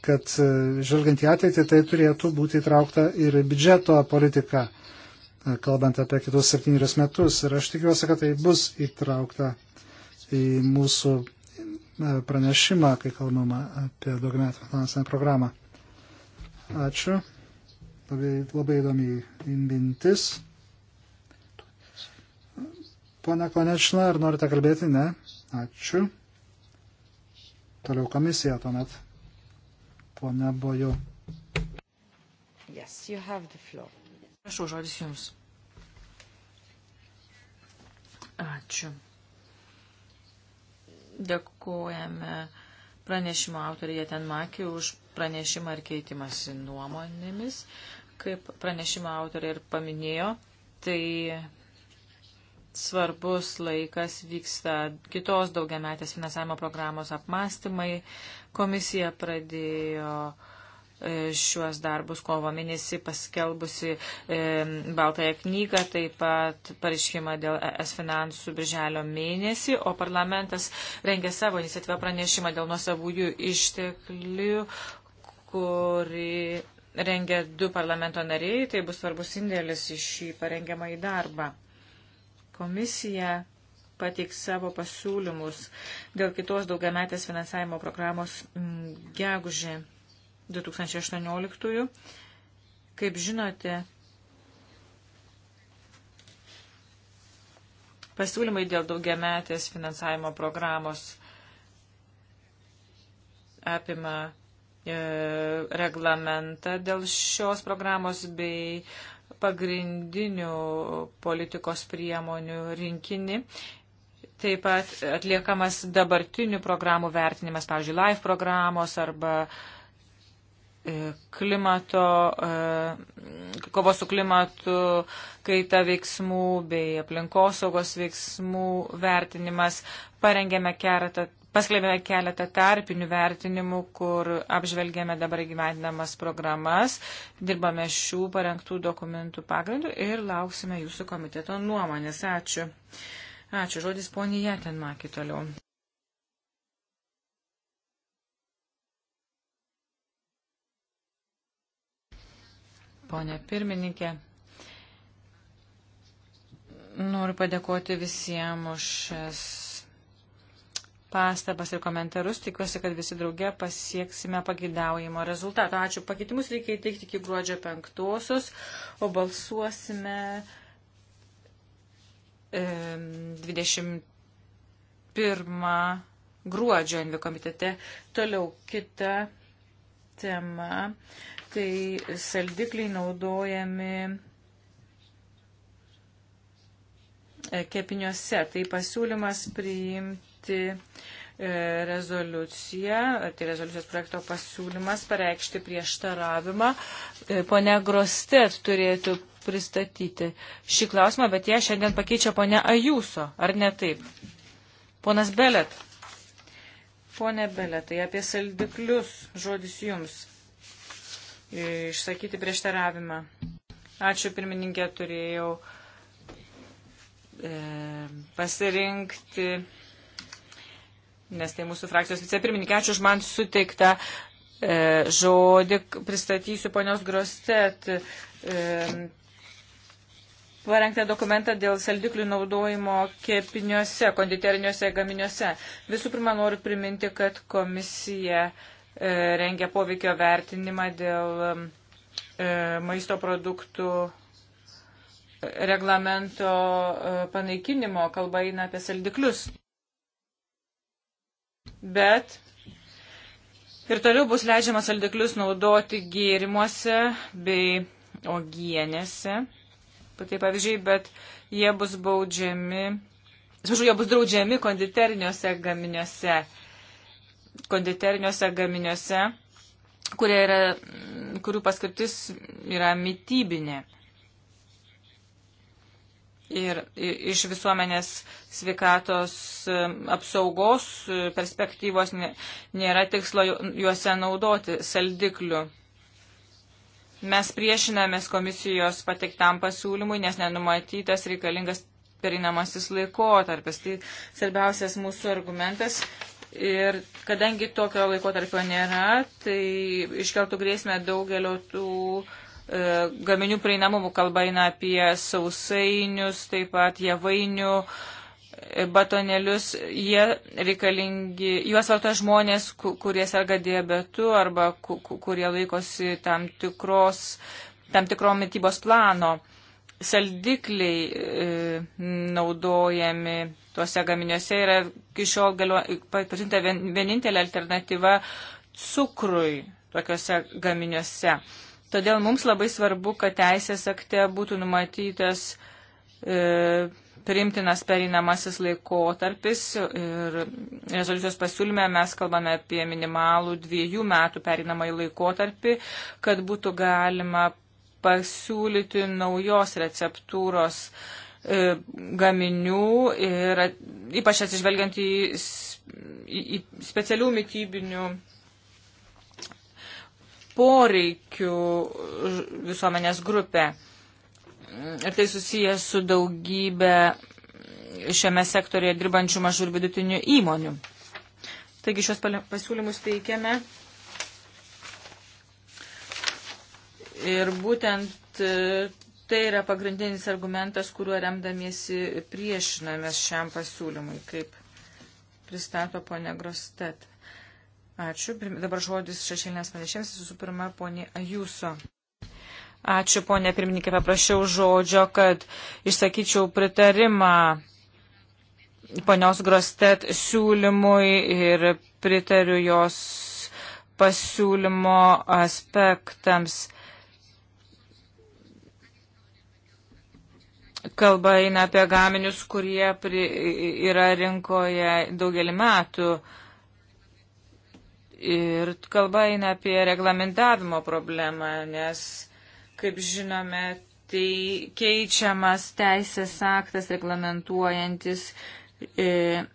Speaker 2: kad e, žvelgiant į ateitį, tai turėtų būti įtraukta ir biudžeto politika, e, kalbant apie kitus septynerius metus. Ir aš tikiuosi, kad tai bus įtraukta į mūsų pranešimą, kai kalbama apie daugiametę finansinę programą. Ačiū. Labai, labai įdomi mintis. Pone Konečna, ar norite kalbėti? Ne. Ačiū. Toliau komisija tuomet. Pone Boju.
Speaker 3: Yes, you have the floor. Prašau, žodis jums. Ačiū. Dėkojame pranešimo autorija Tenmakį už pranešimą ir keitimąsi nuomonėmis. Kaip pranešimo autorė ir paminėjo, tai svarbus laikas vyksta kitos daugiametės finansavimo programos apmastymai. Komisija pradėjo e, šiuos darbus kovo mėnesį paskelbusi e, Baltąją knygą, taip pat pareiškimą dėl es finansų birželio mėnesį, o parlamentas rengė savo iniciatyvą pranešimą dėl nuosavųjų išteklių, kuri rengia du parlamento nariai, tai bus svarbus indėlis į šį parengiamą į darbą komisija pateiks savo pasiūlymus dėl kitos daugiametės finansavimo programos mm, gegužė 2018. -ųjų. Kaip žinote, pasiūlymai dėl daugiametės finansavimo programos apima e, reglamentą dėl šios programos bei pagrindinių politikos priemonių rinkinį. Taip pat atliekamas dabartinių programų vertinimas, pavyzdžiui, LIFE programos arba e, klimato, e, kovos su klimatu kaita veiksmų bei aplinkosaugos veiksmų vertinimas. Parengėme keletą Paskelbėme keletą tarpinių vertinimų, kur apžvelgėme dabar gyvendinamas programas, dirbame šių parengtų dokumentų pagrindų ir lauksime jūsų komiteto nuomonės. Ačiū. Ačiū. Žodis poniai Jatenmaki toliau. Pone pirmininkė, noriu padėkoti visiems už šias pastabas ir komentarus. Tikiuosi, kad visi drauge pasieksime pagidaujimo rezultato. Ačiū. Pakeitimus reikia įteikti iki gruodžio penktosios, o balsuosime e, 21 gruodžio Envi komitete. Toliau kita tema. Tai saldikliai naudojami e, kepiniuose. Tai pasiūlymas priimti parengti e, rezoliuciją, tai rezoliucijos projekto pasiūlymas pareikšti prieštaravimą. E, pone Grostet turėtų pristatyti šį klausimą, bet ją šiandien pakeičia pone Ajuso, ar ne taip? Ponas Belet. Pone Beletai, apie saldiklius žodis jums. E, išsakyti prieštaravimą. Ačiū pirmininkė, turėjau e, pasirinkti nes tai mūsų frakcijos vicepirmininkė. Ačiū už man suteiktą e, žodį. Pristatysiu ponios Grostet e, parengtą dokumentą dėl saldiklių naudojimo kepiniuose, konditeriniuose gaminiuose. Visų pirma, noriu priminti, kad komisija e, rengia poveikio vertinimą dėl e, maisto produktų e, reglamento e, panaikinimo, kalba eina apie saldiklius bet ir toliau bus leidžiama saldiklius naudoti gėrimuose bei ogienėse. Tai pavyzdžiui, bet jie bus baudžiami, atsiprašau, jie bus draudžiami konditeriniuose gaminiuose. Konditeriniuose gaminiuose, yra, kurių paskirtis yra mytybinė ir iš visuomenės sveikatos e, apsaugos e, perspektyvos nėra tikslo juose naudoti saldiklių. Mes priešinamės komisijos pateiktam pasiūlymui, nes nenumatytas reikalingas perinamasis laikotarpis. Tai svarbiausias mūsų argumentas. Ir kadangi tokio laikotarpio nėra, tai iškeltų grėsmę daugelio tų uh, E, gaminių prieinamumų kalba eina apie sausainius, taip pat javainių e, batonėlius, jie reikalingi, juos vartoja žmonės, kurie serga diabetu arba kurie laikosi tam, tikros, tam tikro mytybos plano. Saldikliai e, naudojami tuose gaminiuose yra iki šiol patvirtinta vienintelė alternatyva cukrui tokiuose gaminiuose. E, Todėl mums labai svarbu, kad teisės akte būtų numatytas e, priimtinas pereinamasis laikotarpis ir rezoliucijos pasiūlyme mes kalbame apie minimalų dviejų metų pereinamąjį laikotarpį, kad būtų galima pasiūlyti naujos receptūros e, gaminių ir ypač atsižvelgiant į, į, į specialių mytybinių poreikių visuomenės grupė. Ir tai susijęs su daugybė šiame sektorėje dirbančių mažų ir vidutinių įmonių. Taigi šios pasiūlymus teikiame. Ir būtent e, tai yra pagrindinis argumentas, kuriuo remdamiesi priešinamės šiam pasiūlymui, kaip pristato ponia Grostet. Ačiū. Dabar žodis šešėlinės pranešėjas, visų pirma, ponė Ajuso. Ačiū, ponė pirmininkė, paprašiau žodžio, kad išsakyčiau pritarimą ponios Grostet siūlymui ir pritariu jos pasiūlymo aspektams. Kalba eina apie gaminius, kurie pri, yra rinkoje daugelį metų. Uh, Ir kalba eina apie reglamentavimo problemą, nes, kaip žinome, tai keičiamas teisės aktas reglamentuojantis e,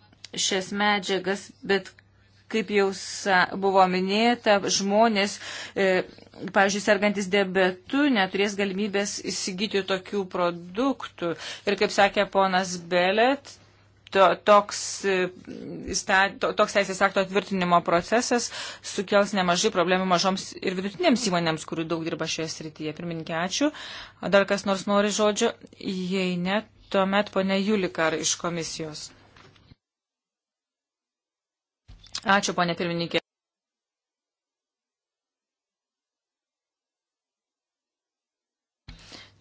Speaker 3: šias medžiagas, bet kaip jau buvo minėta, žmonės, e, pavyzdžiui, sergantis diabetu, neturės galimybės įsigyti tokių produktų. Ir kaip sakė ponas Belet, to, toks, e, to, toks teisės akto atvirtinimo procesas sukels nemažai problemų mažoms ir vidutinėms įmonėms, kurių daug dirba šioje srityje. Pirmininkė, ačiū. Dar kas nors nori žodžio? Jei ne, tuomet ponia Julikar iš komisijos. Ačiū, ponia pirmininkė.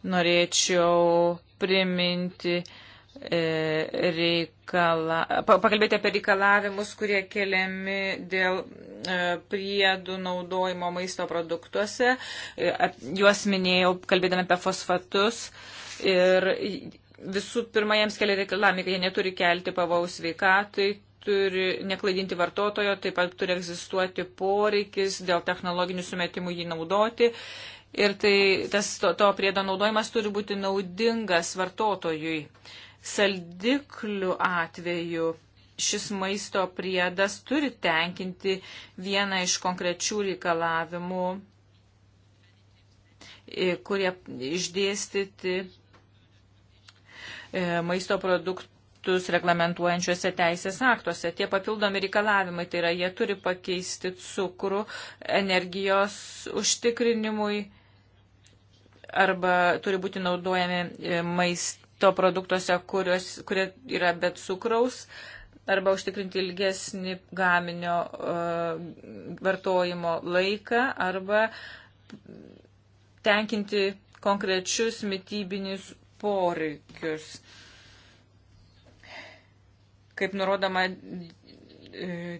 Speaker 3: Norėčiau priminti E, reikala, pakalbėti apie reikalavimus, kurie keliami dėl e, priedų naudojimo maisto produktuose. E, juos minėjau, kalbėdami apie fosfatus. Ir visų pirma, jiems kelia reikalavimai, kad jie neturi kelti pavaus veikatai, turi neklaidinti vartotojo, taip pat turi egzistuoti poreikis dėl technologinių sumetimų jį naudoti. Ir tai, tas, to, to priedo naudojimas turi būti naudingas vartotojui. Uh, saldiklių atveju šis maisto priedas turi tenkinti vieną iš konkrečių reikalavimų, e, kurie išdėstyti e, maisto produktų aspektus reglamentuojančiuose teisės aktuose. Tie papildomi reikalavimai, tai yra, jie turi pakeisti cukrų energijos užtikrinimui arba turi būti naudojami e, maist, maisto produktuose, kurios, kurie yra be cukraus, arba užtikrinti ilgesnį gaminio uh, vartojimo laiką, arba tenkinti konkrečius mytybinius poreikius. Kaip nurodoma, uh,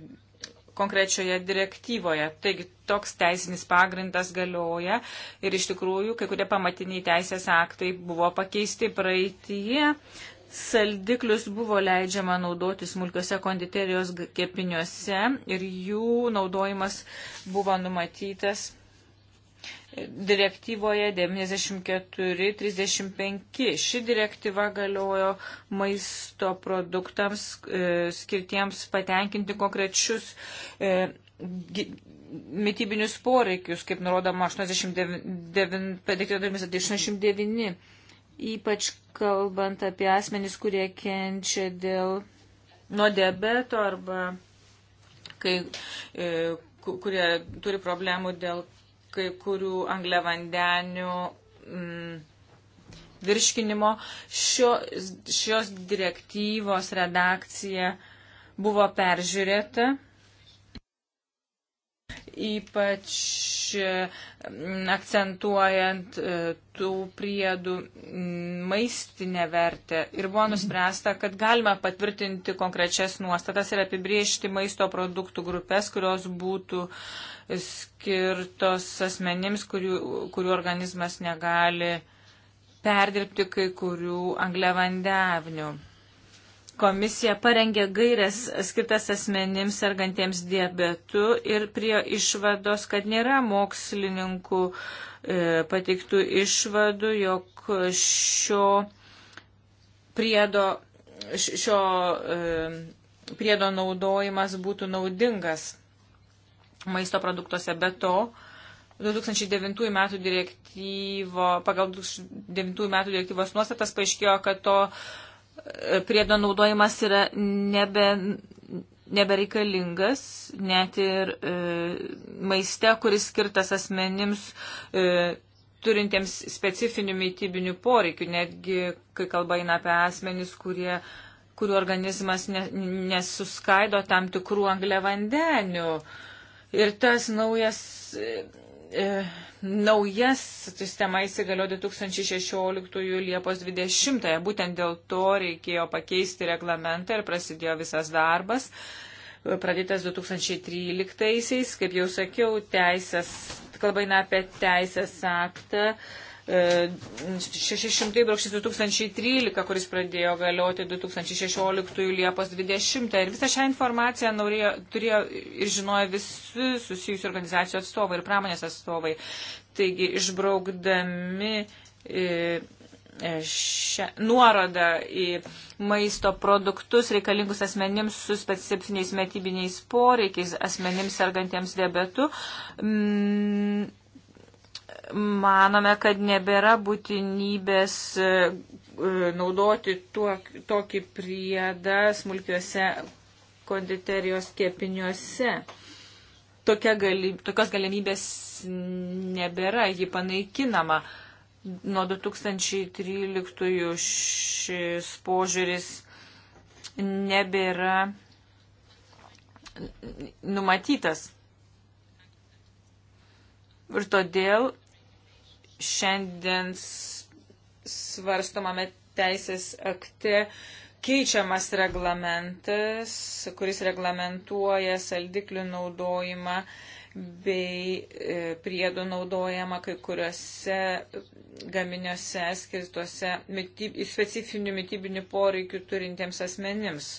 Speaker 3: konkrečioje direktyvoje. Taigi toks teisinis pagrindas galioja ir iš tikrųjų kai kurie pamatiniai teisės aktai buvo pakeisti praeitie. Saldiklius buvo leidžiama naudoti smulkiose konditerijos kepiniuose ir jų naudojimas buvo numatytas direktyvoje 94-35. Ši direktyva galiojo maisto produktams e, skirtiems patenkinti konkrečius e, mytybinius poreikius, kaip nurodoma 89, ypač kalbant apie asmenys, kurie kenčia dėl nuo diabeto arba kai, e, kurie turi problemų dėl kai kurių angliavandenių mm, virškinimo. Šio, šios direktyvos redakcija buvo peržiūrėta ypač e, akcentuojant e, tų priedų maistinę vertę. Ir buvo nuspręsta, kad galima patvirtinti konkrečias nuostatas ir apibriežti maisto produktų grupės, kurios būtų skirtos asmenims, kurių, kurių organizmas negali perdirbti kai kurių angliavandenių komisija parengė gairias skirtas asmenims sergantiems diabetu ir prie išvados, kad nėra mokslininkų e, pateiktų išvadų, jog šio priedo, šio, e, priedo naudojimas būtų naudingas maisto produktuose. Be to, 2009 metų direktyvo, pagal 2009 metų direktyvos nuostatas paaiškėjo, kad to priedo naudojimas yra nebe, nebereikalingas, net ir e, maiste, kuris skirtas asmenims e, turintiems specifinių mytybinių poreikių, netgi kai kalba eina apie asmenis, kurie kurių organizmas ne, nesuskaido tam tikrų angliavandenių. Ir tas naujas E, naujas sistema įsigalio 2016 Liepos 20. Būtent dėl to reikėjo pakeisti reglamentą ir prasidėjo visas darbas. E, pradėtas 2013-aisiais, kaip jau sakiau, teisės, kalba eina apie teisės aktą, 600-2013, e, kuris pradėjo galioti 2016 Liepos 20. Ir visą šią informaciją norėjo, turėjo ir žinojo visi susijusių organizacijų atstovai ir pramonės atstovai. Taigi, išbraukdami e, e, šią nuorodą į maisto produktus reikalingus asmenims su specifiniais metybiniais poreikiais, asmenims sergantiems diabetu. Mm, manome, kad nebėra būtinybės e, e, naudoti tuo, tokį priedą smulkiuose konditerijos kepiniuose. Tokia gali, tokios galimybės nebėra, ji panaikinama. Nuo 2013 šis požiūris nebėra numatytas. Ir todėl šiandien svarstomame teisės akte keičiamas reglamentas, kuris reglamentuoja saldiklių naudojimą bei e, priedų naudojama kai kuriuose gaminiuose skirtuose mytyb, specifinių mytybinių poreikių turintiems asmenims.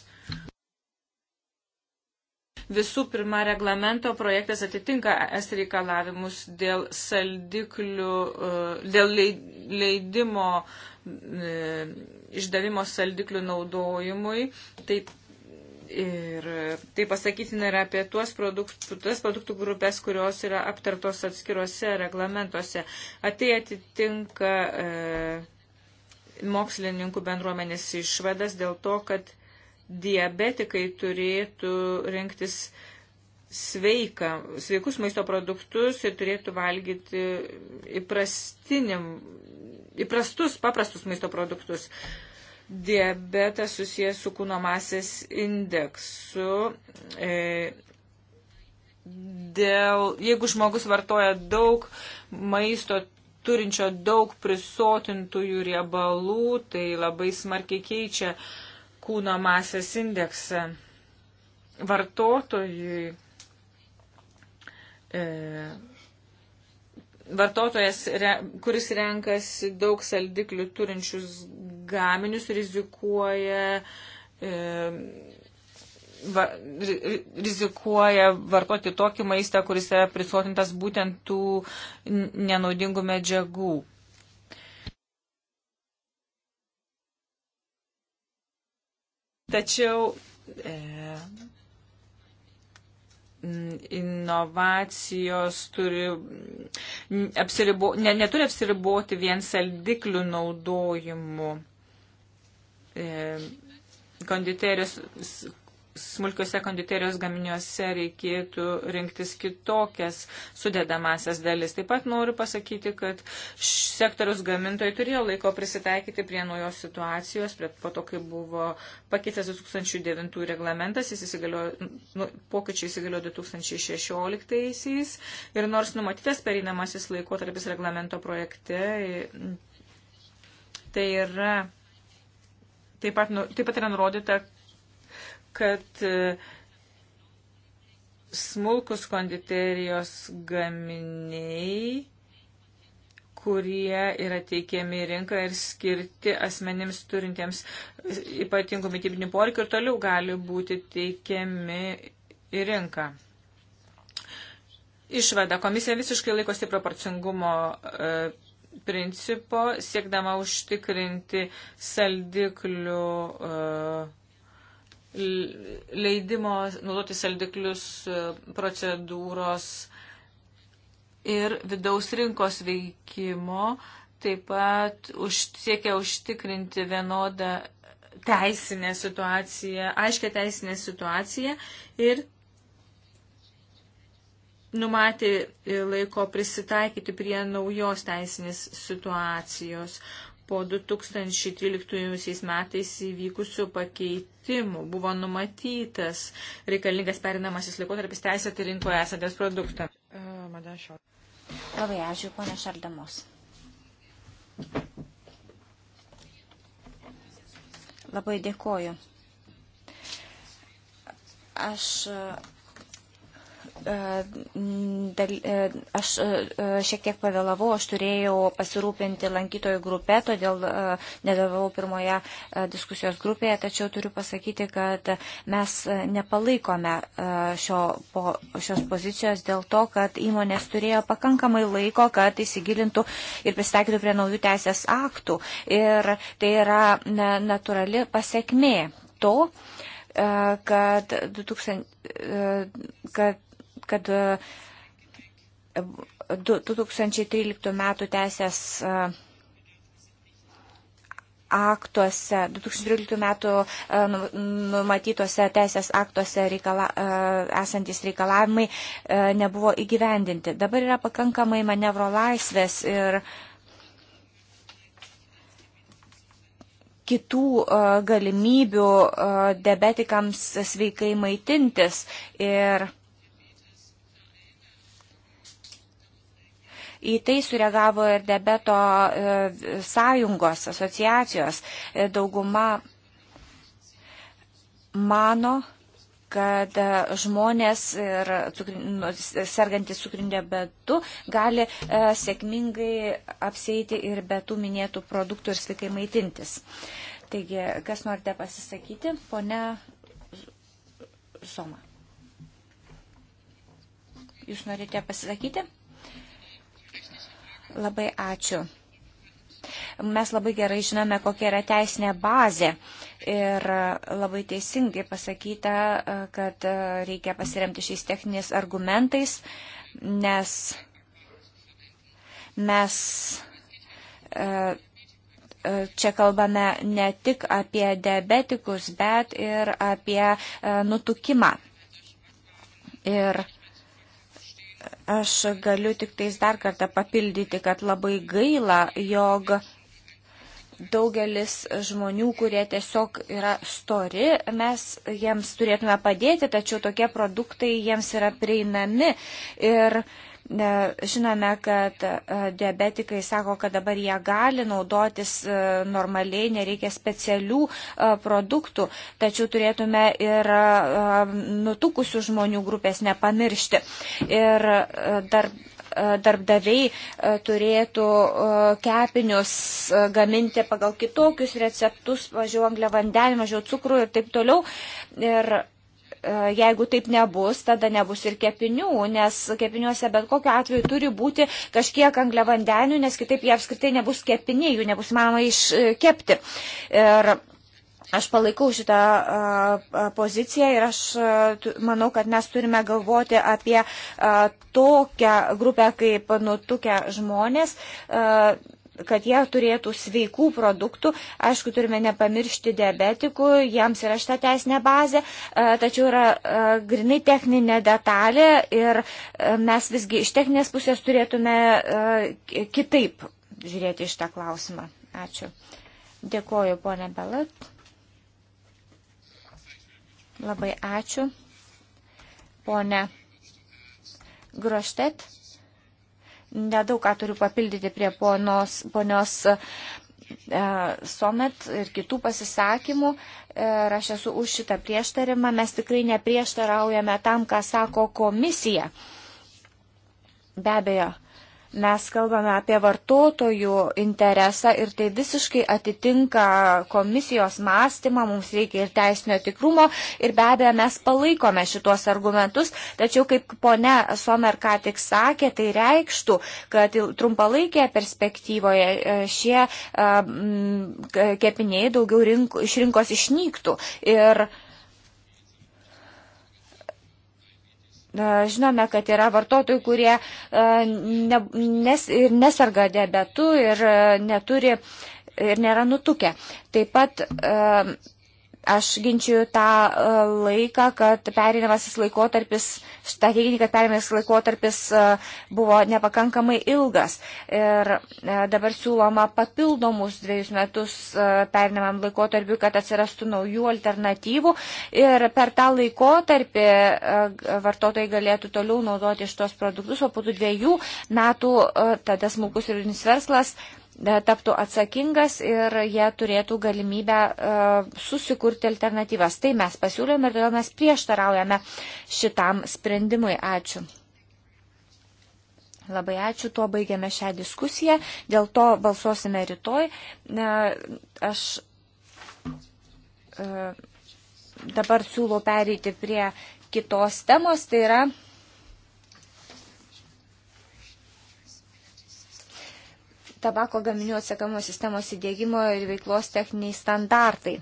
Speaker 3: Visų pirma, reglamento projektas atitinka es reikalavimus dėl saldiklių, e, dėl leidimo e, išdavimo saldiklių naudojimui. Taip, ir tai pasakytina yra apie tuos produktų, tuos produktų grupės, kurios yra aptartos atskiruose reglamentuose. Atai atitinka e, mokslininkų bendruomenės išvadas dėl to, kad diabetikai turėtų rinktis sveiką, sveikus maisto produktus ir turėtų valgyti įprastinim, įprastus, paprastus maisto produktus. Diabetas susijęs su kūno masės indeksu. E, dėl, jeigu žmogus vartoja daug maisto turinčio daug prisotintųjų riebalų, tai labai smarkiai keičia e, kūno masės indeksą. Vartotojui, e, vartotojas, re, kuris renkasi daug saldiklių turinčius gaminius, rizikuoja, e, va, rizikuoja vartoti tokį maistą, kuris yra prisotintas būtent tų nenaudingų medžiagų. Tačiau e, inovacijos turi apsiribo, ne, neturi apsiriboti vien saldiklių naudojimu. E, konditerijos smulkiuose konditerijos gaminiuose reikėtų rinktis kitokias sudėdamasias dalis. Taip pat noriu pasakyti, kad sektorius gamintojai turėjo laiko prisitaikyti prie naujos situacijos, prie po to, kai buvo pakeistas 2009 reglamentas, jis įsigaliojo, nu, pokyčiai įsigaliojo 2016-aisiais ir nors numatytas pereinamasis laikotarpis reglamento projekte, tai yra. Taip pat, nu, taip pat yra nurodyta, kad e, smulkus konditerijos gaminiai, kurie yra teikiami į rinką ir skirti asmenims turintiems ypatingų mytybinių poreikių ir toliau gali būti teikiami į rinką. Išvada. Komisija visiškai laikosi proporcingumo e, principo, siekdama užtikrinti saldiklių e, leidimo naudoti saldiklius e, procedūros ir vidaus rinkos veikimo, taip pat už, siekia užtikrinti vienodą teisinę situaciją, aiškę teisinę situaciją ir numatė e, laiko prisitaikyti prie naujos teisinės situacijos po 2013 metais įvykusių pakeitimų buvo numatytas reikalingas perinamasis laikotarpis teisėti rinkoje esantės produktą.
Speaker 2: E,
Speaker 3: Labai ačiū, pana Šardamos.
Speaker 1: Labai dėkoju. Aš E, e, aš e, šiek tiek pavėlavau, aš turėjau pasirūpinti lankytojų grupę, todėl nedavau pirmoje diskusijos grupėje, tačiau turiu pasakyti, kad mes nepalaikome šio, po, šios pozicijos dėl to, kad įmonės turėjo pakankamai laiko, kad įsigilintų ir pristakytų prie naujų teisės aktų. Ir tai yra natūrali pasiekmė to, kad, 2000, kad kad 2013 e, metų teisės e, aktuose, 2013 metų e, nu, numatytose teisės aktuose reikala, esantis reikalavimai nebuvo įgyvendinti. Dabar yra pakankamai manevro laisvės ir kitų galimybių debetikams sveikai maitintis. Ir Į tai sureagavo ir debeto e, sąjungos, asociacijos. E, dauguma mano, kad e, žmonės ir nu, sergantis cukriniu diabetu gali sėkmingai apseiti ir be tų minėtų produktų ir sveikai maitintis. Taigi, kas norite pasisakyti, ponia Soma? Jūs norite pasisakyti? Labai ačiū. Mes labai gerai žinome, kokia yra teisinė bazė ir e, labai teisingai pasakyta, e, kad e, reikia pasiremti šiais techniniais argumentais, nes mes čia kalbame ne tik apie diabetikus, bet ir apie nutukimą. Ir Aš galiu tik tais dar kartą papildyti, kad labai gaila, jog daugelis žmonių, kurie tiesiog yra stori, mes jiems turėtume padėti, tačiau tokie produktai jiems yra prieinami. Ir uh, Žinome, kad e, diabetikai sako, kad dabar jie gali naudotis e, normaliai, nereikia specialių e, produktų, tačiau turėtume ir nutukusių žmonių grupės nepamiršti. Ir dar darbdaviai turėtų kepinius gaminti pagal kitokius receptus, mažiau angliavandenių, mažiau cukrų ir taip toliau. Ir E, jeigu taip nebus, tada nebus ir kepinių, nes kepiniuose bet kokiu atveju turi būti kažkiek angliavandenių, nes kitaip jie apskritai nebus kepiniai, jų nebus mama iškepti. E, ir Aš palaikau šitą e, poziciją ir aš manau, kad mes turime galvoti apie tokią grupę kaip nutukę žmonės. A, kad jie turėtų sveikų produktų. Aišku, turime nepamiršti diabetikų, jiems yra šita teisinė bazė, e, tačiau yra e, grinai techninė detalė ir e, mes visgi iš techninės pusės turėtume kitaip žiūrėti šitą klausimą. Ačiū. Dėkoju, ponė Belat. Labai ačiū. Pone Groštet. Nedaug ką turiu papildyti prie ponos, ponios e, Somet ir kitų pasisakymų. E, ir aš esu už šitą prieštarimą. Mes tikrai neprieštaraujame tam, ką sako komisija. Be abejo, Mes kalbame apie vartotojų interesą ir tai visiškai atitinka komisijos mąstymą, mums reikia ir teisinio tikrumo ir be abejo mes palaikome šitos argumentus, tačiau kaip ponia Somer ką tik sakė, tai reikštų, kad trumpalaikėje perspektyvoje e, šie e, kepiniai daugiau rink, iš rinkos išnyktų. Ir E, žinome, kad yra vartotojų, kurie e, ne, nes, ir nesarga diabetu ir e, neturi ir nėra nutukę. Taip pat Aš ginčiu tą e, laiką, kad perinamasis laikotarpis, šitą teiginį, kad perinamasis laikotarpis e, buvo nepakankamai ilgas. Ir e, dabar siūloma papildomus dviejus metus perinamam laikotarpiu, kad atsirastų naujų alternatyvų. Ir per tą laikotarpį vartotojai galėtų toliau naudoti šitos produktus, o po tų dviejų metų tada smulkus ir verslas taptų atsakingas ir jie turėtų galimybę e, susikurti alternatyvas. Tai mes pasiūlėm ir todėl mes prieštaraujame šitam sprendimui. Ačiū. Labai ačiū, tuo baigiame šią diskusiją, dėl to balsuosime rytoj. E, aš e, dabar siūlau pereiti prie kitos temos, tai yra tabako gaminių atsakamo sistemos įdėgymo ir veiklos techniniai standartai.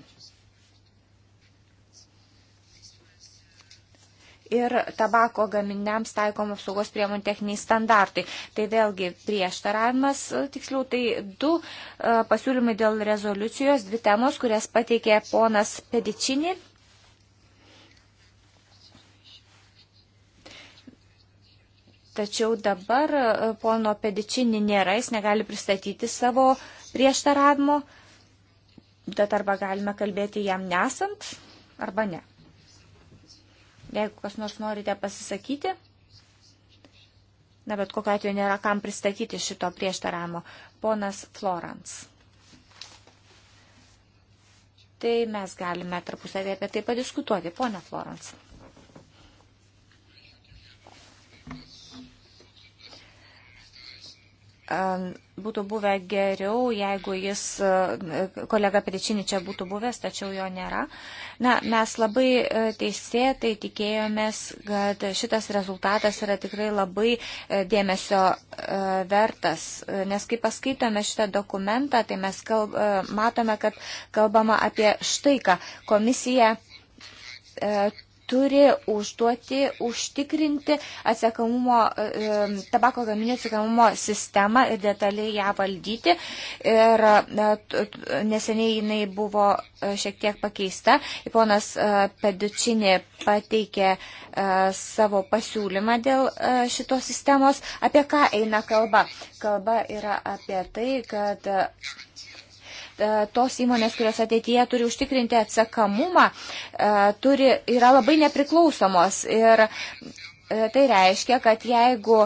Speaker 1: ir tabako gaminiams taikomų apsaugos priemonių techniniai standartai. Tai vėlgi prieštaravimas, tiksliau, tai du e, pasiūlymai dėl rezoliucijos, dvi temos, kurias pateikė ponas Pedičini Tačiau dabar e, pono Pedičinį nėra, jis negali pristatyti savo prieštaravimo, bet arba galime kalbėti jam nesant, arba ne. Jeigu kas nors norite pasisakyti, na bet kokiu atveju nėra kam pristatyti šito prieštaravimo, ponas Florence tai mes galime tarpusavį apie tai padiskutuoti, ponia Florence. Būtų buvę geriau, jeigu jis, e, kolega Pričinį čia būtų buvęs, tačiau jo nėra. Na, mes labai e, teisėtai tikėjomės, kad šitas rezultatas yra tikrai labai e, dėmesio vertas, nes kai paskaitome šitą dokumentą, tai mes kalb, matome, kad kalbama apie štai ką. Komisija turi užduoti užtikrinti atsiekamumo, e, e, tabako gaminio atsiekamumo sistemą ir detaliai ją valdyti. Ir e, neseniai jinai buvo šiek tiek pakeista. Ponas Pedučinė pateikė savo pasiūlymą dėl šitos sistemos. Apie ką eina kalba? Kalba yra apie tai, kad E, tos įmonės, kurios ateityje turi užtikrinti atsakamumą, e, turi, yra labai nepriklausomos. Ir e, Tai reiškia, kad jeigu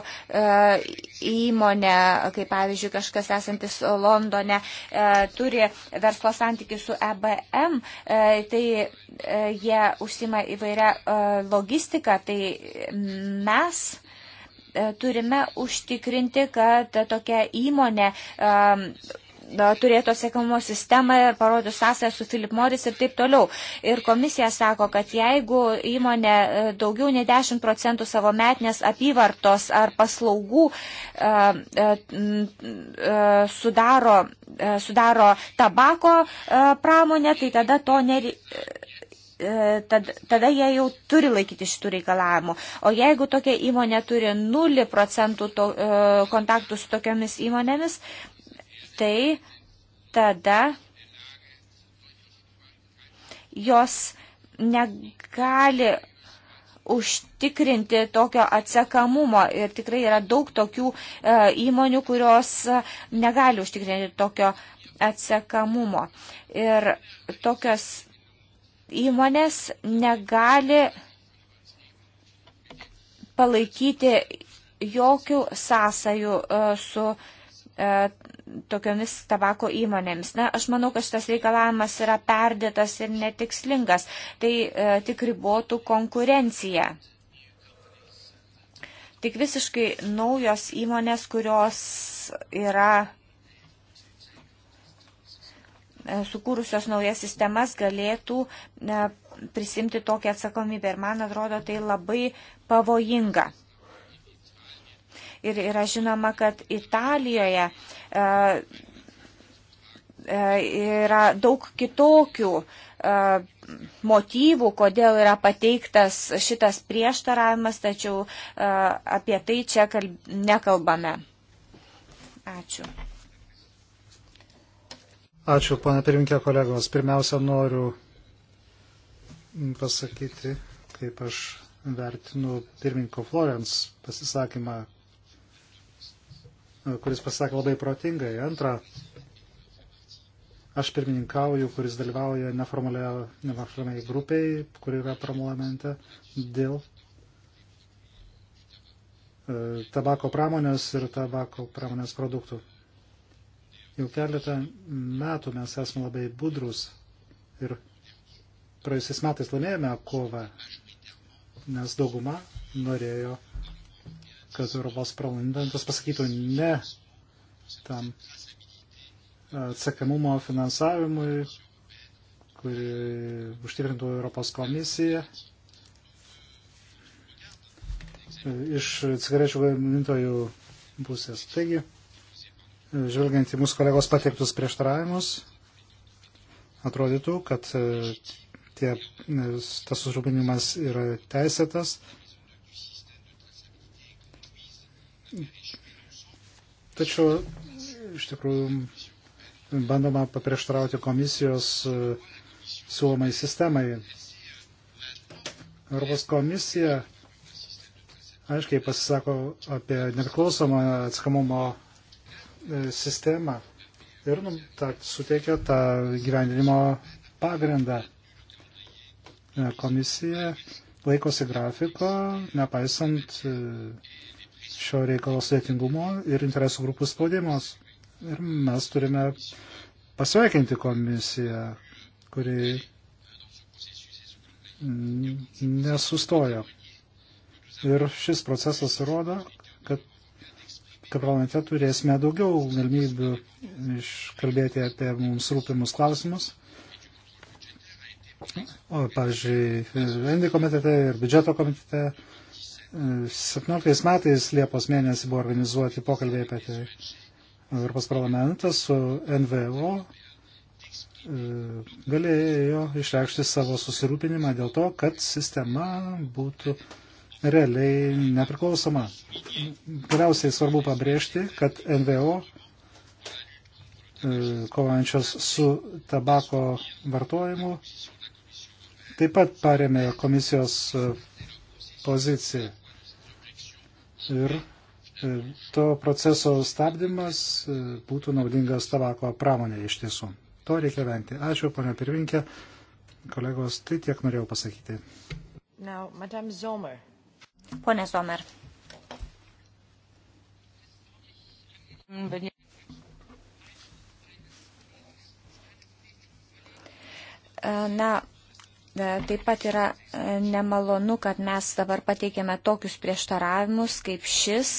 Speaker 1: įmonė, kaip pavyzdžiui kažkas esantis Londone, turi verslo santykių su EBM, tai jie užsima įvairią logistiką, tai mes turime užtikrinti, kad tokia įmonė turėtų sekamumo sistemą ir parodys sąsąją su Philip Morris ir taip toliau. Ir komisija sako, kad jeigu įmonė e, daugiau nei 10 procentų savo metinės apyvartos ar paslaugų e, e, sudaro, sudaro tabako pramonę, tai tada to nereikia tad, tada jie jau turi laikyti šitų reikalavimų. O jeigu tokia įmonė turi 0 procentų to, e, kontaktų su tokiamis įmonėmis, tai tada jos negali užtikrinti tokio atsekamumo. Ir tikrai yra daug tokių e, įmonių, kurios e, negali užtikrinti tokio atsekamumo. Ir tokios įmonės negali palaikyti jokių sąsajų e, su E, tokiamis tabako įmonėmis. Na, aš manau, kad šitas reikalavimas yra perdėtas ir netikslingas. Tai e, tik ribotų konkurenciją. Tik visiškai naujos įmonės, kurios yra e, sukūrusios naujas sistemas galėtų e, prisimti tokią atsakomybę. Ir man atrodo, tai labai pavojinga. Ir yra žinoma, kad Italijoje e, e, yra daug kitokių e, motyvų, kodėl yra pateiktas šitas prieštaravimas, tačiau apie tai čia kalb... nekalbame. Ačiū.
Speaker 2: Ačiū, pana pirminkė kolegos. Pirmiausia, noriu pasakyti, kaip aš vertinu pirminko Florence pasisakymą, E, kuris pasakė labai protingai. Antra, aš pirmininkauju, kuris dalyvauja neformaliai grupiai, kuri yra parlamente dėl e, tabako pramonės ir tabako pramonės produktų. Jau keletą metų mes esame labai budrus ir praėjusiais metais laimėjome kovą, nes dauguma norėjo kad Europos parlamentas pasakytų ne tam e, atsakamumo finansavimui, kurį užtikrintų Europos komisija e, iš cigarečių gamintojų pusės. Taigi, e, žvelgiant į mūsų kolegos pateiktus prieštaravimus, atrodytų, kad tie, tas užrūpinimas yra teisėtas Tačiau iš tikrųjų bandoma paprieštarauti komisijos e, siūlomai sistemai. Europos komisija aiškiai pasisako apie nepriklausomą atskamumo e, sistemą ir nu, ta, suteikia tą gyvendinimo pagrindą. E, komisija laikosi grafiko, nepaisant šio reikalo sudėtingumo ir interesų grupų spaudimos. Ir mes turime pasveikinti komisiją, kuri nesustoja. Ir šis procesas rodo, kad, kad parlamente turėsime daugiau galimybių iškalbėti apie mums rūpimus klausimus. O, pavyzdžiui, Vendi komitete ir biudžeto komitete 17 metais Liepos mėnesį buvo organizuoti pokalbiai apie tai. Europos parlamentas su NVO e, galėjo išreikšti savo susirūpinimą dėl to, kad sistema būtų realiai nepriklausoma. Galiausiai svarbu pabrėžti, kad NVO e, kovojančios su tabako vartojimu taip pat paremė komisijos e, poziciją ir e, to proceso stabdymas e, būtų naudingas tabako pramonė iš tiesų. To reikia vengti. Ačiū, ponia pirminkė. Kolegos, tai tiek norėjau pasakyti.
Speaker 1: Now, Madame Zomer. Pone Zomer. Na, E, taip pat yra e, nemalonu, kad mes dabar pateikėme tokius prieštaravimus kaip šis.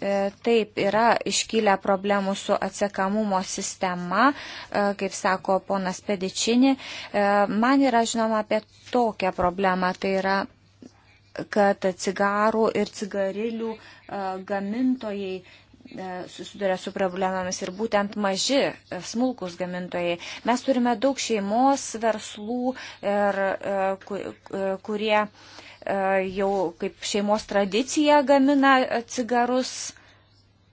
Speaker 1: E, taip, yra iškilę problemų su atsekamumo sistema, kaip sako ponas Pedičini. Man yra žinoma apie tokią problemą, tai yra, kad cigarų ir cigarilių gamintojai E, susiduria su problemomis ir būtent maži e, smulkus gamintojai. Mes turime daug šeimos verslų, ir, e, kurie jau kaip šeimos tradicija gamina cigarus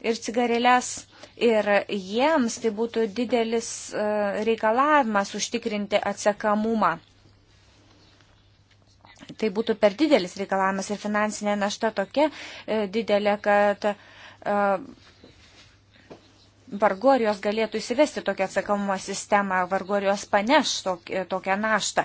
Speaker 1: ir cigarilės. Ir jiems tai būtų didelis reikalavimas užtikrinti atsekamumą. Tai būtų per didelis reikalavimas ir finansinė našta tokia didelė, kad vargu ar jos galėtų įsivesti tokią atsakomumo sistemą, vargu ar jos paneš tokią naštą.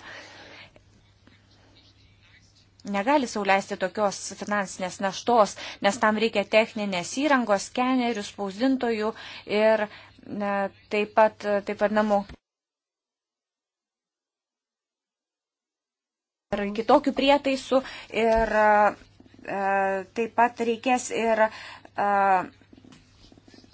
Speaker 1: Negali sauliaisti tokios finansinės naštos, nes tam reikia techninės įrangos, skenerių, spausdintojų ir ne, taip pat, taip pat namų. Ir kitokių prietaisų ir e, taip pat reikės ir e,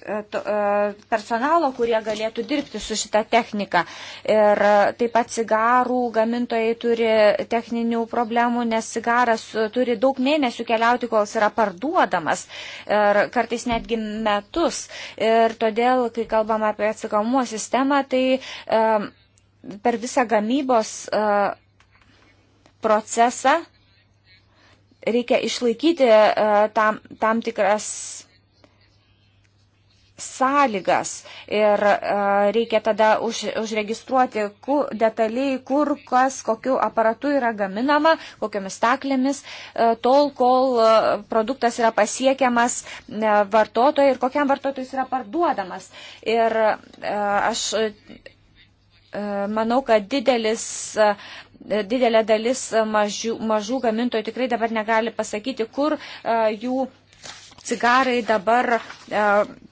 Speaker 1: E, e, personalo, kurie galėtų dirbti su šita technika. Ir e, taip pat cigarų gamintojai turi techninių problemų, nes cigaras turi daug mėnesių keliauti, kol jis yra parduodamas. Ir kartais netgi metus. Ir todėl, kai kalbam apie atsikamumo sistemą, tai per visą gamybos procesą reikia išlaikyti tam, tam tikras sąlygas ir e, reikia tada už, užregistruoti ku, detaliai, kur kas, kokiu aparatu yra gaminama, kokiomis staklėmis, e, tol, kol e, produktas yra pasiekiamas vartotojai ir kokiam vartotojui jis yra parduodamas. Ir aš manau, kad didelis didelė dalis mažių, mažų gamintojų tikrai dabar negali pasakyti, kur jų cigarai dabar e,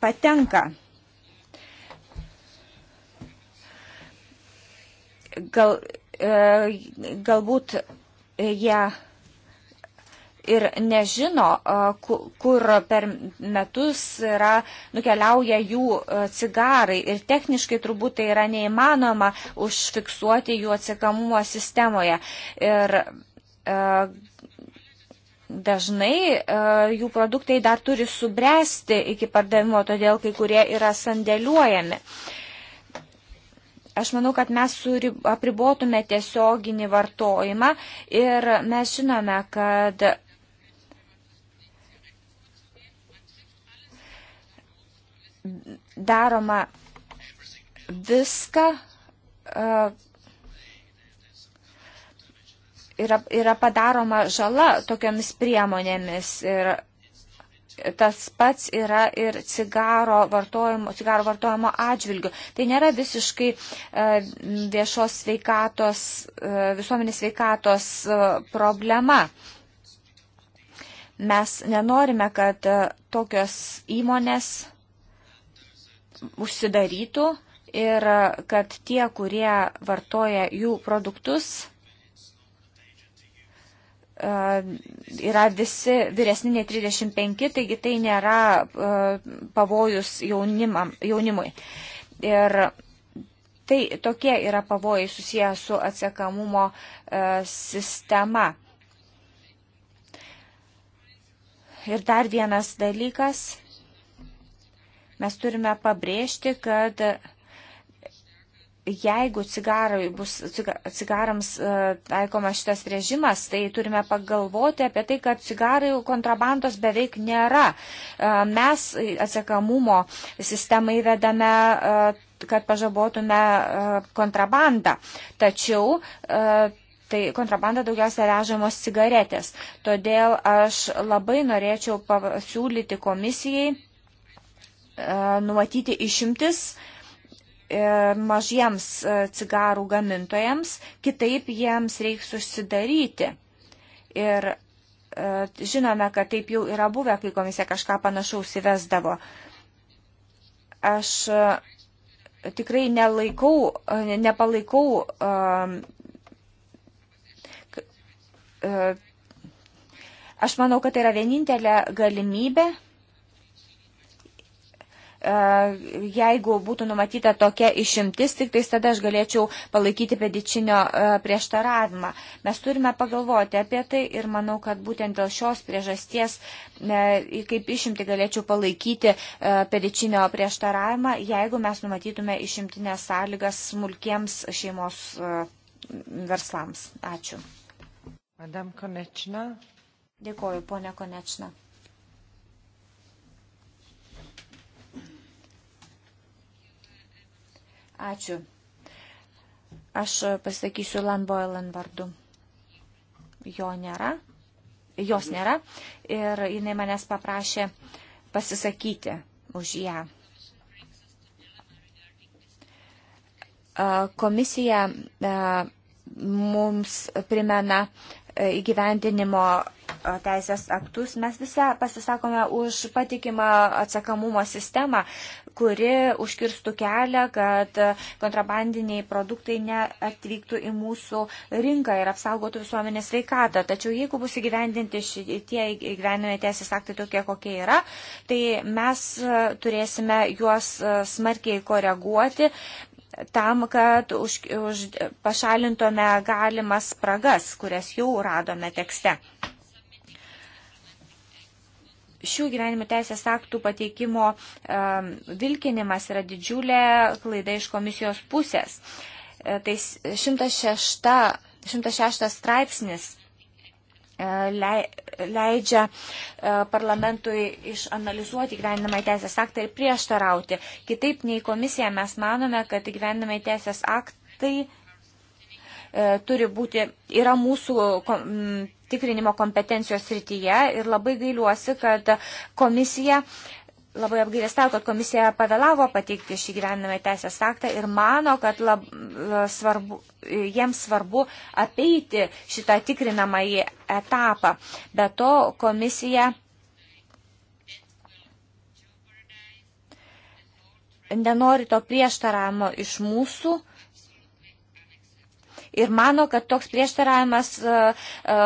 Speaker 1: patenka. Gal, e, galbūt jie ir nežino, e, kur per metus yra, nukeliauja jų e, cigarai. Ir techniškai turbūt tai yra neįmanoma užfiksuoti jų atsikamumo sistemoje. Ir, e, dažnai e, jų produktai dar turi subręsti iki pardavimo, todėl kai kurie yra sandėliuojami. Aš manau, kad mes apribotume tiesioginį vartojimą ir mes žinome, kad daroma viską, e, yra, yra padaroma žala tokiamis priemonėmis. Ir tas pats yra ir cigaro vartojimo, cigaro vartojimo atžvilgių. Tai nėra visiškai e, viešos sveikatos, e, visuomenės sveikatos e, problema. Mes nenorime, kad tokios įmonės užsidarytų ir kad tie, kurie vartoja jų produktus, E, yra visi vyresni nei 35, taigi tai nėra e, pavojus jaunimam, jaunimui. Ir tai tokie yra pavojai susiję su atsekamumo e, sistema. Ir dar vienas dalykas. Mes turime pabrėžti, kad jeigu cigarai bus, cigarams e, taikoma šitas režimas, tai turime pagalvoti apie tai, kad cigarai kontrabandos beveik nėra. E, mes atsakamumo sistemą įvedame e, kad pažabotume kontrabandą. Tačiau tai kontrabanda daugiausia vežamos cigaretės. Todėl aš labai norėčiau pasiūlyti komisijai numatyti išimtis uh, E, mažiems e, cigarų gamintojams, kitaip jiems reiks užsidaryti. Ir e, žinome, kad taip jau yra buvę, kai komisija kažką panašaus įvesdavo. Aš tikrai nelaikau, nepalaikau Aš manau, kad tai yra vienintelė galimybė E, jeigu būtų numatyta tokia išimtis, tik tais tada aš galėčiau palaikyti pedičinio e, prieštaravimą. Mes turime pagalvoti apie tai ir manau, kad būtent dėl šios priežasties e, kaip išimti galėčiau palaikyti pedičinio prieštaravimą, jeigu mes numatytume išimtinės sąlygas smulkiems šeimos verslams. Ačiū. Madam Konečna. Dėkoju, ponia Konečna. Ačiū. Aš pasakysiu Lanboilan vardu. Jo nėra, jos nėra ir jinai manęs paprašė pasisakyti už ją. Komisija mums primena įgyvendinimo teisės aktus, mes visi pasisakome už patikimą atsakamumo sistemą, kuri užkirstų kelią, kad kontrabandiniai produktai neatvyktų į mūsų rinką ir apsaugotų visuomenės veikatą. Tačiau jeigu bus įgyvendinti šitie įgyvendinami teisės aktai tokie, kokie yra, tai mes turėsime juos smarkiai koreguoti tam, kad už, už, pašalintume galimas spragas, kurias jau radome tekste. Šių gyvenimo teisės aktų pateikimo um, vilkinimas yra didžiulė klaida iš komisijos pusės. Tai 106, 106 straipsnis E, leidžia e, parlamentui išanalizuoti gyvenimą į teisės aktą ir prieštarauti. Kitaip nei komisija mes manome, kad gyvenimą į teisės aktai e, turi būti, yra mūsų tikrinimo kompetencijos srityje ir labai gailiuosi, kad komisija labai apgailestau, kad komisija pavėlavo pateikti šį gyvenamą teisės aktą ir mano, kad lab, svarbu, jiems svarbu apeiti šitą tikrinamąjį etapą. Be to komisija nenori to prieštaravimo iš mūsų ir mano, kad toks prieštaravimas e, e,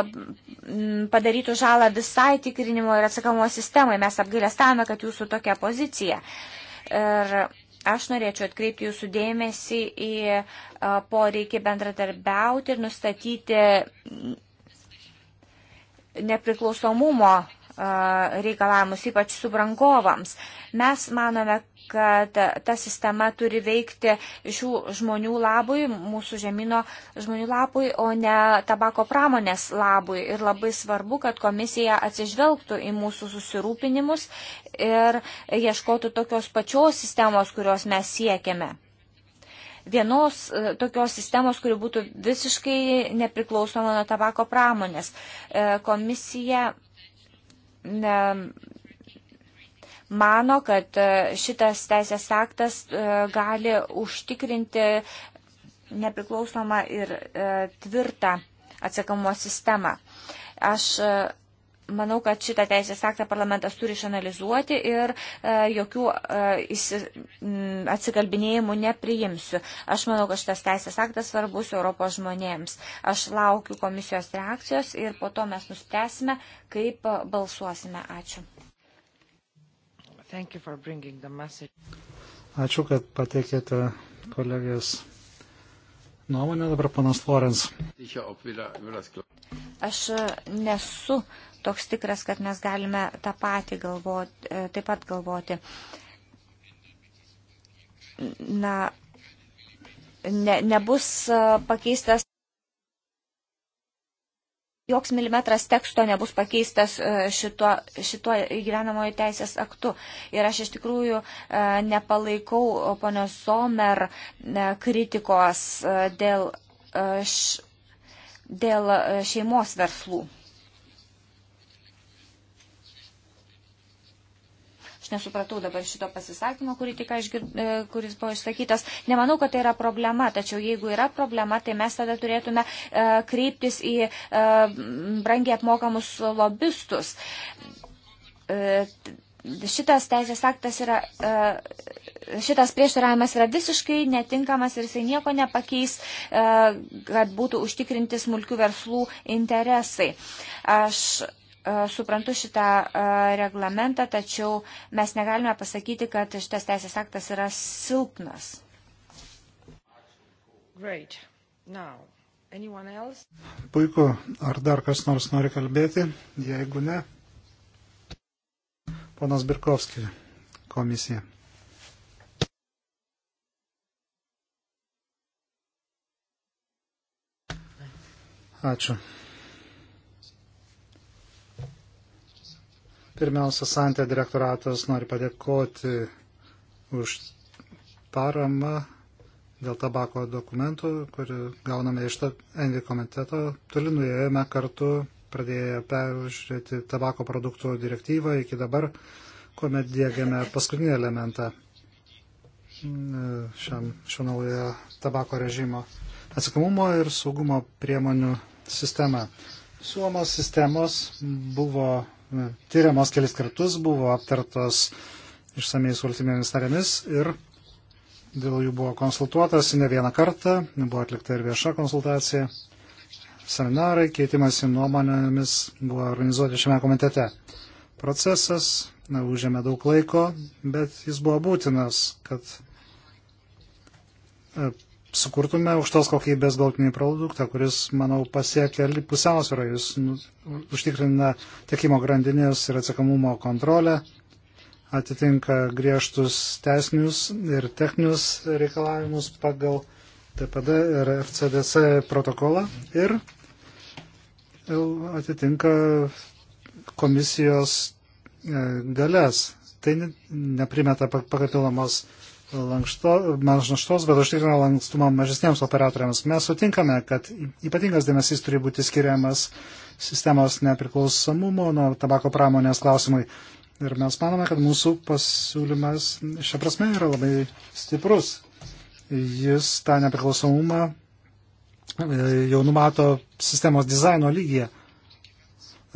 Speaker 1: padarytų žalą visai tikrinimo ir atsakamo sistemai. Mes apgailestavome, kad jūsų tokia pozicija. Ir aš norėčiau atkreipti jūsų dėmesį į e, poreikį bendradarbiauti ir nustatyti nepriklausomumo reikalavimus, ypač subrangovams. Mes manome, kad ta sistema turi veikti šių žmonių labui, mūsų žemino žmonių labui, o ne tabako pramonės labui. Ir labai svarbu, kad komisija atsižvelgtų į mūsų susirūpinimus ir ieškotų tokios pačios sistemos, kurios mes siekiame. Vienos e, tokios sistemos, kuri būtų visiškai nepriklausoma nuo tabako pramonės. E, komisija e, mano, kad e, šitas teisės aktas e, gali užtikrinti nepriklausomą ir e, tvirtą atsakamumo sistemą. Aš manau, kad šitą teisės aktą parlamentas turi išanalizuoti ir e, jokių e, atsikalbinėjimų nepriimsiu. Aš manau, kad šitas teisės aktas svarbus Europos žmonėms. Aš laukiu komisijos reakcijos ir po to mes nuspręsime, kaip balsuosime. Ačiū.
Speaker 3: Ačiū,
Speaker 2: kad pateikėte kolegės nuomonę, dabar panas Florens.
Speaker 1: Aš nesu toks tikras, kad mes galime tą patį galvoti, e, taip pat galvoti. Na, ne, nebus e, pakeistas joks milimetras teksto nebus pakeistas e, šituo, šituo įgyvenamojo teisės aktu. Ir aš iš tikrųjų e, nepalaikau ponios Somer e, kritikos dėl, dėl šeimos verslų. nesupratau dabar šito pasisakymo, kurį tik išgir, e, kuris buvo išsakytas. Nemanau, kad tai yra problema, tačiau jeigu yra problema, tai mes tada turėtume e, kreiptis į e, brangiai apmokamus lobistus. Šitas teisės aktas yra šitas prieštaravimas yra visiškai netinkamas ir jisai nieko nepakeis, kad būtų užtikrinti smulkių verslų interesai. Aš suprantu šitą reglamentą, tačiau mes negalime pasakyti, kad šitas teisės aktas yra silpnas.
Speaker 3: Great. Now, anyone else?
Speaker 2: Puiku. Ar dar kas nors nori kalbėti? Jeigu ne, ponas Birkovski, komisija. Ačiū. Pirmiausia, Santė direktoratas nori padėkoti už paramą dėl tabako dokumentų, kurį gauname iš Envi komiteto. Toli nuėjome kartu, pradėję peržiūrėti tabako produktų direktyvą iki dabar, kuomet dėgiame paskutinį elementą mm, šiam, šio naujo tabako režimo atsakomumo ir saugumo priemonių sistema. Suomos sistemos buvo tyriamos kelis kartus, buvo aptartos išsamei su valstybėmis narėmis ir dėl jų buvo konsultuotas ne vieną kartą, buvo atlikta ir vieša konsultacija. Seminarai, keitimasi nuomonėmis buvo organizuoti šiame komitete. Procesas na, užėmė daug laiko, bet jis buvo būtinas, kad e, sukurtume aukštos kokybės galtinį produktą, kuris, manau, pasiekia pusiausvyrą, jis nu, užtikrina tiekimo grandinės ir atsakamumo kontrolę, atitinka griežtus teisinius ir techninius reikalavimus pagal TPD ir FCDC protokolą ir atitinka komisijos e, galės. Tai neprimeta papildomos. Pa naštos, bet užtikrina lankstumą mažesniems operatoriams. Mes sutinkame, kad ypatingas dėmesys turi būti skiriamas sistemos nepriklausomumo nuo tabako pramonės klausimui. Ir mes manome, kad mūsų pasiūlymas šią prasme yra labai stiprus. Jis tą nepriklausomumą e, jau numato sistemos dizaino lygyje. E,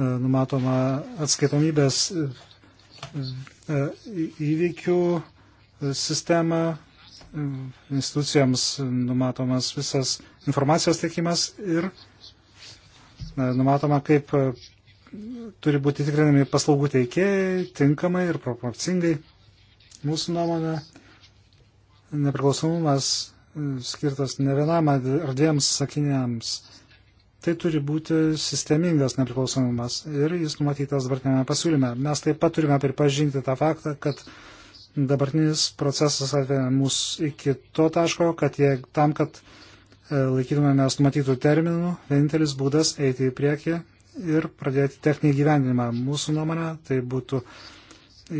Speaker 2: numatoma atskaitomybės e, įvykių sistemą, institucijoms numatomas visas informacijos teikimas ir numatoma, kaip e, turi būti tikrinami paslaugų teikėjai tinkamai ir proporcingai. Mūsų nuomonė, nepriklausomumas e, skirtas ne vienam ar dviems sakiniams. Tai turi būti sistemingas nepriklausomumas ir jis numatytas dabartinėme pasiūlyme. Mes taip pat turime pripažinti tą faktą, kad dabartinis procesas atvedė mus iki to taško, kad jie tam, kad e, laikytumėmės numatytų terminų, vienintelis būdas eiti į priekį ir pradėti techninį gyvendinimą. Mūsų nuomonė tai būtų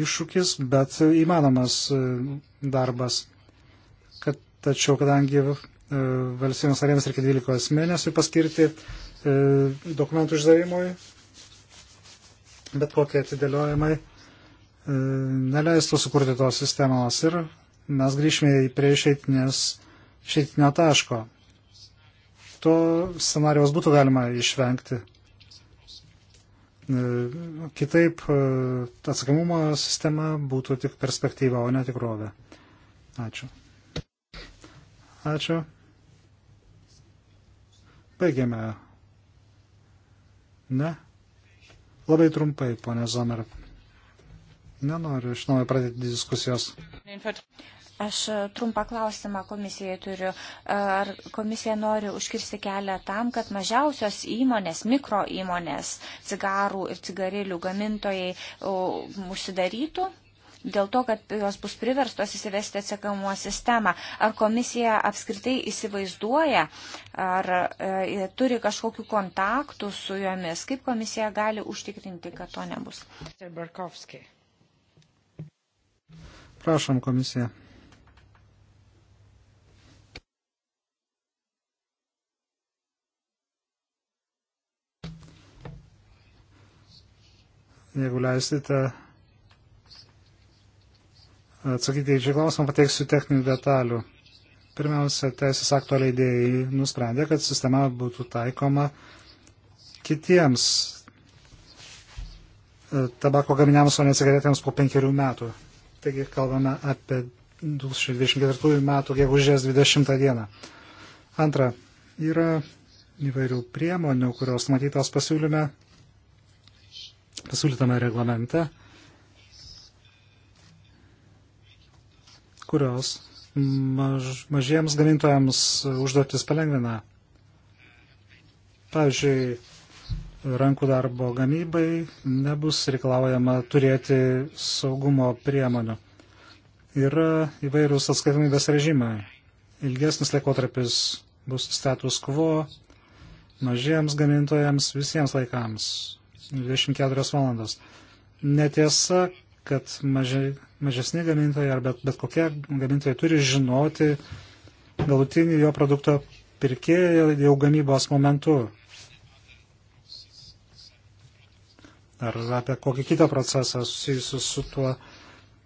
Speaker 2: iššūkis, bet įmanomas e, darbas. Kad, tačiau, kadangi e, valstybės narėms reikia 12 mėnesių paskirti dokumentų išdavimui, bet kokie atidėliojimai E, neleistų sukurti tos sistemos ir mes grįžime prie išeitinio taško. To scenarijos būtų galima išvengti. E, kitaip e, atsakomumo sistema būtų tik perspektyva, o ne tikrovė. Ačiū. Ačiū. Baigėme. Ne? Labai trumpai, ponė Zomer nenoriu iš naujo pradėti diskusijos.
Speaker 1: Aš e, trumpą klausimą komisijai turiu. E, ar komisija nori užkirsti kelią tam, kad mažiausios įmonės, mikro įmonės, cigarų ir cigarilių gamintojai užsidarytų? Dėl to, kad jos bus priverstos įsivesti atsakamuo sistemą. Ar komisija apskritai įsivaizduoja, ar e, turi kažkokiu kontaktu su jomis? Kaip komisija gali užtikrinti, kad to nebus?
Speaker 3: Berkovskiai.
Speaker 2: Prašom komisiją. Jeigu leisite atsakyti į šį klausimą, pateiksiu techninių detalių. Pirmiausia, teisės akto leidėjai nusprendė, kad sistema būtų taikoma kitiems e, tabako gaminiams, o ne cigaretėms po penkerių metų. Taigi kalbame apie 2024 metų gegužės 20 dieną. Antra, yra įvairių priemonių, kurios matytos pasiūlyme, pasiūlytame reglamente, kurios maž, mažiems gamintojams užduotis palengvina. Pavyzdžiui, rankų darbo gamybai nebus reikalaujama turėti saugumo priemonių. Yra įvairūs atskaitomybės režimai. Ilgesnis laikotarpis bus status quo mažiems gamintojams visiems laikams. 24 valandos. Netiesa, kad mažai, mažesni gamintojai ar bet, bet kokie gamintojai turi žinoti galutinį jo produkto pirkėją jau gamybos momentu ar apie kokį kitą procesą susijusiu su tuo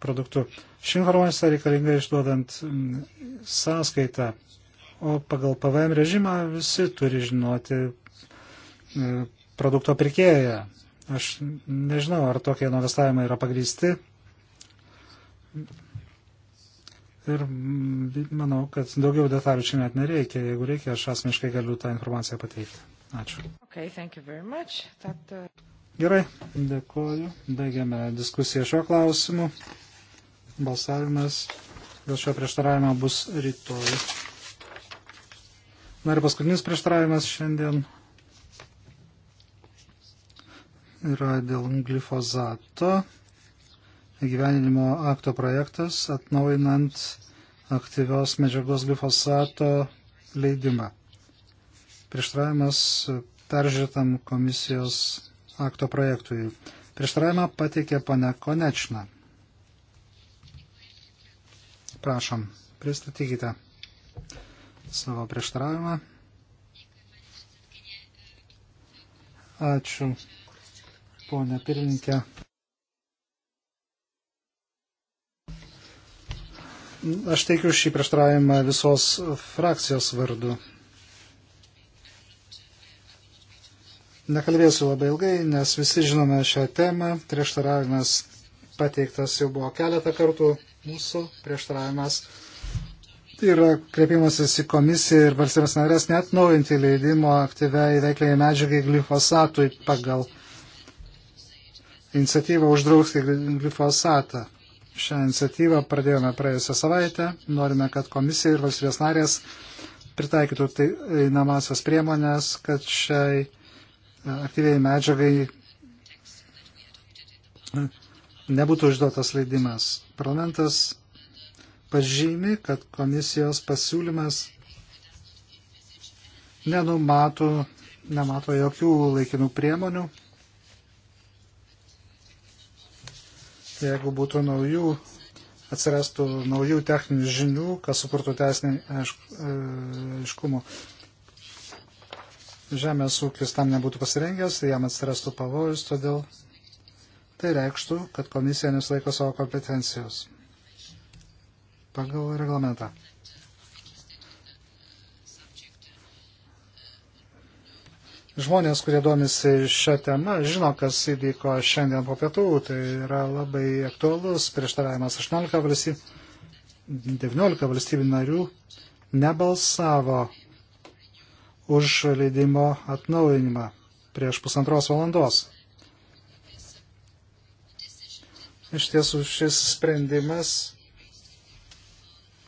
Speaker 2: produktu. Ši informacija reikalinga išduodant mm, sąskaitą, o pagal PVM režimą visi turi žinoti mm, produkto pirkėją. Aš nežinau, ar tokie nuogastavimai yra pagrysti. Ir mm, manau, kad daugiau detalių čia net nereikia. Jeigu reikia, aš asmeniškai galiu tą informaciją pateikti. Ačiū. Okay,
Speaker 3: That, uh...
Speaker 2: Gerai, dėkoju. Baigiame diskusiją šiuo klausimu. Balsavimas dėl šio prieštaravimo bus rytoj. Na ir paskutinis prieštaravimas šiandien yra dėl glifozato gyveninimo akto projektas atnaujinant aktyvios medžiagos glifosato leidimą. Prieštaravimas peržiūrėtam komisijos akto projektui. Prieštaravimą pateikė pane Konečna. Prašom, pristatykite savo prieštaravimą. Ačiū, ponė pirmininkė. Aš teikiu šį prieštaravimą visos frakcijos vardu. Nekalbėsiu labai ilgai, nes visi žinome šią temą. Prieštaravimas pateiktas jau buvo keletą kartų. Mūsų prieštaravimas yra kreipimasis į komisiją ir valstybės narės net naujinti leidimo aktyviai veikliai medžiagai glifosatui pagal iniciatyvą uždrausti glifosatą. Šią iniciatyvą pradėjome praėjusią savaitę. Norime, kad komisija ir valstybės narės pritaikytų tai namasias priemonės, kad šiai aktyviai medžiagai nebūtų išduotas leidimas. Parlamentas pažymi, kad komisijos pasiūlymas nenumato, nemato jokių laikinų priemonių. Jeigu būtų naujų, atsirastų naujų techninių žinių, kas sukurtų teisinį aiškumų. Aišk, e, žemės ūkis tam nebūtų pasirengęs, tai jam atsirastų pavojus, todėl tai reikštų, kad komisija nesilaiko savo kompetencijos pagal reglamentą. Žmonės, kurie domisi šią temą, žino, kas įvyko šiandien po pietų. Tai yra labai aktualus prieštaravimas. 18 valstybių, 19 valstybių narių nebalsavo už leidimo atnaujinimą prieš pusantros valandos. Iš tiesų šis sprendimas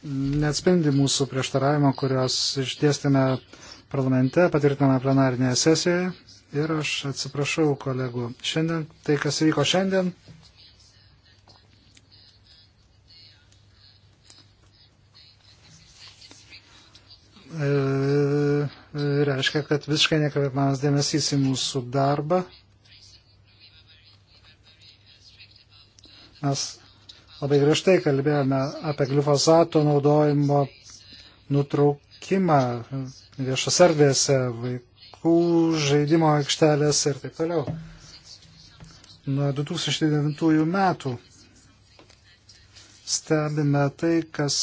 Speaker 2: neatspindi mūsų prieštaravimo, kurios išdėstėme parlamente, patvirtiname plenarinėje sesijoje. Ir aš atsiprašau kolegų. Šiandien tai, kas vyko šiandien, E, e, reiškia, kad visiškai nekreipiamas dėmesys į mūsų darbą. Mes labai griežtai kalbėjome apie glifosato naudojimo nutraukimą viešos erdvėse, vaikų žaidimo aikštelėse ir taip toliau. Nuo 2009 metų stebime tai, kas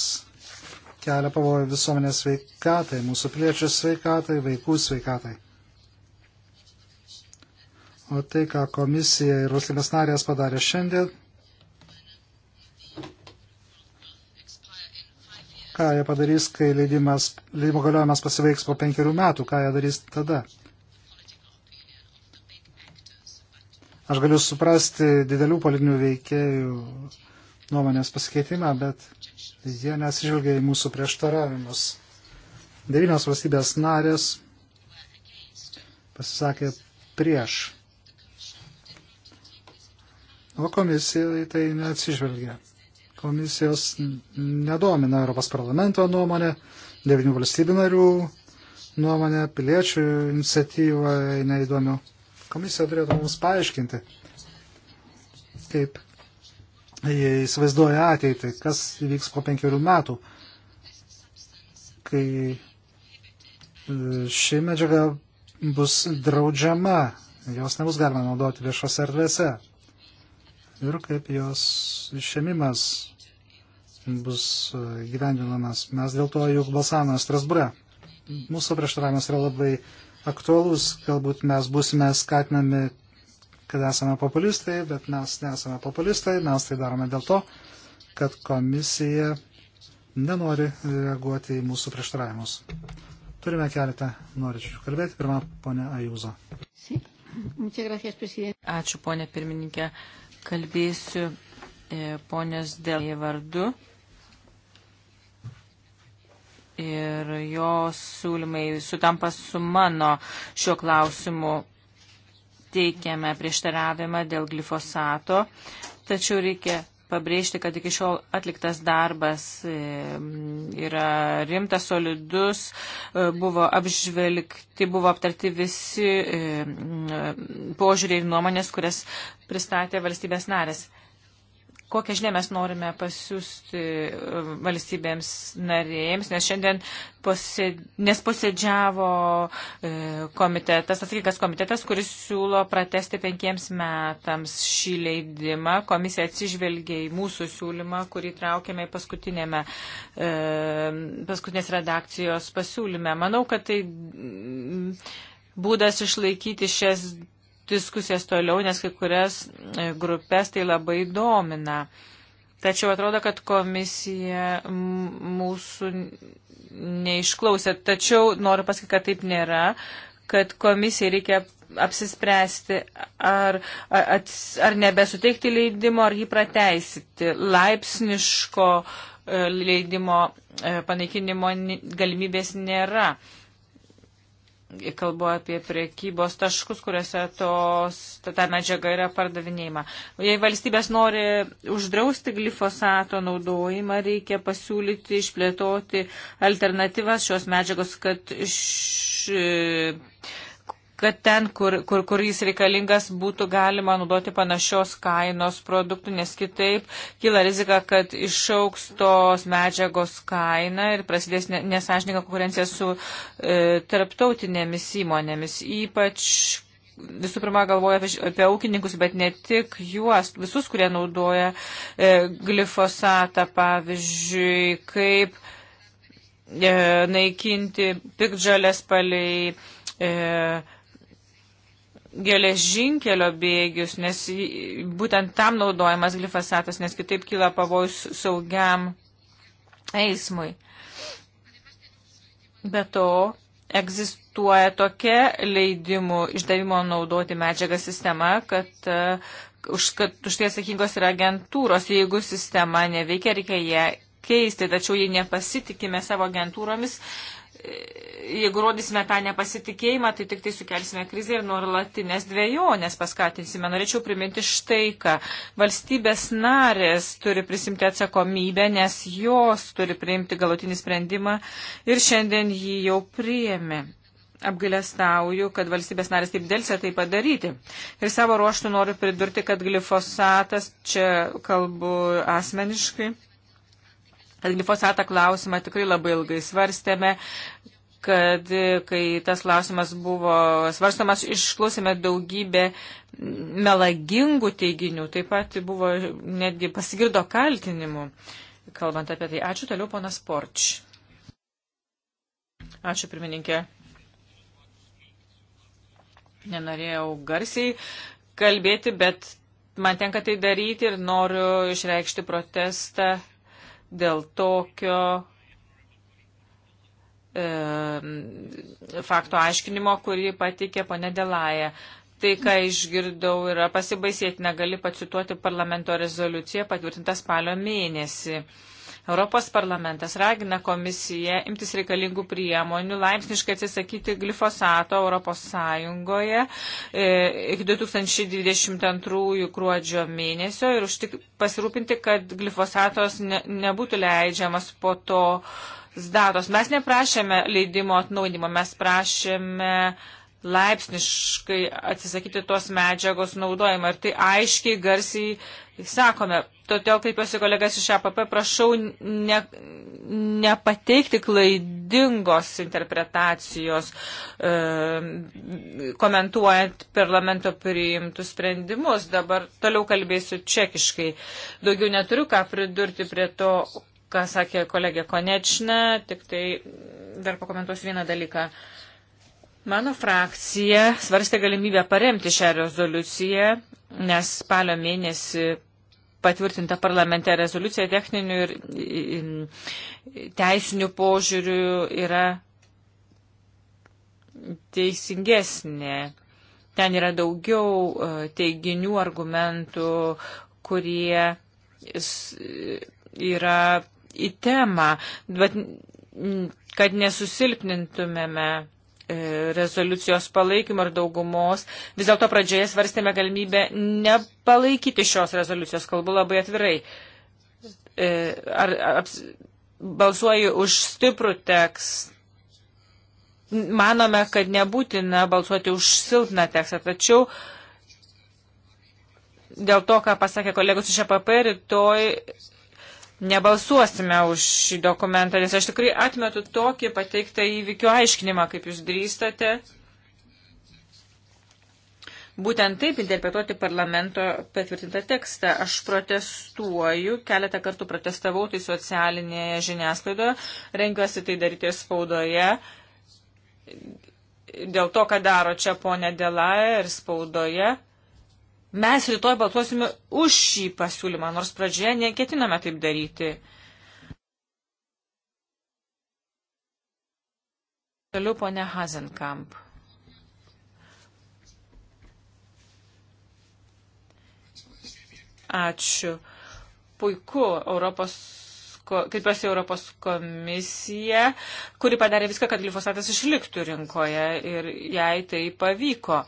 Speaker 2: kelia pavojų visuomenės sveikatai, mūsų piliečių sveikatai, vaikų sveikatai. O tai, ką komisija ir valstybės narės padarė šiandien, ką jie padarys, kai leidimas, leidimo galiojimas pasiveiks po penkerių metų, ką jie darys tada. Aš galiu suprasti didelių politinių veikėjų nuomonės pasikeitimą, bet jie nesižvelgia į mūsų prieštaravimus. Devynios valstybės narės pasisakė prieš. O komisija tai neatsižvelgia. Komisijos nedomina Europos parlamento nuomonė, devinių valstybių narių nuomonė, piliečių iniciatyva neįdomių. Komisija turėtų mums paaiškinti, kaip įsivaizduoja ateitį, kas vyks po penkerių metų, kai e, ši medžiaga bus draudžiama, jos nebus galima naudoti viešose erdvėse. Ir kaip jos išėmimas bus e, gyvendinamas. Mes dėl to juk balsavome Strasbūre. Mūsų prieštaravimas yra labai aktualus, galbūt mes būsime skatinami kad esame populistai, bet mes nesame populistai, mes tai darome dėl to, kad komisija nenori reaguoti į mūsų prieštaravimus. Turime keletą norinčių kalbėti. Pirma, ponė Ajūzo.
Speaker 3: Ačiū, ponė pirmininkė. Kalbėsiu e, ponės dėl vardu. Ir jos siūlymai sutampa su mano šiuo klausimu teikiame prieštaravimą dėl glifosato, tačiau reikia pabrėžti, kad iki šiol atliktas darbas e, yra rimtas, solidus, e, buvo apžvelgti, buvo aptarti visi e, požiūriai ir nuomonės, kurias pristatė valstybės narės kokią žinę mes norime pasiūsti e, valstybėms narėjams, nes šiandien posėd, nes posėdžiavo e, komitetas, atsakykas komitetas, kuris siūlo pratesti penkiems metams šį leidimą. Komisija atsižvelgia į mūsų siūlymą, kurį traukėme į paskutinėme, e, paskutinės redakcijos pasiūlyme. Manau, kad tai būdas išlaikyti šias diskusijas toliau, nes kai kurias e, grupės tai labai domina. Tačiau atrodo, kad komisija mūsų neišklausė. Tačiau noriu pasakyti, kad taip nėra, kad komisijai reikia apsispręsti, ar, ar, ar nebesuteikti leidimo, ar jį prateisyti. Laipsniško e, leidimo e, panaikinimo galimybės nėra kalbu apie priekybos taškus, kuriuose tos, ta, ta medžiaga yra pardavinėjama. Jei valstybės nori uždrausti glifosato naudojimą, reikia pasiūlyti, išplėtoti alternatyvas šios medžiagos, kad š, kad ten, kur, kur, kur jis reikalingas, būtų galima naudoti panašios kainos produktų, nes kitaip kyla rizika, kad išauks tos medžiagos kaina ir prasidės nesažininga konkurencija su e, tarptautinėmis įmonėmis, ypač visų pirma galvoja apie, apie ūkininkus, bet ne tik juos, visus, kurie naudoja e, glifosatą, pavyzdžiui, kaip e, naikinti pikdžalės paliai. E, geležinkelio bėgius, nes būtent tam naudojamas glifosatas, nes kitaip kyla pavojus saugiam eismui. Be to, egzistuoja tokia leidimų išdavimo naudoti medžiagą sistema, kad e, už, kad už tai atsakingos yra agentūros. Jeigu sistema neveikia, reikia ją keisti, tačiau jei nepasitikime savo agentūromis, jeigu rodysime tą nepasitikėjimą, tai tik tai sukelsime krizę ir nuolatinės dviejonės paskatinsime. Norėčiau priminti štai, ką valstybės narės turi prisimti atsakomybę, nes jos turi priimti galutinį sprendimą ir šiandien jį jau priėmė. Apgailestauju, kad valstybės narės taip dėlsia tai padaryti. Ir savo ruoštų noriu pridurti, kad glifosatas, čia kalbu asmeniškai, kad glifosatą klausimą tikrai labai ilgai svarstėme, kad e, kai tas klausimas buvo svarstamas, išklausėme daugybę melagingų teiginių, taip pat buvo netgi pasigirdo kaltinimų, kalbant apie tai. Ačiū toliau, ponas Porč. Ačiū, pirmininkė. Nenorėjau garsiai kalbėti, bet man tenka tai daryti ir noriu išreikšti protestą dėl tokio e, fakto aiškinimo, kurį patikė ponė Delaja. Tai, ką išgirdau, yra pasibaisėtina, gali pacituoti parlamento rezoliuciją patvirtintą spalio mėnesį. E, Europos parlamentas ragina komisiją imtis reikalingų priemonių, laipsniškai atsisakyti glifosato Europos Sąjungoje e, iki 2022 gruodžio mėnesio ir užtik, pasirūpinti, kad glifosatos ne, nebūtų leidžiamas po to datos. Mes neprašėme leidimo atnaudimo, mes prašėme laipsniškai atsisakyti tos medžiagos naudojimą. Ir tai aiškiai, garsiai sakome, Todėl kreipiuosi kolegas iš APP, prašau ne, nepateikti klaidingos interpretacijos, e, komentuojant parlamento priimtus sprendimus. Dabar toliau kalbėsiu čekiškai. Daugiau neturiu ką pridurti prie to, ką sakė kolegė Konečna, tik tai dar pakomentuosiu vieną dalyką. Mano frakcija svarstė galimybę paremti šią rezoliuciją, nes spalio mėnesį patvirtinta parlamente rezoliucija techninių ir teisinių požiūrių yra teisingesnė. Ten yra daugiau e, teiginių, argumentų, kurie yra į temą, bet kad nesusilpnintumėme E, rezoliucijos palaikymo ir daugumos. Vis dėlto pradžioje svarstėme galimybę nepalaikyti šios rezoliucijos, kalbu labai atvirai. E, ar aps, balsuoju už stiprų tekstą? Manome, kad nebūtina balsuoti už silpną tekstą, tačiau dėl to, ką pasakė kolegos iš APP, rytoj nebalsuosime už šį dokumentą, nes aš tikrai atmetu tokį pateiktą įvykių aiškinimą, kaip jūs drįstate. Būtent taip interpretuoti parlamento patvirtintą tekstą. Aš protestuoju, keletą kartų protestavau tai socialinėje žiniasklaidoje, rengiuosi tai daryti spaudoje. Dėl to, ką daro čia ponė Dela ir spaudoje, Mes rytoj balsuosime už šį pasiūlymą, nors pradžioje neketiname taip daryti. Toliau ponė Hazenkamp. Ačiū. Puiku, Europos, kreipiuosi Europos komisija, kuri padarė viską, kad glifosatas išliktų rinkoje ir jai tai pavyko.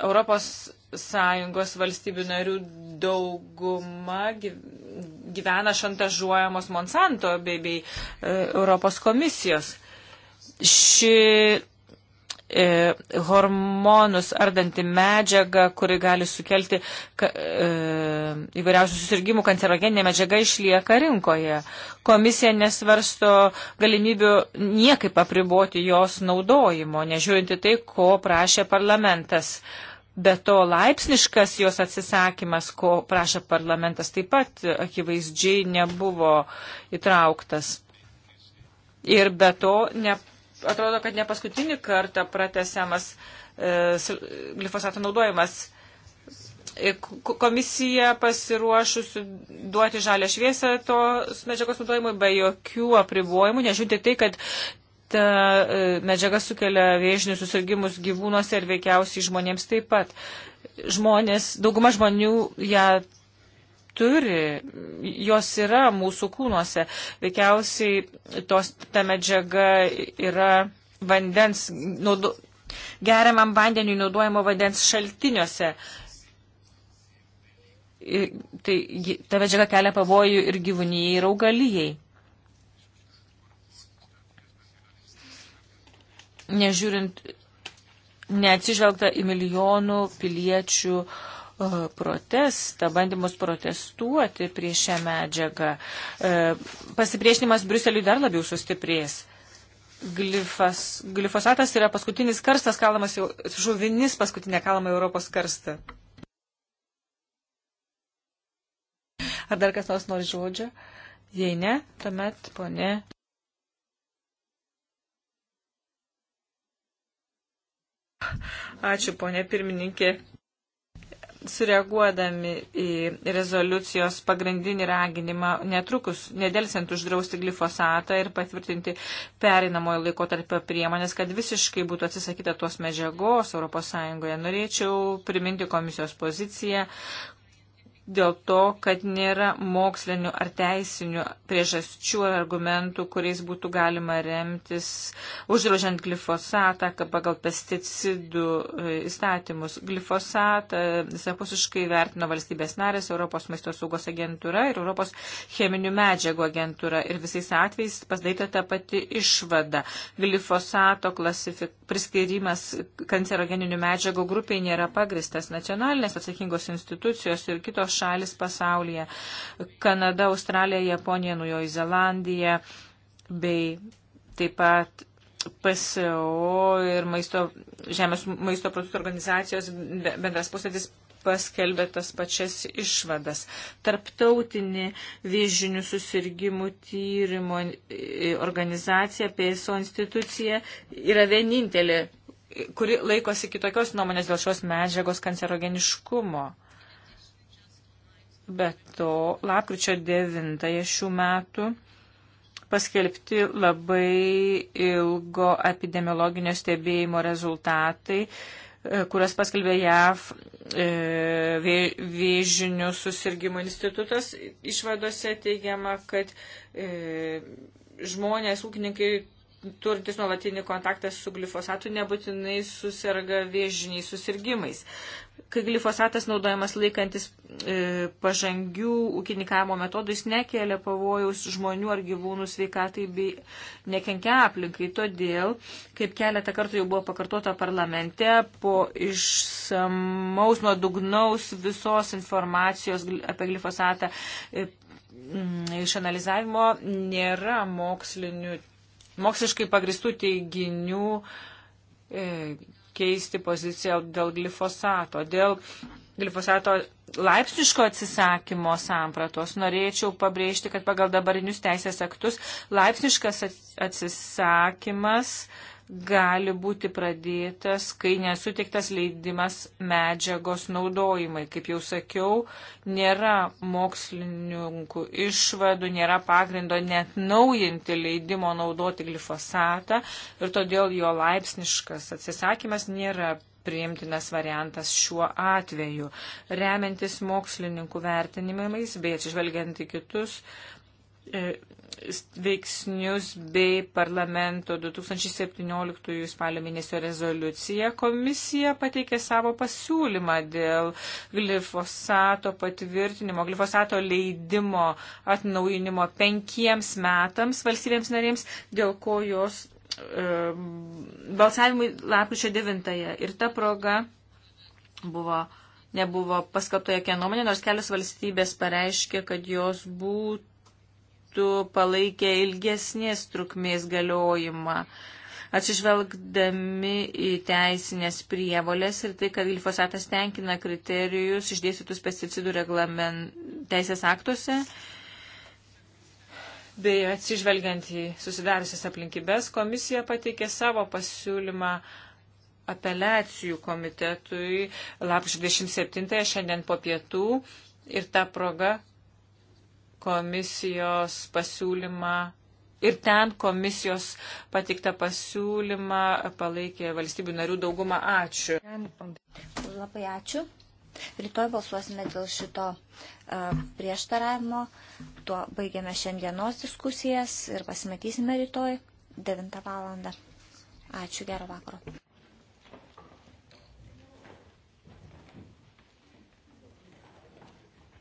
Speaker 3: Europos Sąjungos valstybių narių dauguma gyvena šantažuojamos Monsanto bei, bei e, Europos komisijos. Ši e, hormonus ardanti medžiaga, kuri gali sukelti ka, e, įvairiausių susirgymų kancerogeninė medžiaga išlieka rinkoje. Komisija nesvarsto galimybių niekaip apriboti jos naudojimo, nežiūrinti tai, ko prašė parlamentas. E, Be to laipsniškas jos atsisakymas, ko prašo parlamentas, taip pat akivaizdžiai nebuvo įtrauktas. Ir be to, ne, atrodo, kad ne paskutinį kartą pratesiamas e, glifosato naudojimas. E, komisija pasiruošusi duoti žalę šviesą tos medžiagos naudojimui be jokių apribojimų, nežiūrinti tai, kad ta e, medžiaga sukelia vėžinius susirgymus gyvūnuose ir veikiausiai žmonėms taip pat. Žmonės, dauguma žmonių ją turi, jos yra mūsų kūnuose. Veikiausiai tos, ta medžiaga yra vandens, naudo, geriamam vandeniui naudojamo vandens šaltiniuose. Ir tai ta medžiaga kelia pavojų ir gyvūnijai, ir augalijai. nežiūrint, neatsižvelgta į milijonų piliečių e, protestą, bandymus protestuoti prieš šią medžiagą. E, pasipriešinimas Bruseliui dar labiau sustiprės. Glifas, glifosatas yra paskutinis karstas kalamas, žuvinis paskutinė kalama Europos karstą. Ar dar kas nors nori žodžio? Jei ne, tuomet ponė Ačiū, ponė pirmininkė. Sureaguodami į rezoliucijos pagrindinį raginimą netrukus, nedelsiant uždrausti glifosatą ir patvirtinti perinamojo laiko tarp priemonės, kad visiškai būtų atsisakyta tos medžiagos ES, norėčiau priminti komisijos poziciją, dėl to, kad nėra mokslinių ar teisinių priežasčių ar argumentų, kuriais būtų galima remtis uždraužiant glifosatą pagal pesticidų e, įstatymus. Glifosatą e, visapusiškai vertino valstybės narės, Europos maisto saugos agentūra ir Europos cheminių medžiagų agentūra ir visais atvejais pasdaryta ta pati išvada. Glifosato klasifik... priskirimas kancerogeninių medžiagų grupiai nėra pagristas. Nacionalinės atsakingos institucijos ir kitos šalis pasaulyje - Kanada, Australija, Japonija, Naujoji Zelandija bei taip pat PSO ir maisto, Žemės maisto produktų organizacijos bendras posėdis paskelbė tas pačias išvadas. Tarptautinė vėžinių susirgymų tyrimo organizacija, PSO institucija yra vienintelė, kuri laikosi kitokios nuomonės dėl šios medžiagos kancerogeniškumo. Be to, lapkričio 9 šių metų paskelbti labai ilgo epidemiologinio stebėjimo rezultatai, e, kurias paskelbė JAV e, vėžinių susirgymų institutas. Išvadose teigiama, kad e, žmonės, ūkininkai turintis nuolatinį kontaktą su glifosatu nebūtinai susirga vėžiniais susirgymais kai glifosatas naudojamas laikantis e, pažangių ūkininkavimo metodų, jis nekelia pavojaus žmonių ar gyvūnų sveikatai bei nekenkia aplinkai. Todėl, kaip keletą kartų jau buvo pakartota parlamente, po išsamaus nuo dugnaus visos informacijos apie glifosatą e, išanalizavimo nėra mokslinių, moksliškai pagristų teiginių. E, keisti poziciją dėl glifosato. Dėl glifosato laipsniško atsisakymo sampratos norėčiau pabrėžti, kad pagal dabarinius teisės aktus laipsniškas atsisakymas uh, gali būti pradėtas, kai nesutiktas leidimas medžiagos naudojimai. Kaip jau sakiau, nėra mokslininkų išvadų, nėra pagrindo net naujinti leidimo naudoti glifosatą ir todėl jo laipsniškas atsisakymas nėra priimtinas variantas šiuo atveju. Remiantis mokslininkų vertinimais bei atsižvelgiant į kitus e, veiksnius bei parlamento 2017 spalio mėnesio rezoliuciją, komisija pateikė savo pasiūlymą dėl glifosato patvirtinimo, glifosato leidimo atnaujinimo penkiems metams valstybėms narėms, dėl ko jos e, balsavimui lapkričio 9-ąją. Ir ta proga buvo nebuvo paskapta jokia nuomonė, nors kelios valstybės pareiškė, kad jos būtų metu palaikė ilgesnės trukmės galiojimą, atsižvelgdami į teisinės prievolės ir tai, kad glifosatas tenkina kriterijus išdėstytus pesticidų reglament teisės aktuose. Bei atsižvelgiant į susidariusias aplinkybės, komisija pateikė savo pasiūlymą apeliacijų komitetui lapkričio 27-ąją šiandien po pietų ir tą progą komisijos pasiūlymą ir ten komisijos patiktą pasiūlymą palaikė valstybių narių daugumą. Ačiū.
Speaker 1: Labai ačiū. Rytoj balsuosime dėl šito e, prieštaravimo. Tuo baigiame šiandienos diskusijas ir pasimatysime rytoj 9 val. Ačiū, gero vakaro.